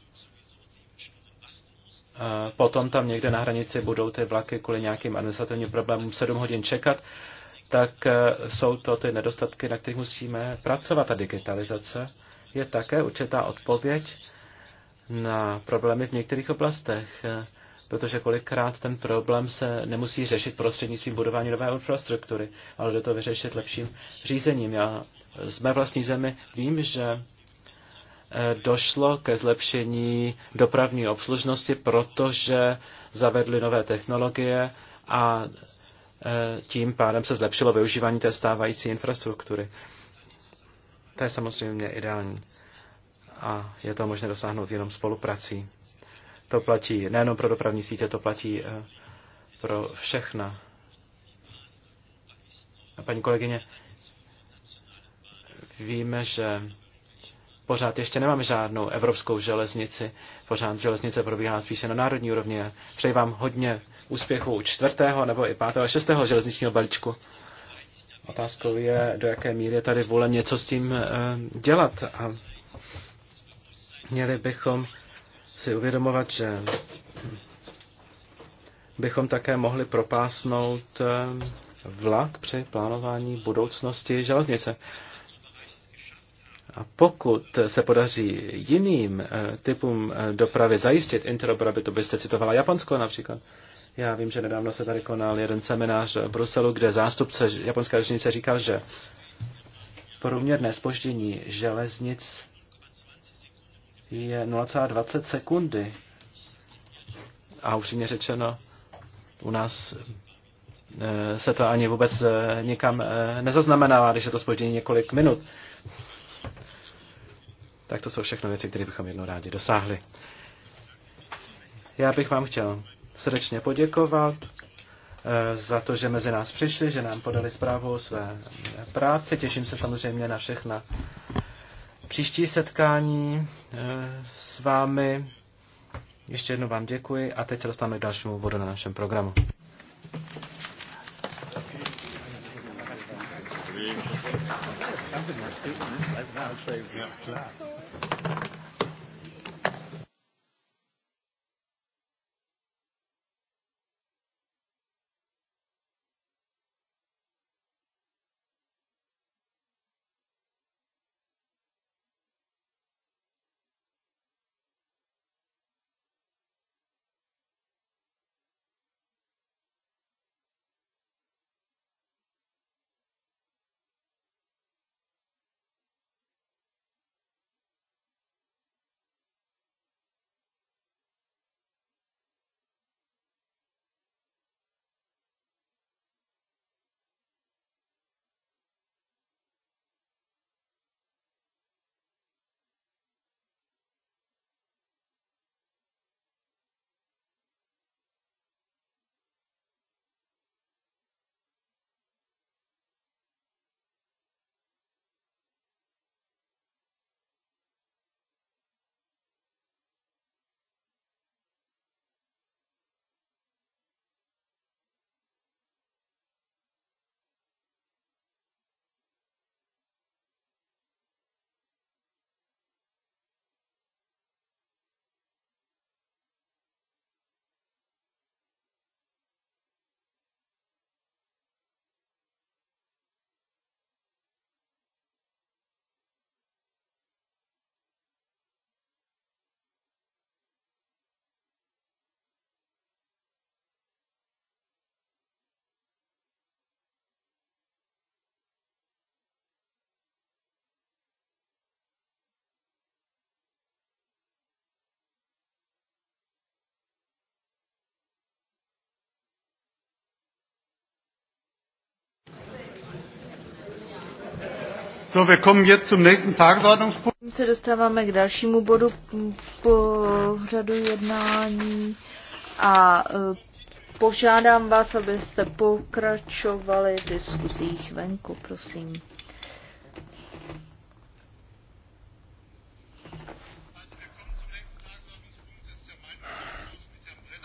potom tam někde na hranici budou ty vlaky kvůli nějakým administrativním problémům sedm hodin čekat, tak e, jsou to ty nedostatky, na kterých musíme pracovat. A digitalizace je také určitá odpověď na problémy v některých oblastech protože kolikrát ten problém se nemusí řešit prostřednictvím budování nové infrastruktury, ale jde to vyřešit lepším řízením. Já z mé vlastní zemi vím, že eh, došlo ke zlepšení dopravní obslužnosti, protože zavedly nové technologie a eh, tím pádem se zlepšilo využívání té stávající infrastruktury. To je samozřejmě ideální a je to možné dosáhnout jenom spoluprací. To platí nejenom pro dopravní sítě, to platí eh, pro všechna. A paní kolegyně, víme, že pořád ještě nemáme žádnou evropskou železnici. Pořád železnice probíhá spíše na národní úrovni. Přeji vám hodně úspěchů u čtvrtého nebo i pátého a šestého železničního balíčku. Otázkou je, do jaké míry je tady vůle něco s tím eh, dělat. A měli bychom si uvědomovat, že bychom také mohli propásnout eh, vlak při plánování budoucnosti železnice. A pokud se podaří jiným eh, typům eh, dopravy zajistit interoperabilitu, byste citovala Japonsko například. Já vím, že nedávno se tady konal jeden seminář v Bruselu, kde zástupce japonské železnice říkal, že průměrné spoždění železnic je 0,20 sekundy. A upřímně řečeno, u nás eh, se to ani vůbec eh, nikam eh, nezaznamenává, když je to spoždění několik minut. Tak to jsou všechno věci, které bychom jednou rádi dosáhli. Já bych vám chtěl srdečně poděkovat za to, že mezi nás přišli, že nám podali zprávu o své práci. Těším se samozřejmě na všechna příští setkání eh, s vámi. Ještě jednou vám děkuji a teď se dostaneme k dalšímu bodu na našem programu. Something like that, like that, so yeah. So, wir kommen jetzt zum nächsten Tagesordnungspunkt. Se dostáváme k dalšímu bodu pořadu jednání a e, požádám vás, abyste pokračovali v diskuzích venku, prosím.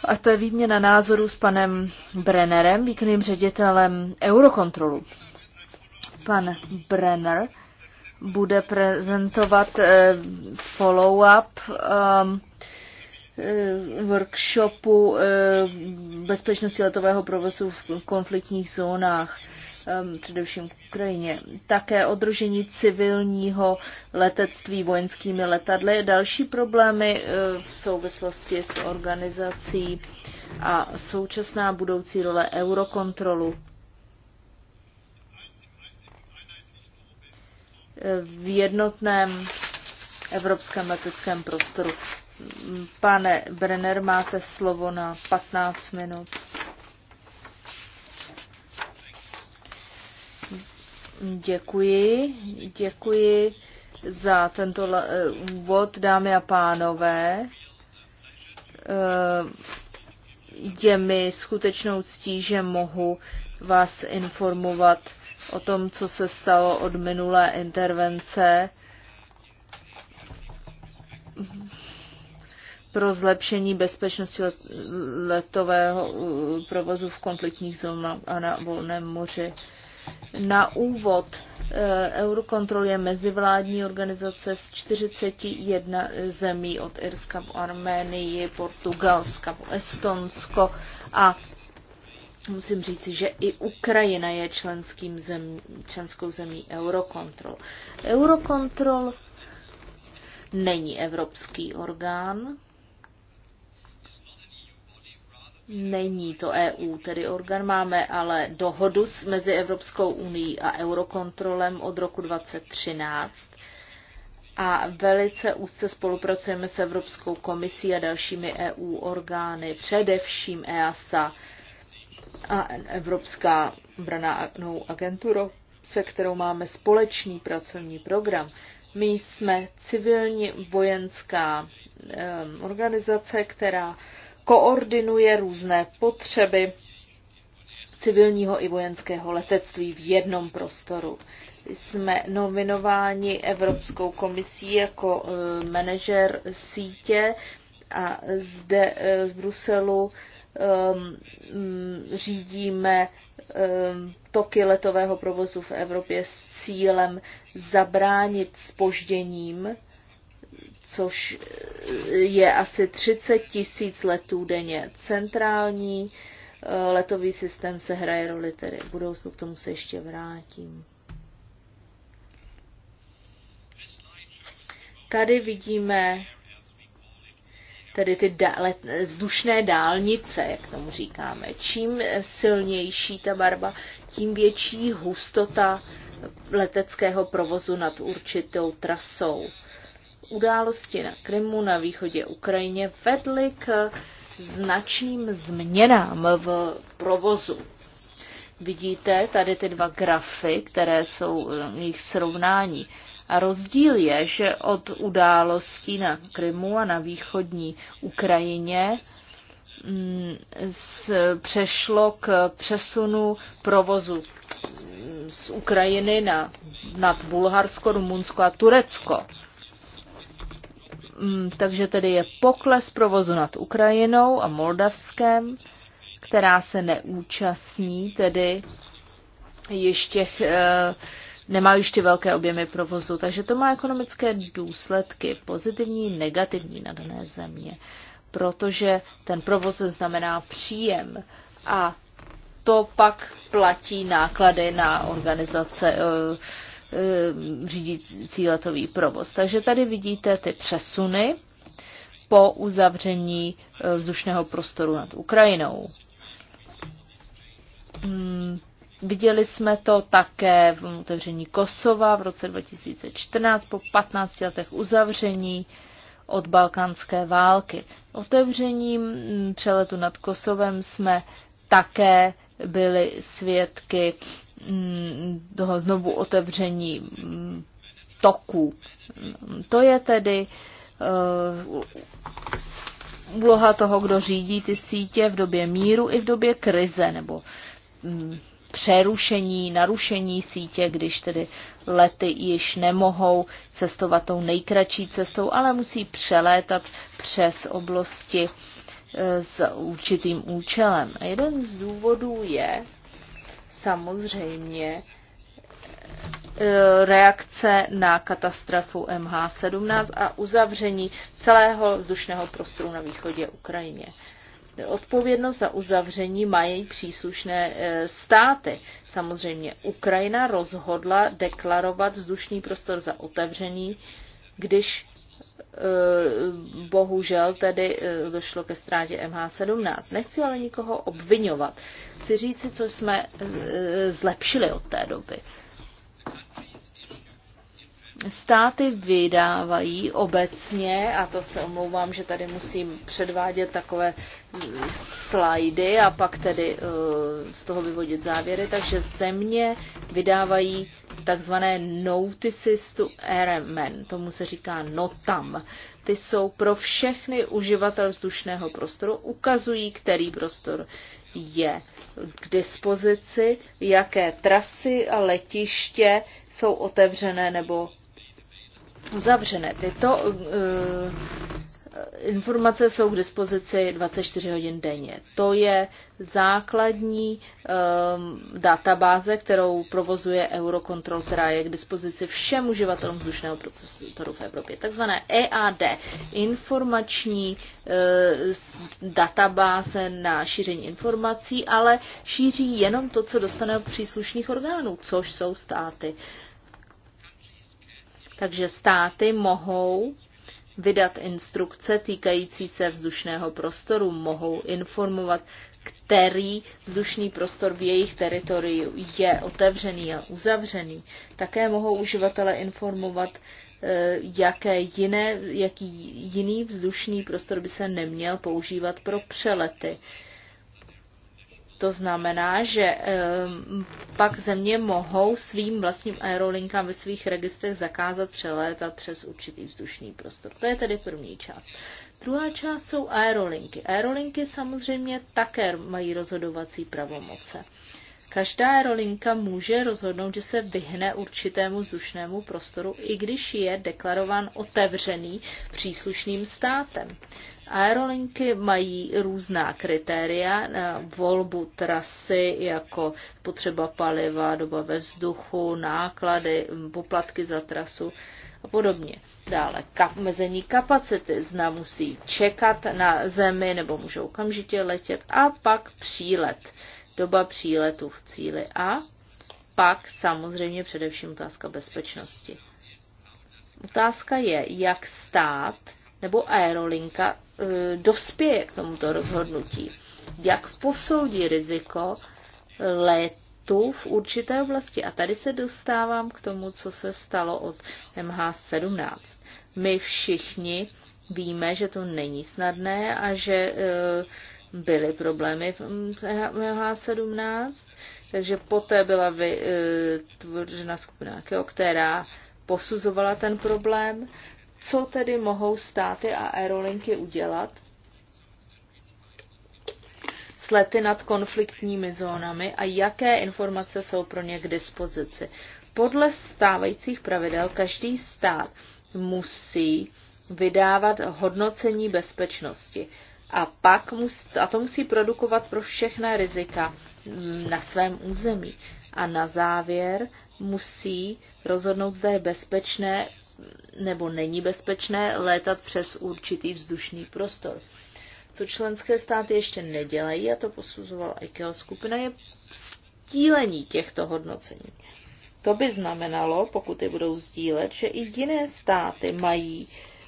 A to je výměna názoru s panem Brennerem, výkonným ředitelem Eurokontrolu pan Brenner bude prezentovat eh, follow-up ehm, eh, workshopu eh, bezpečnosti letového provozu v konfliktních zónách, ehm, především v Ukrajině. Také odružení civilního letectví vojenskými letadly. Další problémy v souvislosti s organizací a současná budoucí role eurokontrolu v jednotném evropském leteckém prostoru. Pane Brenner, máte slovo na 15 minut. Děkuji, děkuji za tento úvod, dámy a pánové. Eh, je mi skutečnou ctí, že mohu vás informovat o tom, co se stalo od minulé intervence pro zlepšení bezpečnosti letového uh, provozu v konfliktních zónách a na volném moři. Na úvod eh, Eurocontrol je mezivládní organizace z 41 zemí od Irska v Arménii, Portugalska v Estonsko a Musím říci, že i Ukrajina je členským zem, členskou zemí Eurokontrol. Eurokontrol není evropský orgán, Není to EU, tedy orgán máme, ale dohodu mezi Evropskou unii a Eurokontrolem od roku 2013. A velice úzce spolupracujeme s Evropskou komisí a dalšími EU orgány, především EASA, a Evropská branou agenturu, se kterou máme společný pracovní program. My jsme civilní vojenská organizace, která koordinuje různé potřeby civilního i vojenského letectví v jednom prostoru. Jsme nominováni Evropskou komisí jako manažer sítě a zde z Bruselu Um, mm, řídíme um, toky letového provozu v Evropě s cílem zabránit spožděním, což eh, je asi 30 tisíc letů denně. Centrální eh, letový systém se hraje roli tedy. V budoucnu k tomu se ještě vrátím. Tady vidíme tedy ty dále, vzdušné dálnice, jak tomu říkáme. Čím silnější ta barva, tím větší hustota leteckého provozu nad určitou trasou. Události na Krymu na východě Ukrajině vedly k značným změnám v provozu. Vidíte tady ty dva grafy, které jsou jejich srovnání. A rozdíl je, že od událostí na Krymu a na východní Ukrajině mm, přešlo k přesunu provozu mm, z Ukrajiny na, nad Bulharsko, Rumunsko a Turecko. Mm, takže tedy je pokles provozu nad Ukrajinou a Moldavskem, která se neúčastní tedy ještě těch eh, nemá ještě ty velké objemy provozu. Takže to má ekonomické důsledky, pozitivní, negativní na dané země, protože ten provoz znamená příjem a to pak platí náklady na organizace eh, eh, řídící letový provoz. Takže tady vidíte ty přesuny po uzavření eh, vzdušného prostoru nad Ukrajinou hmm, Viděli jsme to také v otevření Kosova v roce 2014 po 15 letech uzavření od balkánské války. Otevřením přeletu nad Kosovem jsme také byli svědky mm, toho znovu otevření mm, toků. To je tedy uh, úloha toho, kdo řídí ty sítě v době míru i v době krize nebo mm, přerušení, narušení sítě, když tedy lety již nemohou cestovat tou nejkratší cestou, ale musí přelétat přes oblasti e, s určitým účelem. A jeden z důvodů je samozřejmě e, reakce na katastrofu MH17 a uzavření celého vzdušného prostoru na východě Ukrajině odpovědnost za uzavření mají příslušné e, státy. Samozřejmě Ukrajina rozhodla deklarovat vzdušný prostor za otevřený, když e, bohužel tedy e, došlo ke ztrátě MH17. Nechci ale nikoho obvinovat. Chci říci, co jsme zlepšili od té doby. Státy vydávají obecně, a to se omlouvám, že tady musím předvádět takové mm, slajdy a pak tedy eh, z toho vyvodit závěry, takže země vydávají takzvané notices to airmen, tomu se říká notam. Ty jsou pro všechny uživatel vzdušného prostoru, ukazují, který prostor je k dispozici, jaké trasy a letiště jsou otevřené nebo uzavřené. Tyto e, informace jsou k dispozici 24 hodin denně. To je základní e, databáze, kterou provozuje Eurocontrol, která je k dispozici všem uživatelům vzdušného procesoru v Evropě. Takzvané EAD, informační e, databáze na šíření informací, ale šíří jenom to, co dostane od příslušných orgánů, což jsou státy. E, takže státy mohou vydat instrukce týkající se vzdušného prostoru, mohou informovat, který vzdušný prostor v jejich teritoriu je otevřený a uzavřený. Také mohou uživatele informovat, eh, jaké jiné, jaký jiný vzdušný prostor by se neměl používat pro přelety. To znamená, že ehm, pak země mohou svým vlastním aerolinkám ve svých registrech zakázat přelétat přes určitý vzdušný prostor. To je tedy první část. Druhá část jsou aerolinky. Aerolinky samozřejmě také mají rozhodovací pravomoce. Každá aerolinka může rozhodnout, že se vyhne určitému vzdušnému prostoru, i když je deklarován otevřený příslušným státem. Aerolinky mají různá kritéria na volbu trasy, jako potřeba paliva, doba ve vzduchu, náklady, poplatky za trasu a podobně. Dále kap, mezení kapacity. Zna musí čekat na zemi nebo můžou okamžitě letět a pak přílet. Doba příletu v cíli a pak samozřejmě především otázka bezpečnosti. Otázka je, jak stát nebo aerolinka e, dospěje k tomuto rozhodnutí. Jak posoudí riziko letu v určité oblasti? A tady se dostávám k tomu, co se stalo od MH17. My všichni víme, že to není snadné a že e, byly problémy v MH17, takže poté byla vytvořena skupina, která posuzovala ten problém. Co tedy mohou státy a aerolinky udělat s lety nad konfliktními zónami a jaké informace jsou pro ně k dispozici? Podle stávajících pravidel každý stát musí vydávat hodnocení bezpečnosti a pak musí, a to musí produkovat pro všechna rizika mm, na svém území. A na závěr musí rozhodnout, zda je bezpečné nebo není bezpečné létat přes určitý vzdušný prostor. Co členské státy ještě nedělají, a to posuzovala ICAO skupina, je stílení těchto hodnocení. To by znamenalo, pokud je budou sdílet, že i jiné státy mají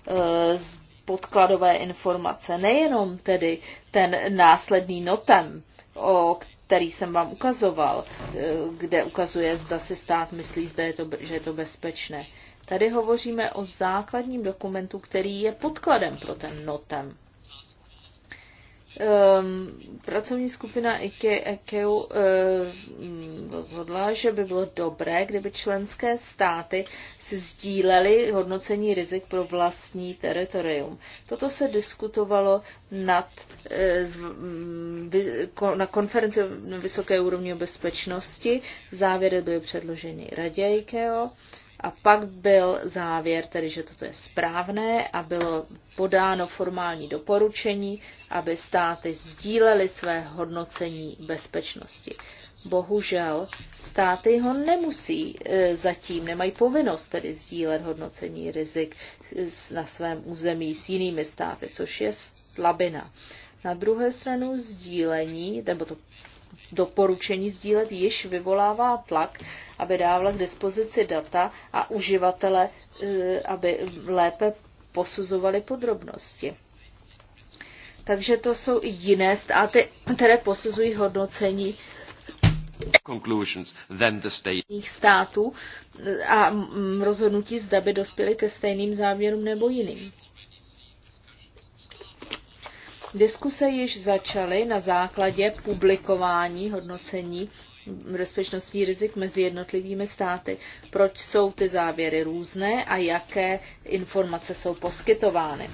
uh, podkladové informace, nejenom tedy ten následný notem, o který jsem vám ukazoval, eh, kde ukazuje, zda si stát myslí, zda je to, že je to bezpečné. Tady hovoříme o základním dokumentu, který je podkladem pro ten notem. Um, pracovní skupina IKEA uh, ehm, rozhodla, že by bylo dobré, kdyby členské státy si sdílely hodnocení rizik pro vlastní teritorium. Toto se diskutovalo nad, uh, na konferenci na vysoké úrovni bezpečnosti. Závěry byly předloženy radě IKEA. A pak byl závěr, tedy že toto je správné a bylo podáno formální doporučení, aby státy sdílely své hodnocení bezpečnosti. Bohužel státy ho nemusí e, zatím, nemají povinnost tedy sdílet hodnocení rizik na svém území s jinými státy, což je slabina. Na druhé stranu sdílení, nebo to doporučení sdílet již vyvolává tlak, aby dávala k dispozici data a uživatele, eh, aby lépe posuzovali podrobnosti. Takže to jsou i jiné státy, které posuzují hodnocení jiných států eh, a mm, rozhodnutí, zda by dospěly ke stejným závěrům nebo jiným. Diskuse již začaly na základě publikování hodnocení bezpečnostní rizik mezi jednotlivými státy. Proč jsou ty závěry různé a jaké informace jsou poskytovány?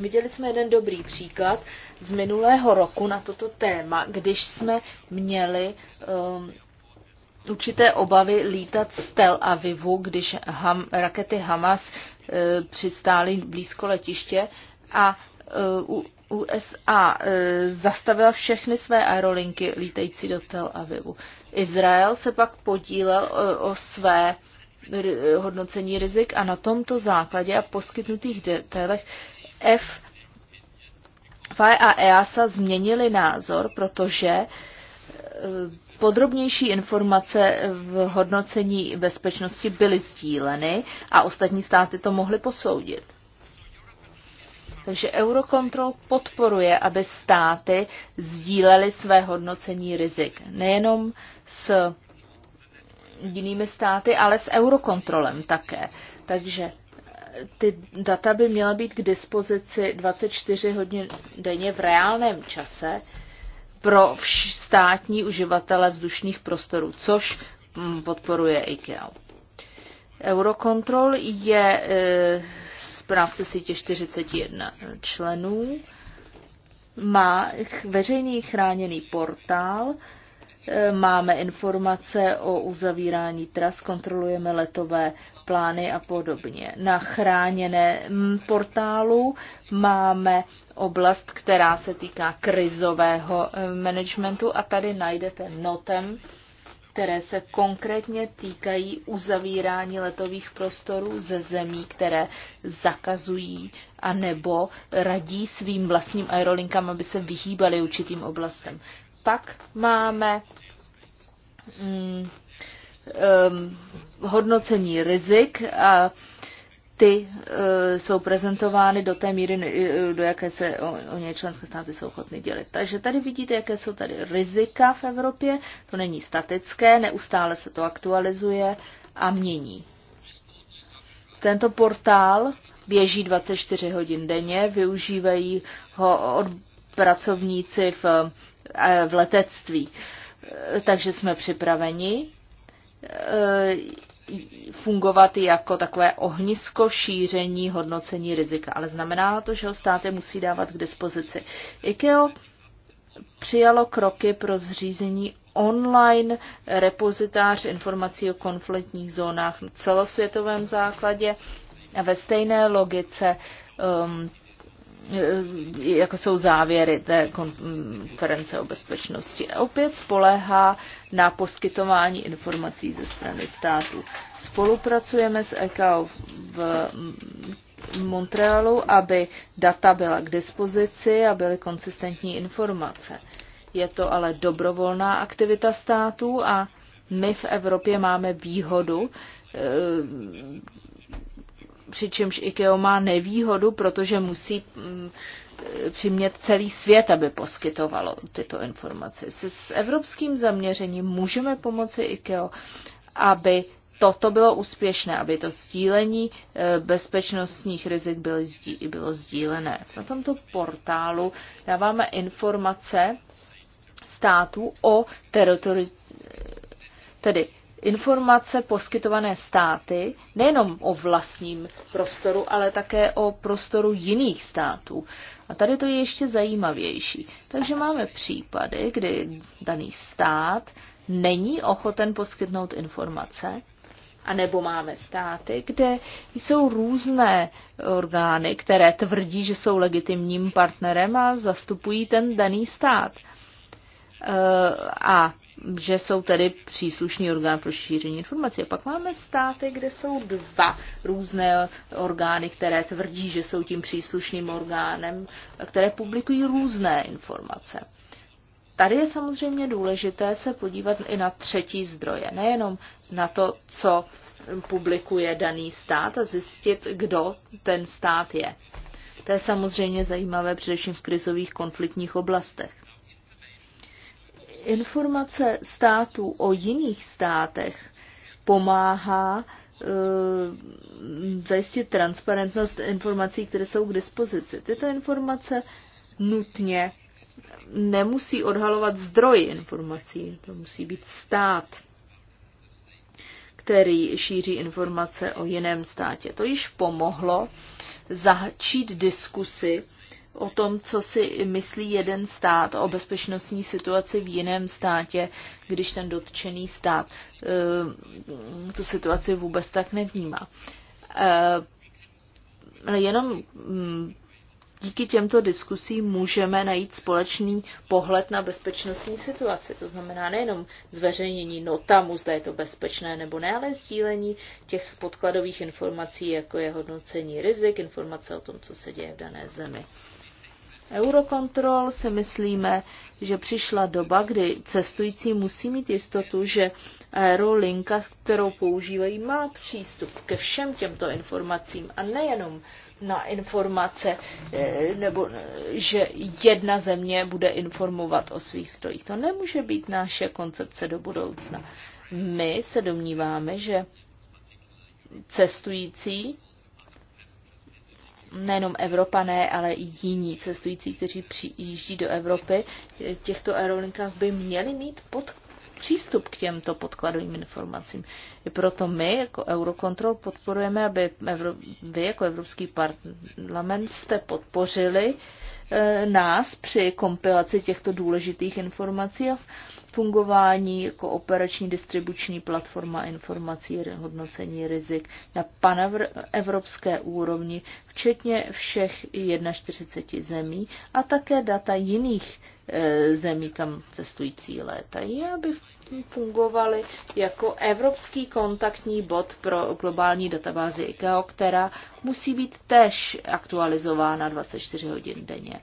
Viděli jsme jeden dobrý příklad z minulého roku na toto téma, když jsme měli um, určité obavy lítat z Tel Avivu, když ham, rakety Hamas uh, přistály blízko letiště a uh, USA e, zastavila všechny své aerolinky lítající do Tel Avivu. Izrael se pak podílel o, e, o své hodnocení rizik a na tomto základě a poskytnutých detailech F FI a EASA e změnili názor, protože podrobnější informace v hodnocení bezpečnosti byly sdíleny a ostatní státy to mohly posoudit. Takže Eurocontrol podporuje, aby státy sdílely své hodnocení rizik. Nejenom s jinými státy, ale s Eurokontrolem také. Takže eh, ty data by měla být k dispozici 24 hodin denně v reálném čase pro státní uživatele vzdušných prostorů, což mm, podporuje ICAO. Eurocontrol je eh, správce sítě 41 členů, má veřejný chráněný portál, e, máme informace o uzavírání tras, kontrolujeme letové plány a podobně. Na chráněném portálu máme oblast, která se týká krizového e, managementu a tady najdete notem které se konkrétně týkají uzavírání letových prostorů ze zemí, které zakazují a nebo radí svým vlastním aerolinkám, aby se vyhýbali určitým oblastem. Pak máme mm, um, hodnocení rizik a ty e, jsou prezentovány do té míry, e, do jaké se o, o ně členské státy jsou ochotny dělit. Takže tady vidíte, jaké jsou tady rizika v Evropě. To není statické, neustále se to aktualizuje a mění. Tento portál běží 24 hodin denně, využívají ho od pracovníci v, e, v letectví. E, takže jsme připraveni fungovat jako takové ohnisko šíření hodnocení rizika, ale znamená to, že ho státy musí dávat k dispozici. ICAO přijalo kroky pro zřízení online repozitář informací o konfliktních zónách na celosvětovém základě a ve stejné logice um, Eh, jako jsou závěry té konference o bezpečnosti. A opět spoléhá na poskytování informací ze strany státu. Spolupracujeme s ECAO v Montrealu, aby data byla k dispozici a byly konsistentní informace. Je to ale dobrovolná aktivita států a my v Evropě máme výhodu eh, přičemž IKEA má nevýhodu, protože musí mm, přimět celý svět, aby poskytovalo tyto informace. Se, s evropským zaměřením můžeme pomoci IKEA, aby toto bylo úspěšné, aby to sdílení eh, bezpečnostních rizik bylo, sdí, bylo sdílené. Na tomto portálu dáváme informace státu o teritori- tedy informace poskytované státy nejenom o vlastním prostoru, ale také o prostoru jiných států. A tady to je ještě zajímavější. Takže máme případy, kdy daný stát není ochoten poskytnout informace, a nebo máme státy, kde jsou různé orgány, které tvrdí, že jsou legitimním partnerem a zastupují ten daný stát. E, a že jsou tedy příslušný orgán pro šíření informací. A pak máme státy, kde jsou dva různé orgány, které tvrdí, že jsou tím příslušným orgánem, které publikují různé informace. Tady je samozřejmě důležité se podívat i na třetí zdroje, nejenom na to, co publikuje daný stát a zjistit, kdo ten stát je. To je samozřejmě zajímavé především v krizových konfliktních oblastech. Informace států o jiných státech pomáhá eh, zajistit transparentnost informací, které jsou k dispozici. Tyto informace nutně nemusí odhalovat zdroj informací, to musí být stát, který šíří informace o jiném státě. To již pomohlo začít diskusy o tom, co si myslí jeden stát o bezpečnostní situaci v jiném státě, když ten dotčený stát eh, tu situaci vůbec tak nevnímá. Eh, ale jenom mm, díky těmto diskusím můžeme najít společný pohled na bezpečnostní situaci. To znamená nejenom zveřejnění notamu, zda je to bezpečné nebo ne, ale sdílení těch podkladových informací, jako je hodnocení rizik, informace o tom, co se děje v dané zemi. Eurocontrol si myslíme, že přišla doba, kdy cestující musí mít jistotu, že aerolinka, kterou používají, má přístup ke všem těmto informacím a nejenom na informace, eh, nebo eh, že jedna země bude informovat o svých strojích. To nemůže být naše koncepce do budoucna. My se domníváme, že cestující nejenom Evropané, ale i jiní cestující, kteří přijíždí do Evropy, těchto aerolinkách by měli mít pod přístup k těmto podkladovým informacím. I proto my jako Eurocontrol podporujeme, aby Evro, vy jako Evropský parlament jste podpořili uh, E, nás při kompilaci těchto důležitých informací a fungování jako operační distribuční platforma informací hodnocení rizik na panevropské úrovni, včetně všech 41 zemí a také data jiných e, zemí, kam cestující létají, aby fungovaly jako evropský kontaktní bod pro globální databázi ICAO, která musí být též aktualizována 24 hodin denně.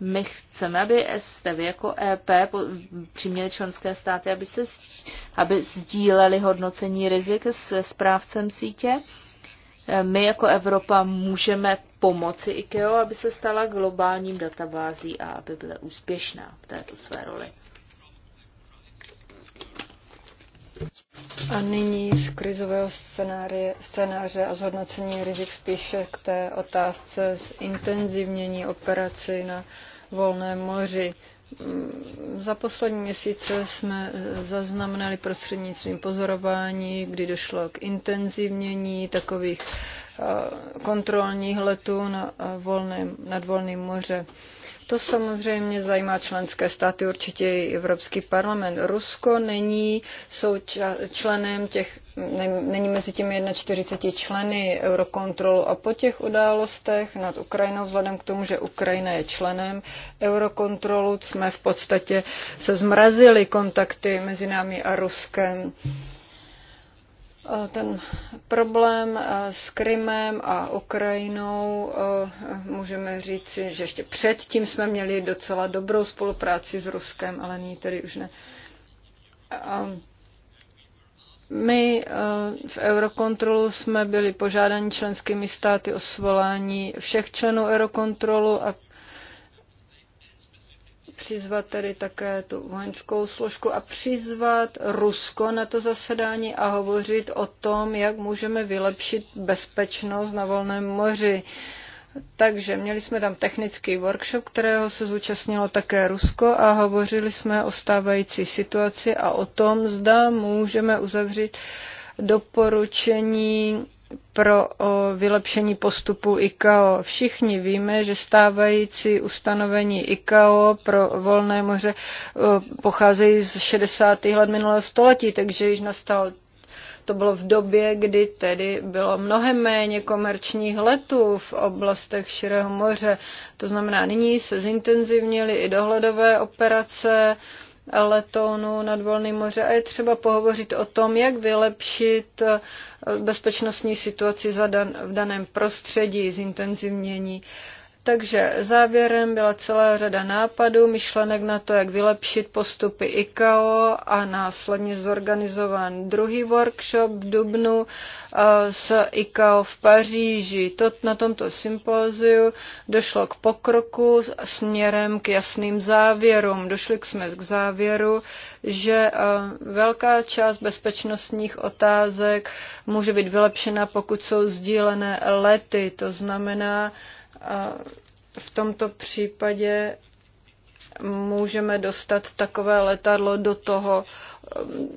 My chceme, aby STV jako EP přiměli členské státy, aby, se, aby sdíleli hodnocení rizik se správcem sítě. My jako Evropa můžeme pomoci IKEA, aby se stala globálním databází a aby byla úspěšná v této své roli. A nyní z krizového scénáře, scénáře a zhodnocení rizik spíše k té otázce intenzivnění operaci na volném moři. Mm, za poslední měsíce jsme e, zaznamenali prostřednictvím pozorování, kdy došlo k intenzivnění takových e, kontrolních letů na e, volném, nad volným moře. To samozřejmě zajímá členské státy, určitě i Evropský parlament. Rusko není souča- členem těch, není mezi těmi 41 členy Eurokontrolu a po těch událostech nad Ukrajinou, vzhledem k tomu, že Ukrajina je členem Eurokontrolu, jsme v podstatě se zmrazili kontakty mezi námi a Ruskem. Eh, ten problém eh, s Krymem a Ukrajinou, eh, můžeme říct, že ještě předtím jsme měli docela dobrou spolupráci s Ruskem, ale nyní tedy už ne. Ehm, my v Eurokontrolu jsme byli požádáni členskými státy o svolání všech členů Eurokontrolu a přizvat tedy také tu vojenskou složku a přizvat Rusko na to zasedání a hovořit o tom, jak můžeme vylepšit bezpečnost na volném moři. Takže měli jsme tam technický workshop, kterého se zúčastnilo také Rusko a hovořili jsme o stávající situaci a o tom, zda můžeme uzavřít doporučení pro vylepšení postupu ICAO. Všichni víme, že stávající ustanovení ICAO pro volné moře pocházejí z 60. let minulého století, takže již nastal to bylo v době, kdy tedy bylo mnohem méně komerčních letů v oblastech Širého moře. To znamená, nyní se zintenzivnily i dohledové operace, letounu nad volným moře a je třeba pohovořit o tom, jak vylepšit eh, bezpečnostní situaci v daném prostředí, zintenzivnění uh, takže závěrem byla celá řada nápadů, myšlenek na to, jak vylepšit postupy ICAO a následně zorganizován druhý workshop v Dubnu eh, s ICAO v Paříži. Tot na tomto sympóziu došlo k pokroku směrem k jasným závěrům. Došli jsme k závěru, že eh, velká část bezpečnostních otázek může být vylepšena, pokud jsou sdílené lety. To znamená, v tomto případě můžeme dostat takové letadlo do toho um,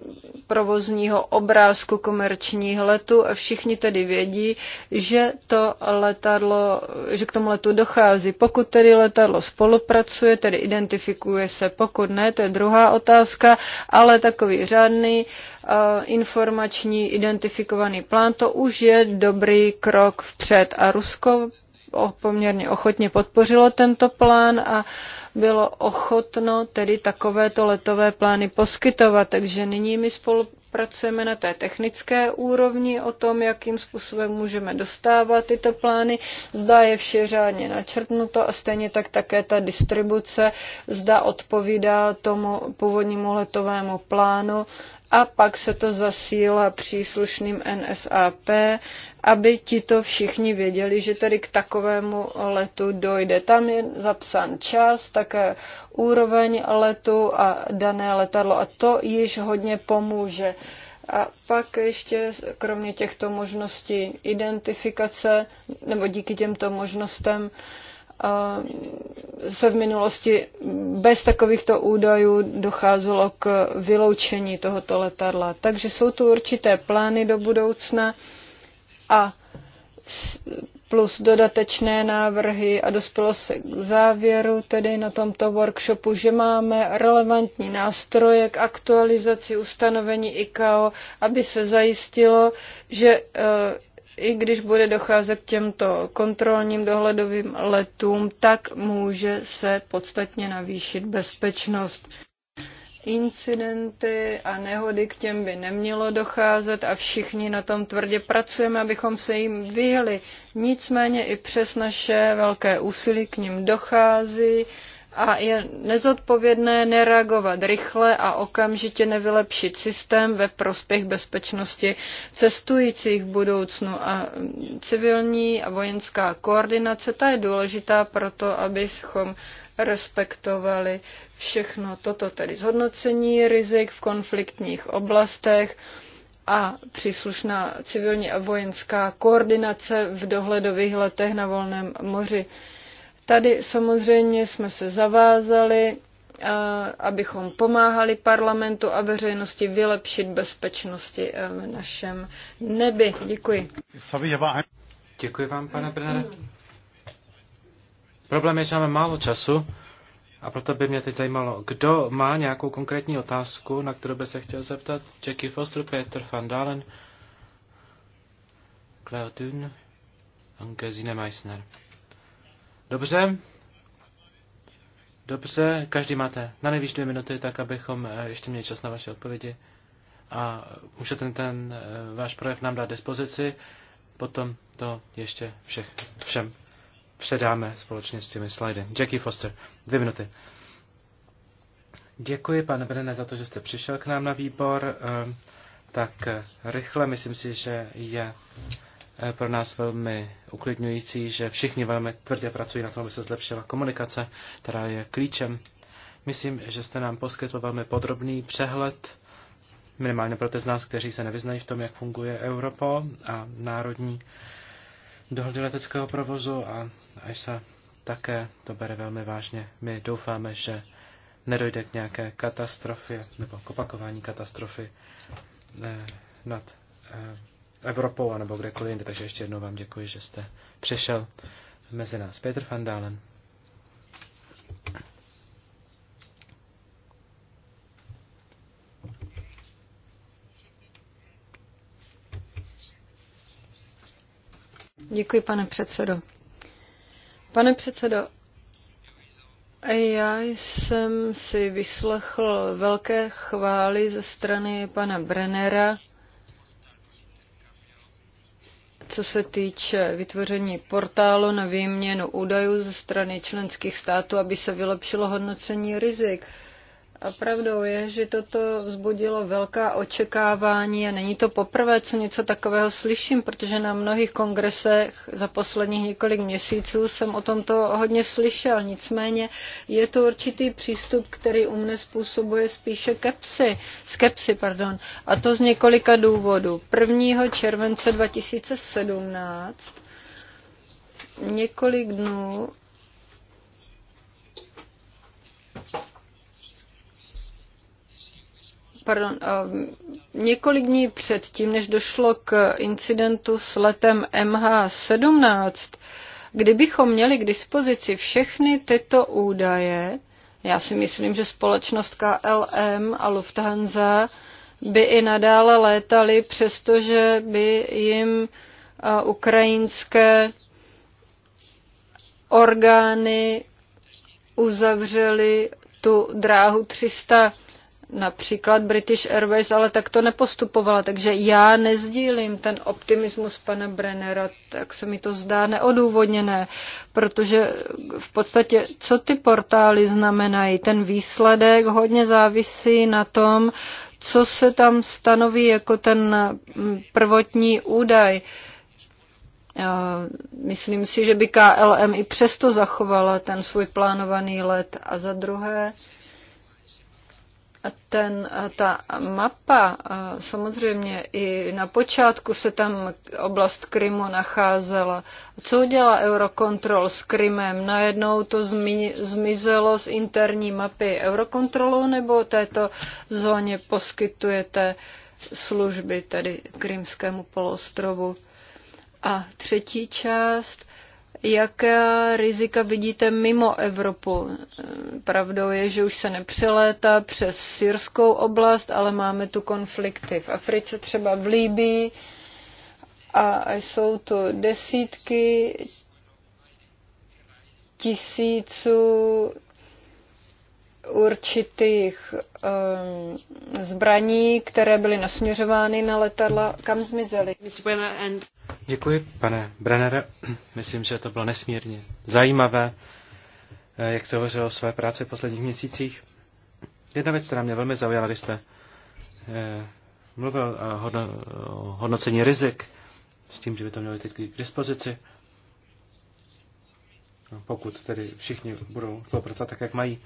provozního obrázku komerčních letu a všichni tedy vědí, že to letadlo, že k tomu letu dochází. Pokud tedy letadlo spolupracuje, tedy identifikuje se, pokud ne, to je druhá otázka, ale takový řádný uh, informační identifikovaný plán, to už je dobrý krok vpřed. A Rusko poměrně ochotně podpořilo tento plán a bylo ochotno tedy takovéto letové plány poskytovat. Takže nyní my spolupracujeme na té technické úrovni o tom, jakým způsobem můžeme dostávat tyto plány. Zda je vše řádně načrtnuto a stejně tak také ta distribuce, zda odpovídá tomu původnímu letovému plánu a pak se to zasílá příslušným NSAP aby ti to všichni věděli, že tedy k takovému letu dojde. Tam je zapsán čas, také úroveň letu a dané letadlo a to již hodně pomůže. A pak ještě kromě těchto možností identifikace, nebo díky těmto možnostem, eh, se v minulosti bez takovýchto údajů docházelo k vyloučení tohoto letadla. Takže jsou tu určité plány do budoucna a plus dodatečné návrhy a dospělo se k závěru tedy na tomto workshopu, že máme relevantní nástroje k aktualizaci ustanovení ICAO, aby se zajistilo, že eh, i když bude docházet k těmto kontrolním dohledovým letům, tak může se podstatně navýšit bezpečnost incidenty a nehody k těm by nemělo docházet a všichni na tom tvrdě pracujeme, abychom se jim vyhli. Nicméně i přes naše velké úsilí k ním dochází a je nezodpovědné nereagovat rychle a okamžitě nevylepšit systém ve prospěch bezpečnosti cestujících v budoucnu. A civilní a vojenská koordinace, ta je důležitá proto, abychom respektovali všechno toto, tedy zhodnocení rizik v konfliktních oblastech a příslušná civilní a vojenská koordinace v dohledových letech na volném moři. Tady samozřejmě jsme se zavázali, eh, abychom pomáhali parlamentu a veřejnosti vylepšit bezpečnosti eh, v našem nebi. Děkuji. Děkuji vám, pane Brnere. Problém je, že máme málo času a proto by mě teď zajímalo, kdo má nějakou konkrétní otázku, na kterou by se chtěl zeptat. Jackie Foster, Peter van Dalen, Claudine, Angezine Meissner. Dobře. Dobře, každý máte na nejvíc dvě minuty, tak abychom eh, ještě měli čas na vaše odpovědi. A můžete ten, ten eh, váš projev nám dát dispozici, potom to ještě všech, všem předáme společně s těmi slajdy. Jackie Foster, dvě minuty. Děkuji, pane Brené, za to, že jste přišel k nám na výbor. Ehm, tak eh, rychle, myslím si, že je eh, pro nás velmi uklidňující, že všichni velmi tvrdě pracují na tom, aby se zlepšila komunikace, která je klíčem. Myslím, že jste nám poskytl velmi podrobný přehled, minimálně pro ty z nás, kteří se nevyznají v tom, jak funguje Europol a národní dohody leteckého provozu a se také to bere velmi vážně. My doufáme, že nedojde k nějaké katastrofě nebo k opakování katastrofy eh, nad eh, Evropou nebo kdekoliv jinde. Takže ještě jednou vám děkuji, že jste přišel mezi nás. Petr van Dalen. Děkuji, pane předsedo. Pane předsedo, já jsem si vyslechl velké chvály ze strany pana Brennera, co se týče vytvoření portálu na výměnu údajů ze strany členských států, aby se vylepšilo hodnocení rizik. A pravdou je, že toto vzbudilo velká očekávání a není to poprvé, co něco takového slyším, protože na mnohých kongresech za posledních několik měsíců jsem o tomto hodně slyšel. Nicméně je to určitý přístup, který u mne způsobuje spíše kepsy, skepsy. Pardon. A to z několika důvodů. 1. července 2017 několik dnů pardon, eh, několik dní předtím, než došlo k incidentu s letem MH17, kdybychom měli k dispozici všechny tyto údaje, já si myslím, že společnost KLM a Lufthansa by i nadále létaly, přestože by jim eh, ukrajinské orgány uzavřely tu dráhu 300 například British Airways, ale tak to nepostupovala, takže já nezdílím ten optimismus pana Brennera, tak se mi to zdá neodůvodněné, protože v podstatě co ty portály znamenají? Ten výsledek hodně závisí na tom, co se tam stanoví jako ten mm, prvotní údaj. Myslím si, že by KLM i přesto zachovala ten svůj plánovaný let. A za druhé, ten, ta mapa, samozřejmě i na počátku se tam oblast Krymu nacházela. Co udělá Eurokontrol s Krymem? Najednou to zmi, zmizelo z interní mapy Eurokontrolu nebo této zóně poskytujete služby, tedy Krymskému poloostrovu? A třetí část – Jaké eh, rizika vidíte mimo Evropu? Eh, pravdou je, že už se nepřelétá přes syrskou oblast, ale máme tu konflikty v Africe, třeba v Líbii. A jsou tu desítky tisíců určitých um, zbraní, které byly nasměřovány na letadla, kam zmizely. Děkuji, pane Brennere. Myslím, že to bylo nesmírně zajímavé, eh, jak se hovořilo o své práci v posledních měsících. Jedna věc, která mě velmi zaujala, když jste eh, mluvil eh, o hodnocení rizik, s tím, že by to měli teď k dispozici no, pokud tedy všichni budou spolupracovat tak, jak mají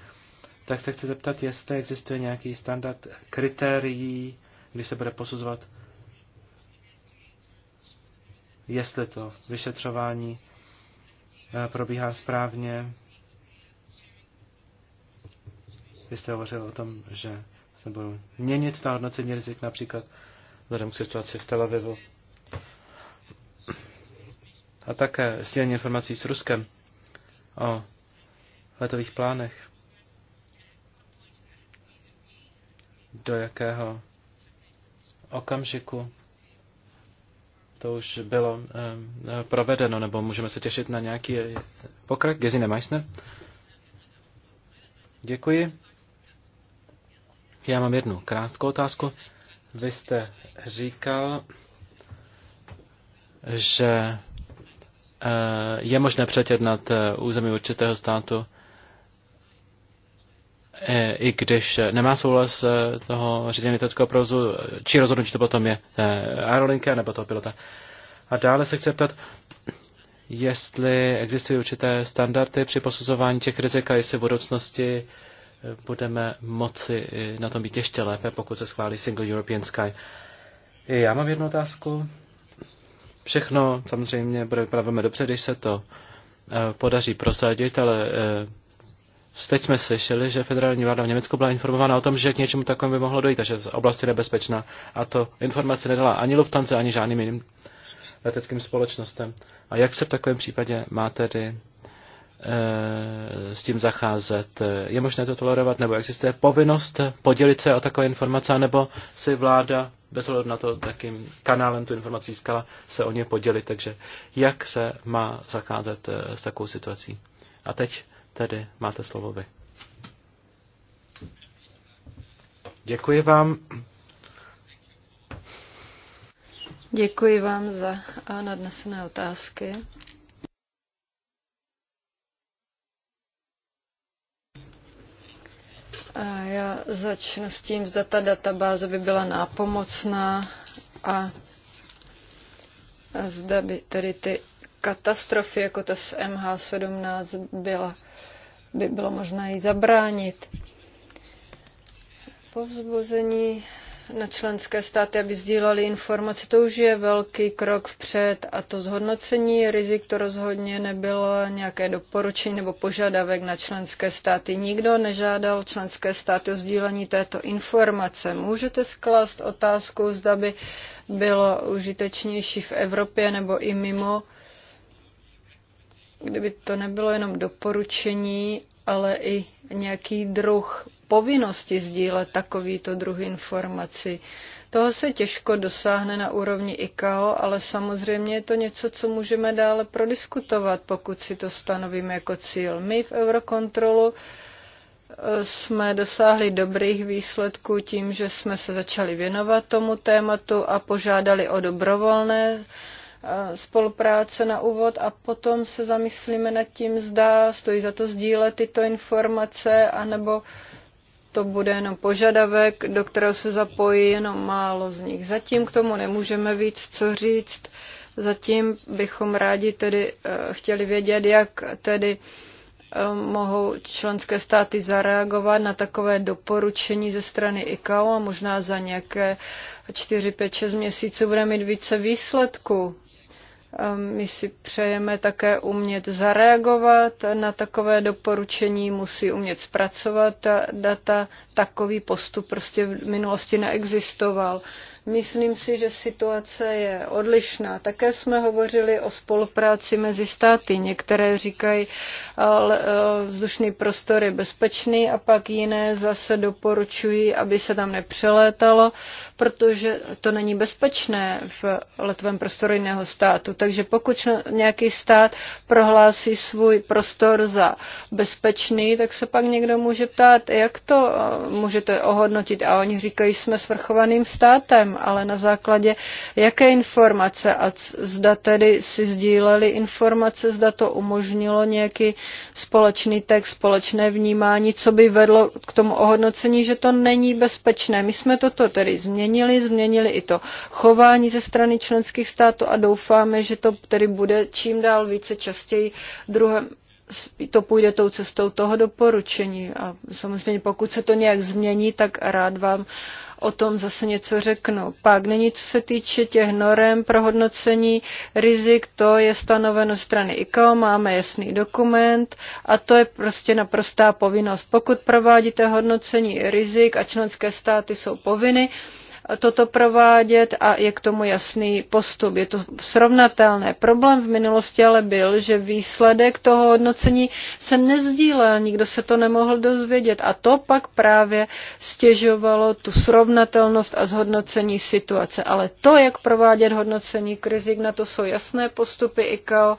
tak se chci zeptat, jestli existuje nějaký standard kritérií, když se bude posuzovat, jestli to vyšetřování eh, probíhá správně. Vy jste hovořil o tom, že se budou měnit na hodnocení rizik, například vzhledem k situaci v Tel Avivu. A také sdělení informací s Ruskem o letových plánech. do jakého okamžiku to už bylo eh, provedeno, nebo můžeme se těšit na nějaký pokrok. Gezine Meissner. Děkuji. Já mám jednu krátkou otázku. Vy jste říkal, že eh, je možné přetědnat eh, území určitého státu E, i když nemá souhlas e, toho řízení leteckého provozu, či rozhodnutí to potom je e, aerolinka nebo toho pilota. A dále se chci ptat, jestli existují určité standardy při posuzování těch rizik a jestli v budoucnosti budeme moci na tom být ještě lépe, pokud se schválí Single European Sky. Já mám jednu otázku. Všechno samozřejmě bude vypadat velmi dobře, když se to podaří prosadit, ale Teď jsme slyšeli, že federální vláda v Německu byla informována o tom, že k něčemu takovému by mohlo dojít, a že oblast je nebezpečná. A to informace nedala ani Lufthansa, ani žádným jiným leteckým společnostem. A jak se v takovém případě má tedy e, s tím zacházet? Je možné to tolerovat, nebo existuje povinnost podělit se o takové informace, nebo si vláda bez ohledu na to, jakým kanálem tu informaci získala, se o ně podělit. Takže jak se má zacházet eh, s takovou situací? A teď tedy máte slovo vy. Děkuji vám. Děkuji vám za nadnesené otázky. A já začnu s tím, zda ta databáze by byla nápomocná a, zda by tedy ty katastrofy, jako ta s MH17, byla by bylo možné jí zabránit. Povzbuzení na členské státy, aby sdílali informace, to už je velký krok vpřed a to zhodnocení rizik to rozhodně nebylo nějaké doporučení nebo požadavek na členské státy. Nikdo nežádal členské státy o sdílení této informace. Můžete sklást otázku, zda by bylo užitečnější v Evropě nebo i mimo kdyby to nebylo jenom doporučení, ale i nějaký druh povinnosti sdílet takovýto druh informací. Toho se těžko dosáhne na úrovni ICAO, ale samozřejmě je to něco, co můžeme dále prodiskutovat, pokud si to stanovíme jako cíl. My v Eurokontrolu eh, jsme dosáhli dobrých výsledků tím, že jsme se začali věnovat tomu tématu a požádali o dobrovolné Eh, spolupráce na úvod a potom se zamyslíme nad tím, zda stojí za to sdílet tyto informace, anebo to bude jenom požadavek, do kterého se zapojí jenom málo z nich. Zatím k tomu nemůžeme víc co říct. Zatím bychom rádi tedy eh, chtěli vědět, jak tedy eh, mohou členské státy zareagovat na takové doporučení ze strany ICAO a možná za nějaké 4, 5, 6 měsíců bude mít více výsledků. My si přejeme také umět zareagovat na takové doporučení, musí umět zpracovat data. Takový postup prostě v minulosti neexistoval. Myslím si, že situace je odlišná. Také jsme hovořili o spolupráci mezi státy. Některé říkají, e, vzdušný prostor je bezpečný a pak jiné zase doporučují, aby se tam nepřelétalo protože to není bezpečné v letovém prostoru jiného státu. Takže pokud nějaký stát prohlásí svůj prostor za bezpečný, tak se pak někdo může ptát, jak to eh, můžete ohodnotit. A oni říkají, jsme svrchovaným státem, ale na základě jaké informace a zda tedy si sdíleli informace, zda to umožnilo nějaký společný text, společné vnímání, co by vedlo k tomu ohodnocení, že to není bezpečné. My jsme toto tedy změnili změnili, změnili i to chování ze strany členských států a doufáme, že to tedy bude čím dál více častěji druhé to půjde tou cestou toho doporučení. A samozřejmě pokud se to nějak změní, tak rád vám o tom zase něco řeknu. Pak není, co se týče těch norem pro hodnocení rizik, to je stanoveno strany ICAO, máme jasný dokument a to je prostě naprostá povinnost. Pokud provádíte hodnocení rizik a členské státy jsou povinny, toto provádět a je k tomu jasný postup. Je to srovnatelné. Problém v minulosti ale byl, že výsledek toho hodnocení se nezdílel, nikdo se to nemohl dozvědět a to pak právě stěžovalo tu srovnatelnost a zhodnocení situace. Ale to, jak provádět hodnocení krizik, na to jsou jasné postupy ICAO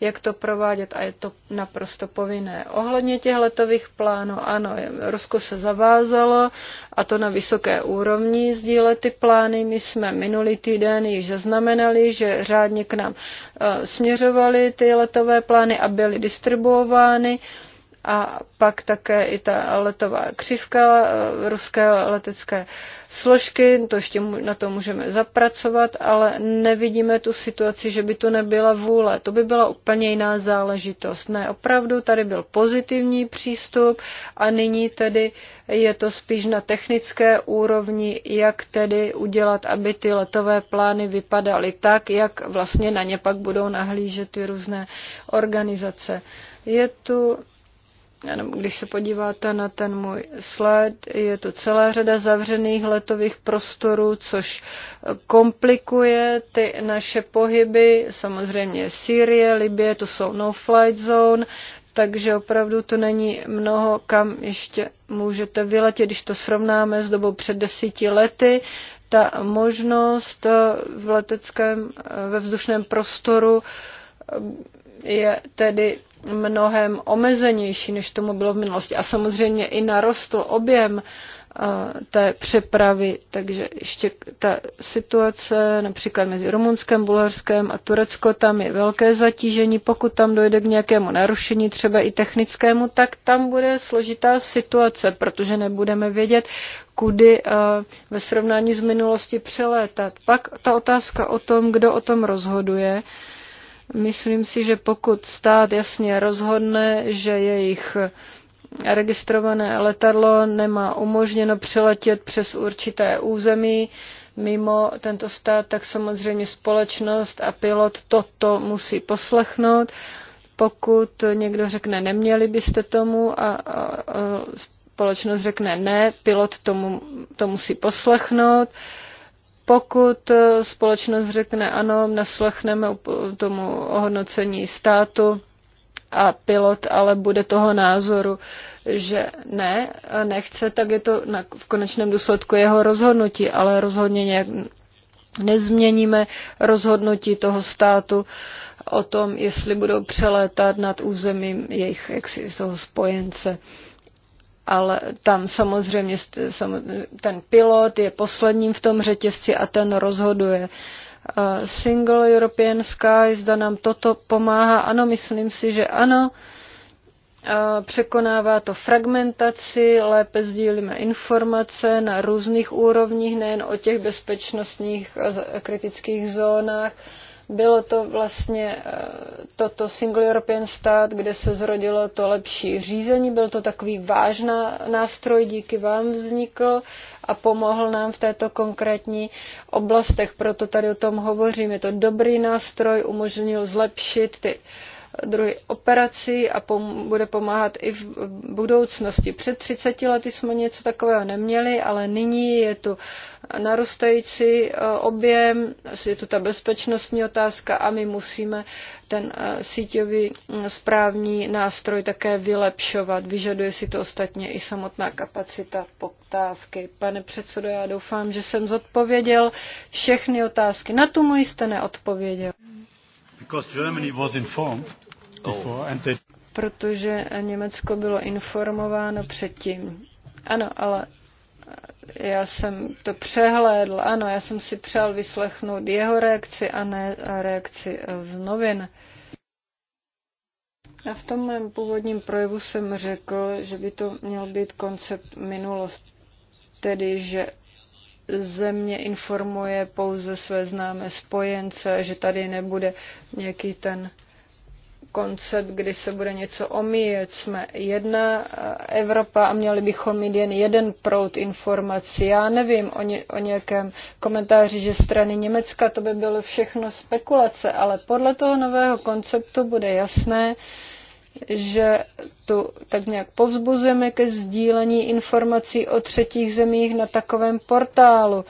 jak to provádět a je to naprosto povinné. Ohledně těch letových plánů, ano, Rusko se zavázalo a to na vysoké úrovni sdílet ty plány. My jsme minulý týden již zaznamenali, že řádně k nám eh, směřovaly ty letové plány a byly distribuovány. Uh, a pak také i ta letová křivka eh, ruské letecké složky, to ještě na to můžeme zapracovat, ale nevidíme tu situaci, že by to nebyla vůle. To by byla úplně jiná záležitost. Ne, opravdu tady byl pozitivní přístup a nyní tedy je to spíš na technické úrovni, jak tedy udělat, aby ty letové plány vypadaly tak, jak vlastně na ně pak budou nahlížet ty různé organizace. Je tu jenom když se podíváte na ten můj sled je to celá řada zavřených letových prostorů, což komplikuje ty naše pohyby. Samozřejmě Sýrie, Libie, to jsou no-flight zone, takže opravdu to není mnoho, kam ještě můžete vyletět, když to srovnáme s dobou před desíti lety. Ta možnost eh, v leteckém, eh, ve vzdušném prostoru eh, je tedy mnohem omezenější, než tomu bylo v minulosti. A samozřejmě i narostl objem eh, té přepravy, takže ještě ta situace například mezi Rumunskem, Bulharskem a Turecko, tam je velké zatížení, pokud tam dojde k nějakému narušení, třeba i technickému, tak tam bude složitá situace, protože nebudeme vědět, kudy eh, ve srovnání s minulostí přelétat. Pak ta otázka o tom, kdo o tom rozhoduje, Myslím si, že pokud stát jasně rozhodne, že jejich registrované letadlo nemá umožněno přiletět přes určité území mimo tento stát, tak samozřejmě společnost a pilot toto musí poslechnout. Pokud někdo řekne, neměli byste tomu a, a, a společnost řekne ne, pilot tomu, to musí poslechnout. Pokud eh, společnost řekne ano, naslechneme tomu ohodnocení státu, a pilot ale bude toho názoru, že ne, nechce, tak je to na, v konečném důsledku jeho rozhodnutí, ale rozhodně nějak nezměníme rozhodnutí toho státu o tom, jestli budou přelétat nad územím jejich jaksi, toho spojence. Uh, ale tam samozřejmě ten pilot je posledním v tom řetězci a ten rozhoduje. Single European Sky, zda nám toto pomáhá. Ano, myslím si, že ano. Překonává to fragmentaci, lépe sdílíme informace na různých úrovních, nejen o těch bezpečnostních a kritických zónách, bylo to vlastně eh, toto Single European Stát, kde se zrodilo to lepší řízení. Byl to takový vážná nástroj, díky vám vznikl a pomohl nám v této konkrétní oblastech. Proto tady o tom hovořím. Je to dobrý nástroj, umožnil zlepšit ty uh, druhy operací a pom- bude pomáhat i v budoucnosti. Před 30 lety jsme něco takového neměli, ale nyní je tu narůstající e, objem, je tu ta bezpečnostní otázka a my musíme ten e, síťový správní nástroj také vylepšovat. Vyžaduje si to ostatně i samotná kapacita poptávky. Pane předsedo, já doufám, že jsem zodpověděl všechny otázky. Na tu moji jste neodpověděl. Protože Německo bylo informováno předtím. Ano, ale já jsem to přehlédl, ano, já jsem si přál vyslechnout jeho reakci a ne reakci eh, z novin. A v tom mém původním projevu jsem řekl, že by to měl být koncept minulosti, tedy že země informuje pouze své známé spojence, že tady nebude nějaký ten koncept, kdy se bude něco omíjet. Jsme jedna Evropa a měli bychom mít jen jeden proud informací. Já nevím o, ně, o nějakém komentáři, že strany Německa to by bylo všechno spekulace, ale podle toho nového konceptu bude jasné, že tu tak nějak povzbuzujeme ke sdílení informací o třetích zemích na takovém portálu.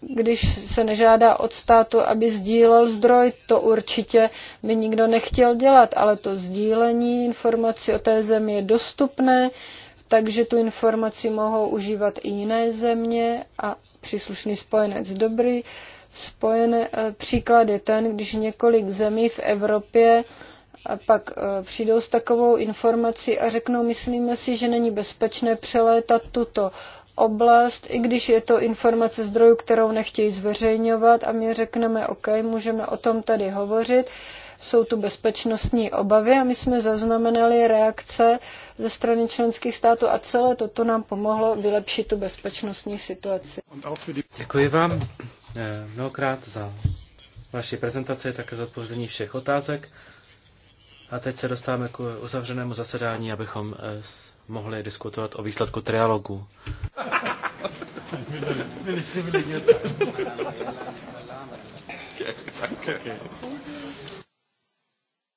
Když se nežádá od státu, aby sdílel zdroj, to určitě by nikdo nechtěl dělat, ale to sdílení informací o té zemi je dostupné, takže tu informaci mohou užívat i jiné země a příslušný spojenec dobrý. Spojené, eh, příklad je ten, když několik zemí v Evropě a pak e, přijdou s takovou informací a řeknou, myslíme si, že není bezpečné přelétat tuto oblast, i když je to informace zdrojů, kterou nechtějí zveřejňovat a my řekneme, OK, můžeme o tom tady hovořit, jsou tu bezpečnostní obavy a my jsme zaznamenali reakce ze strany členských států a celé toto nám pomohlo vylepšit tu bezpečnostní situaci. Děkuji vám eh, mnohokrát za vaši prezentaci, také za odpovězení všech otázek. A teď se dostáváme k uzavřenému zasedání, abychom eh, mohli diskutovat o výsledku trialogu. Danke.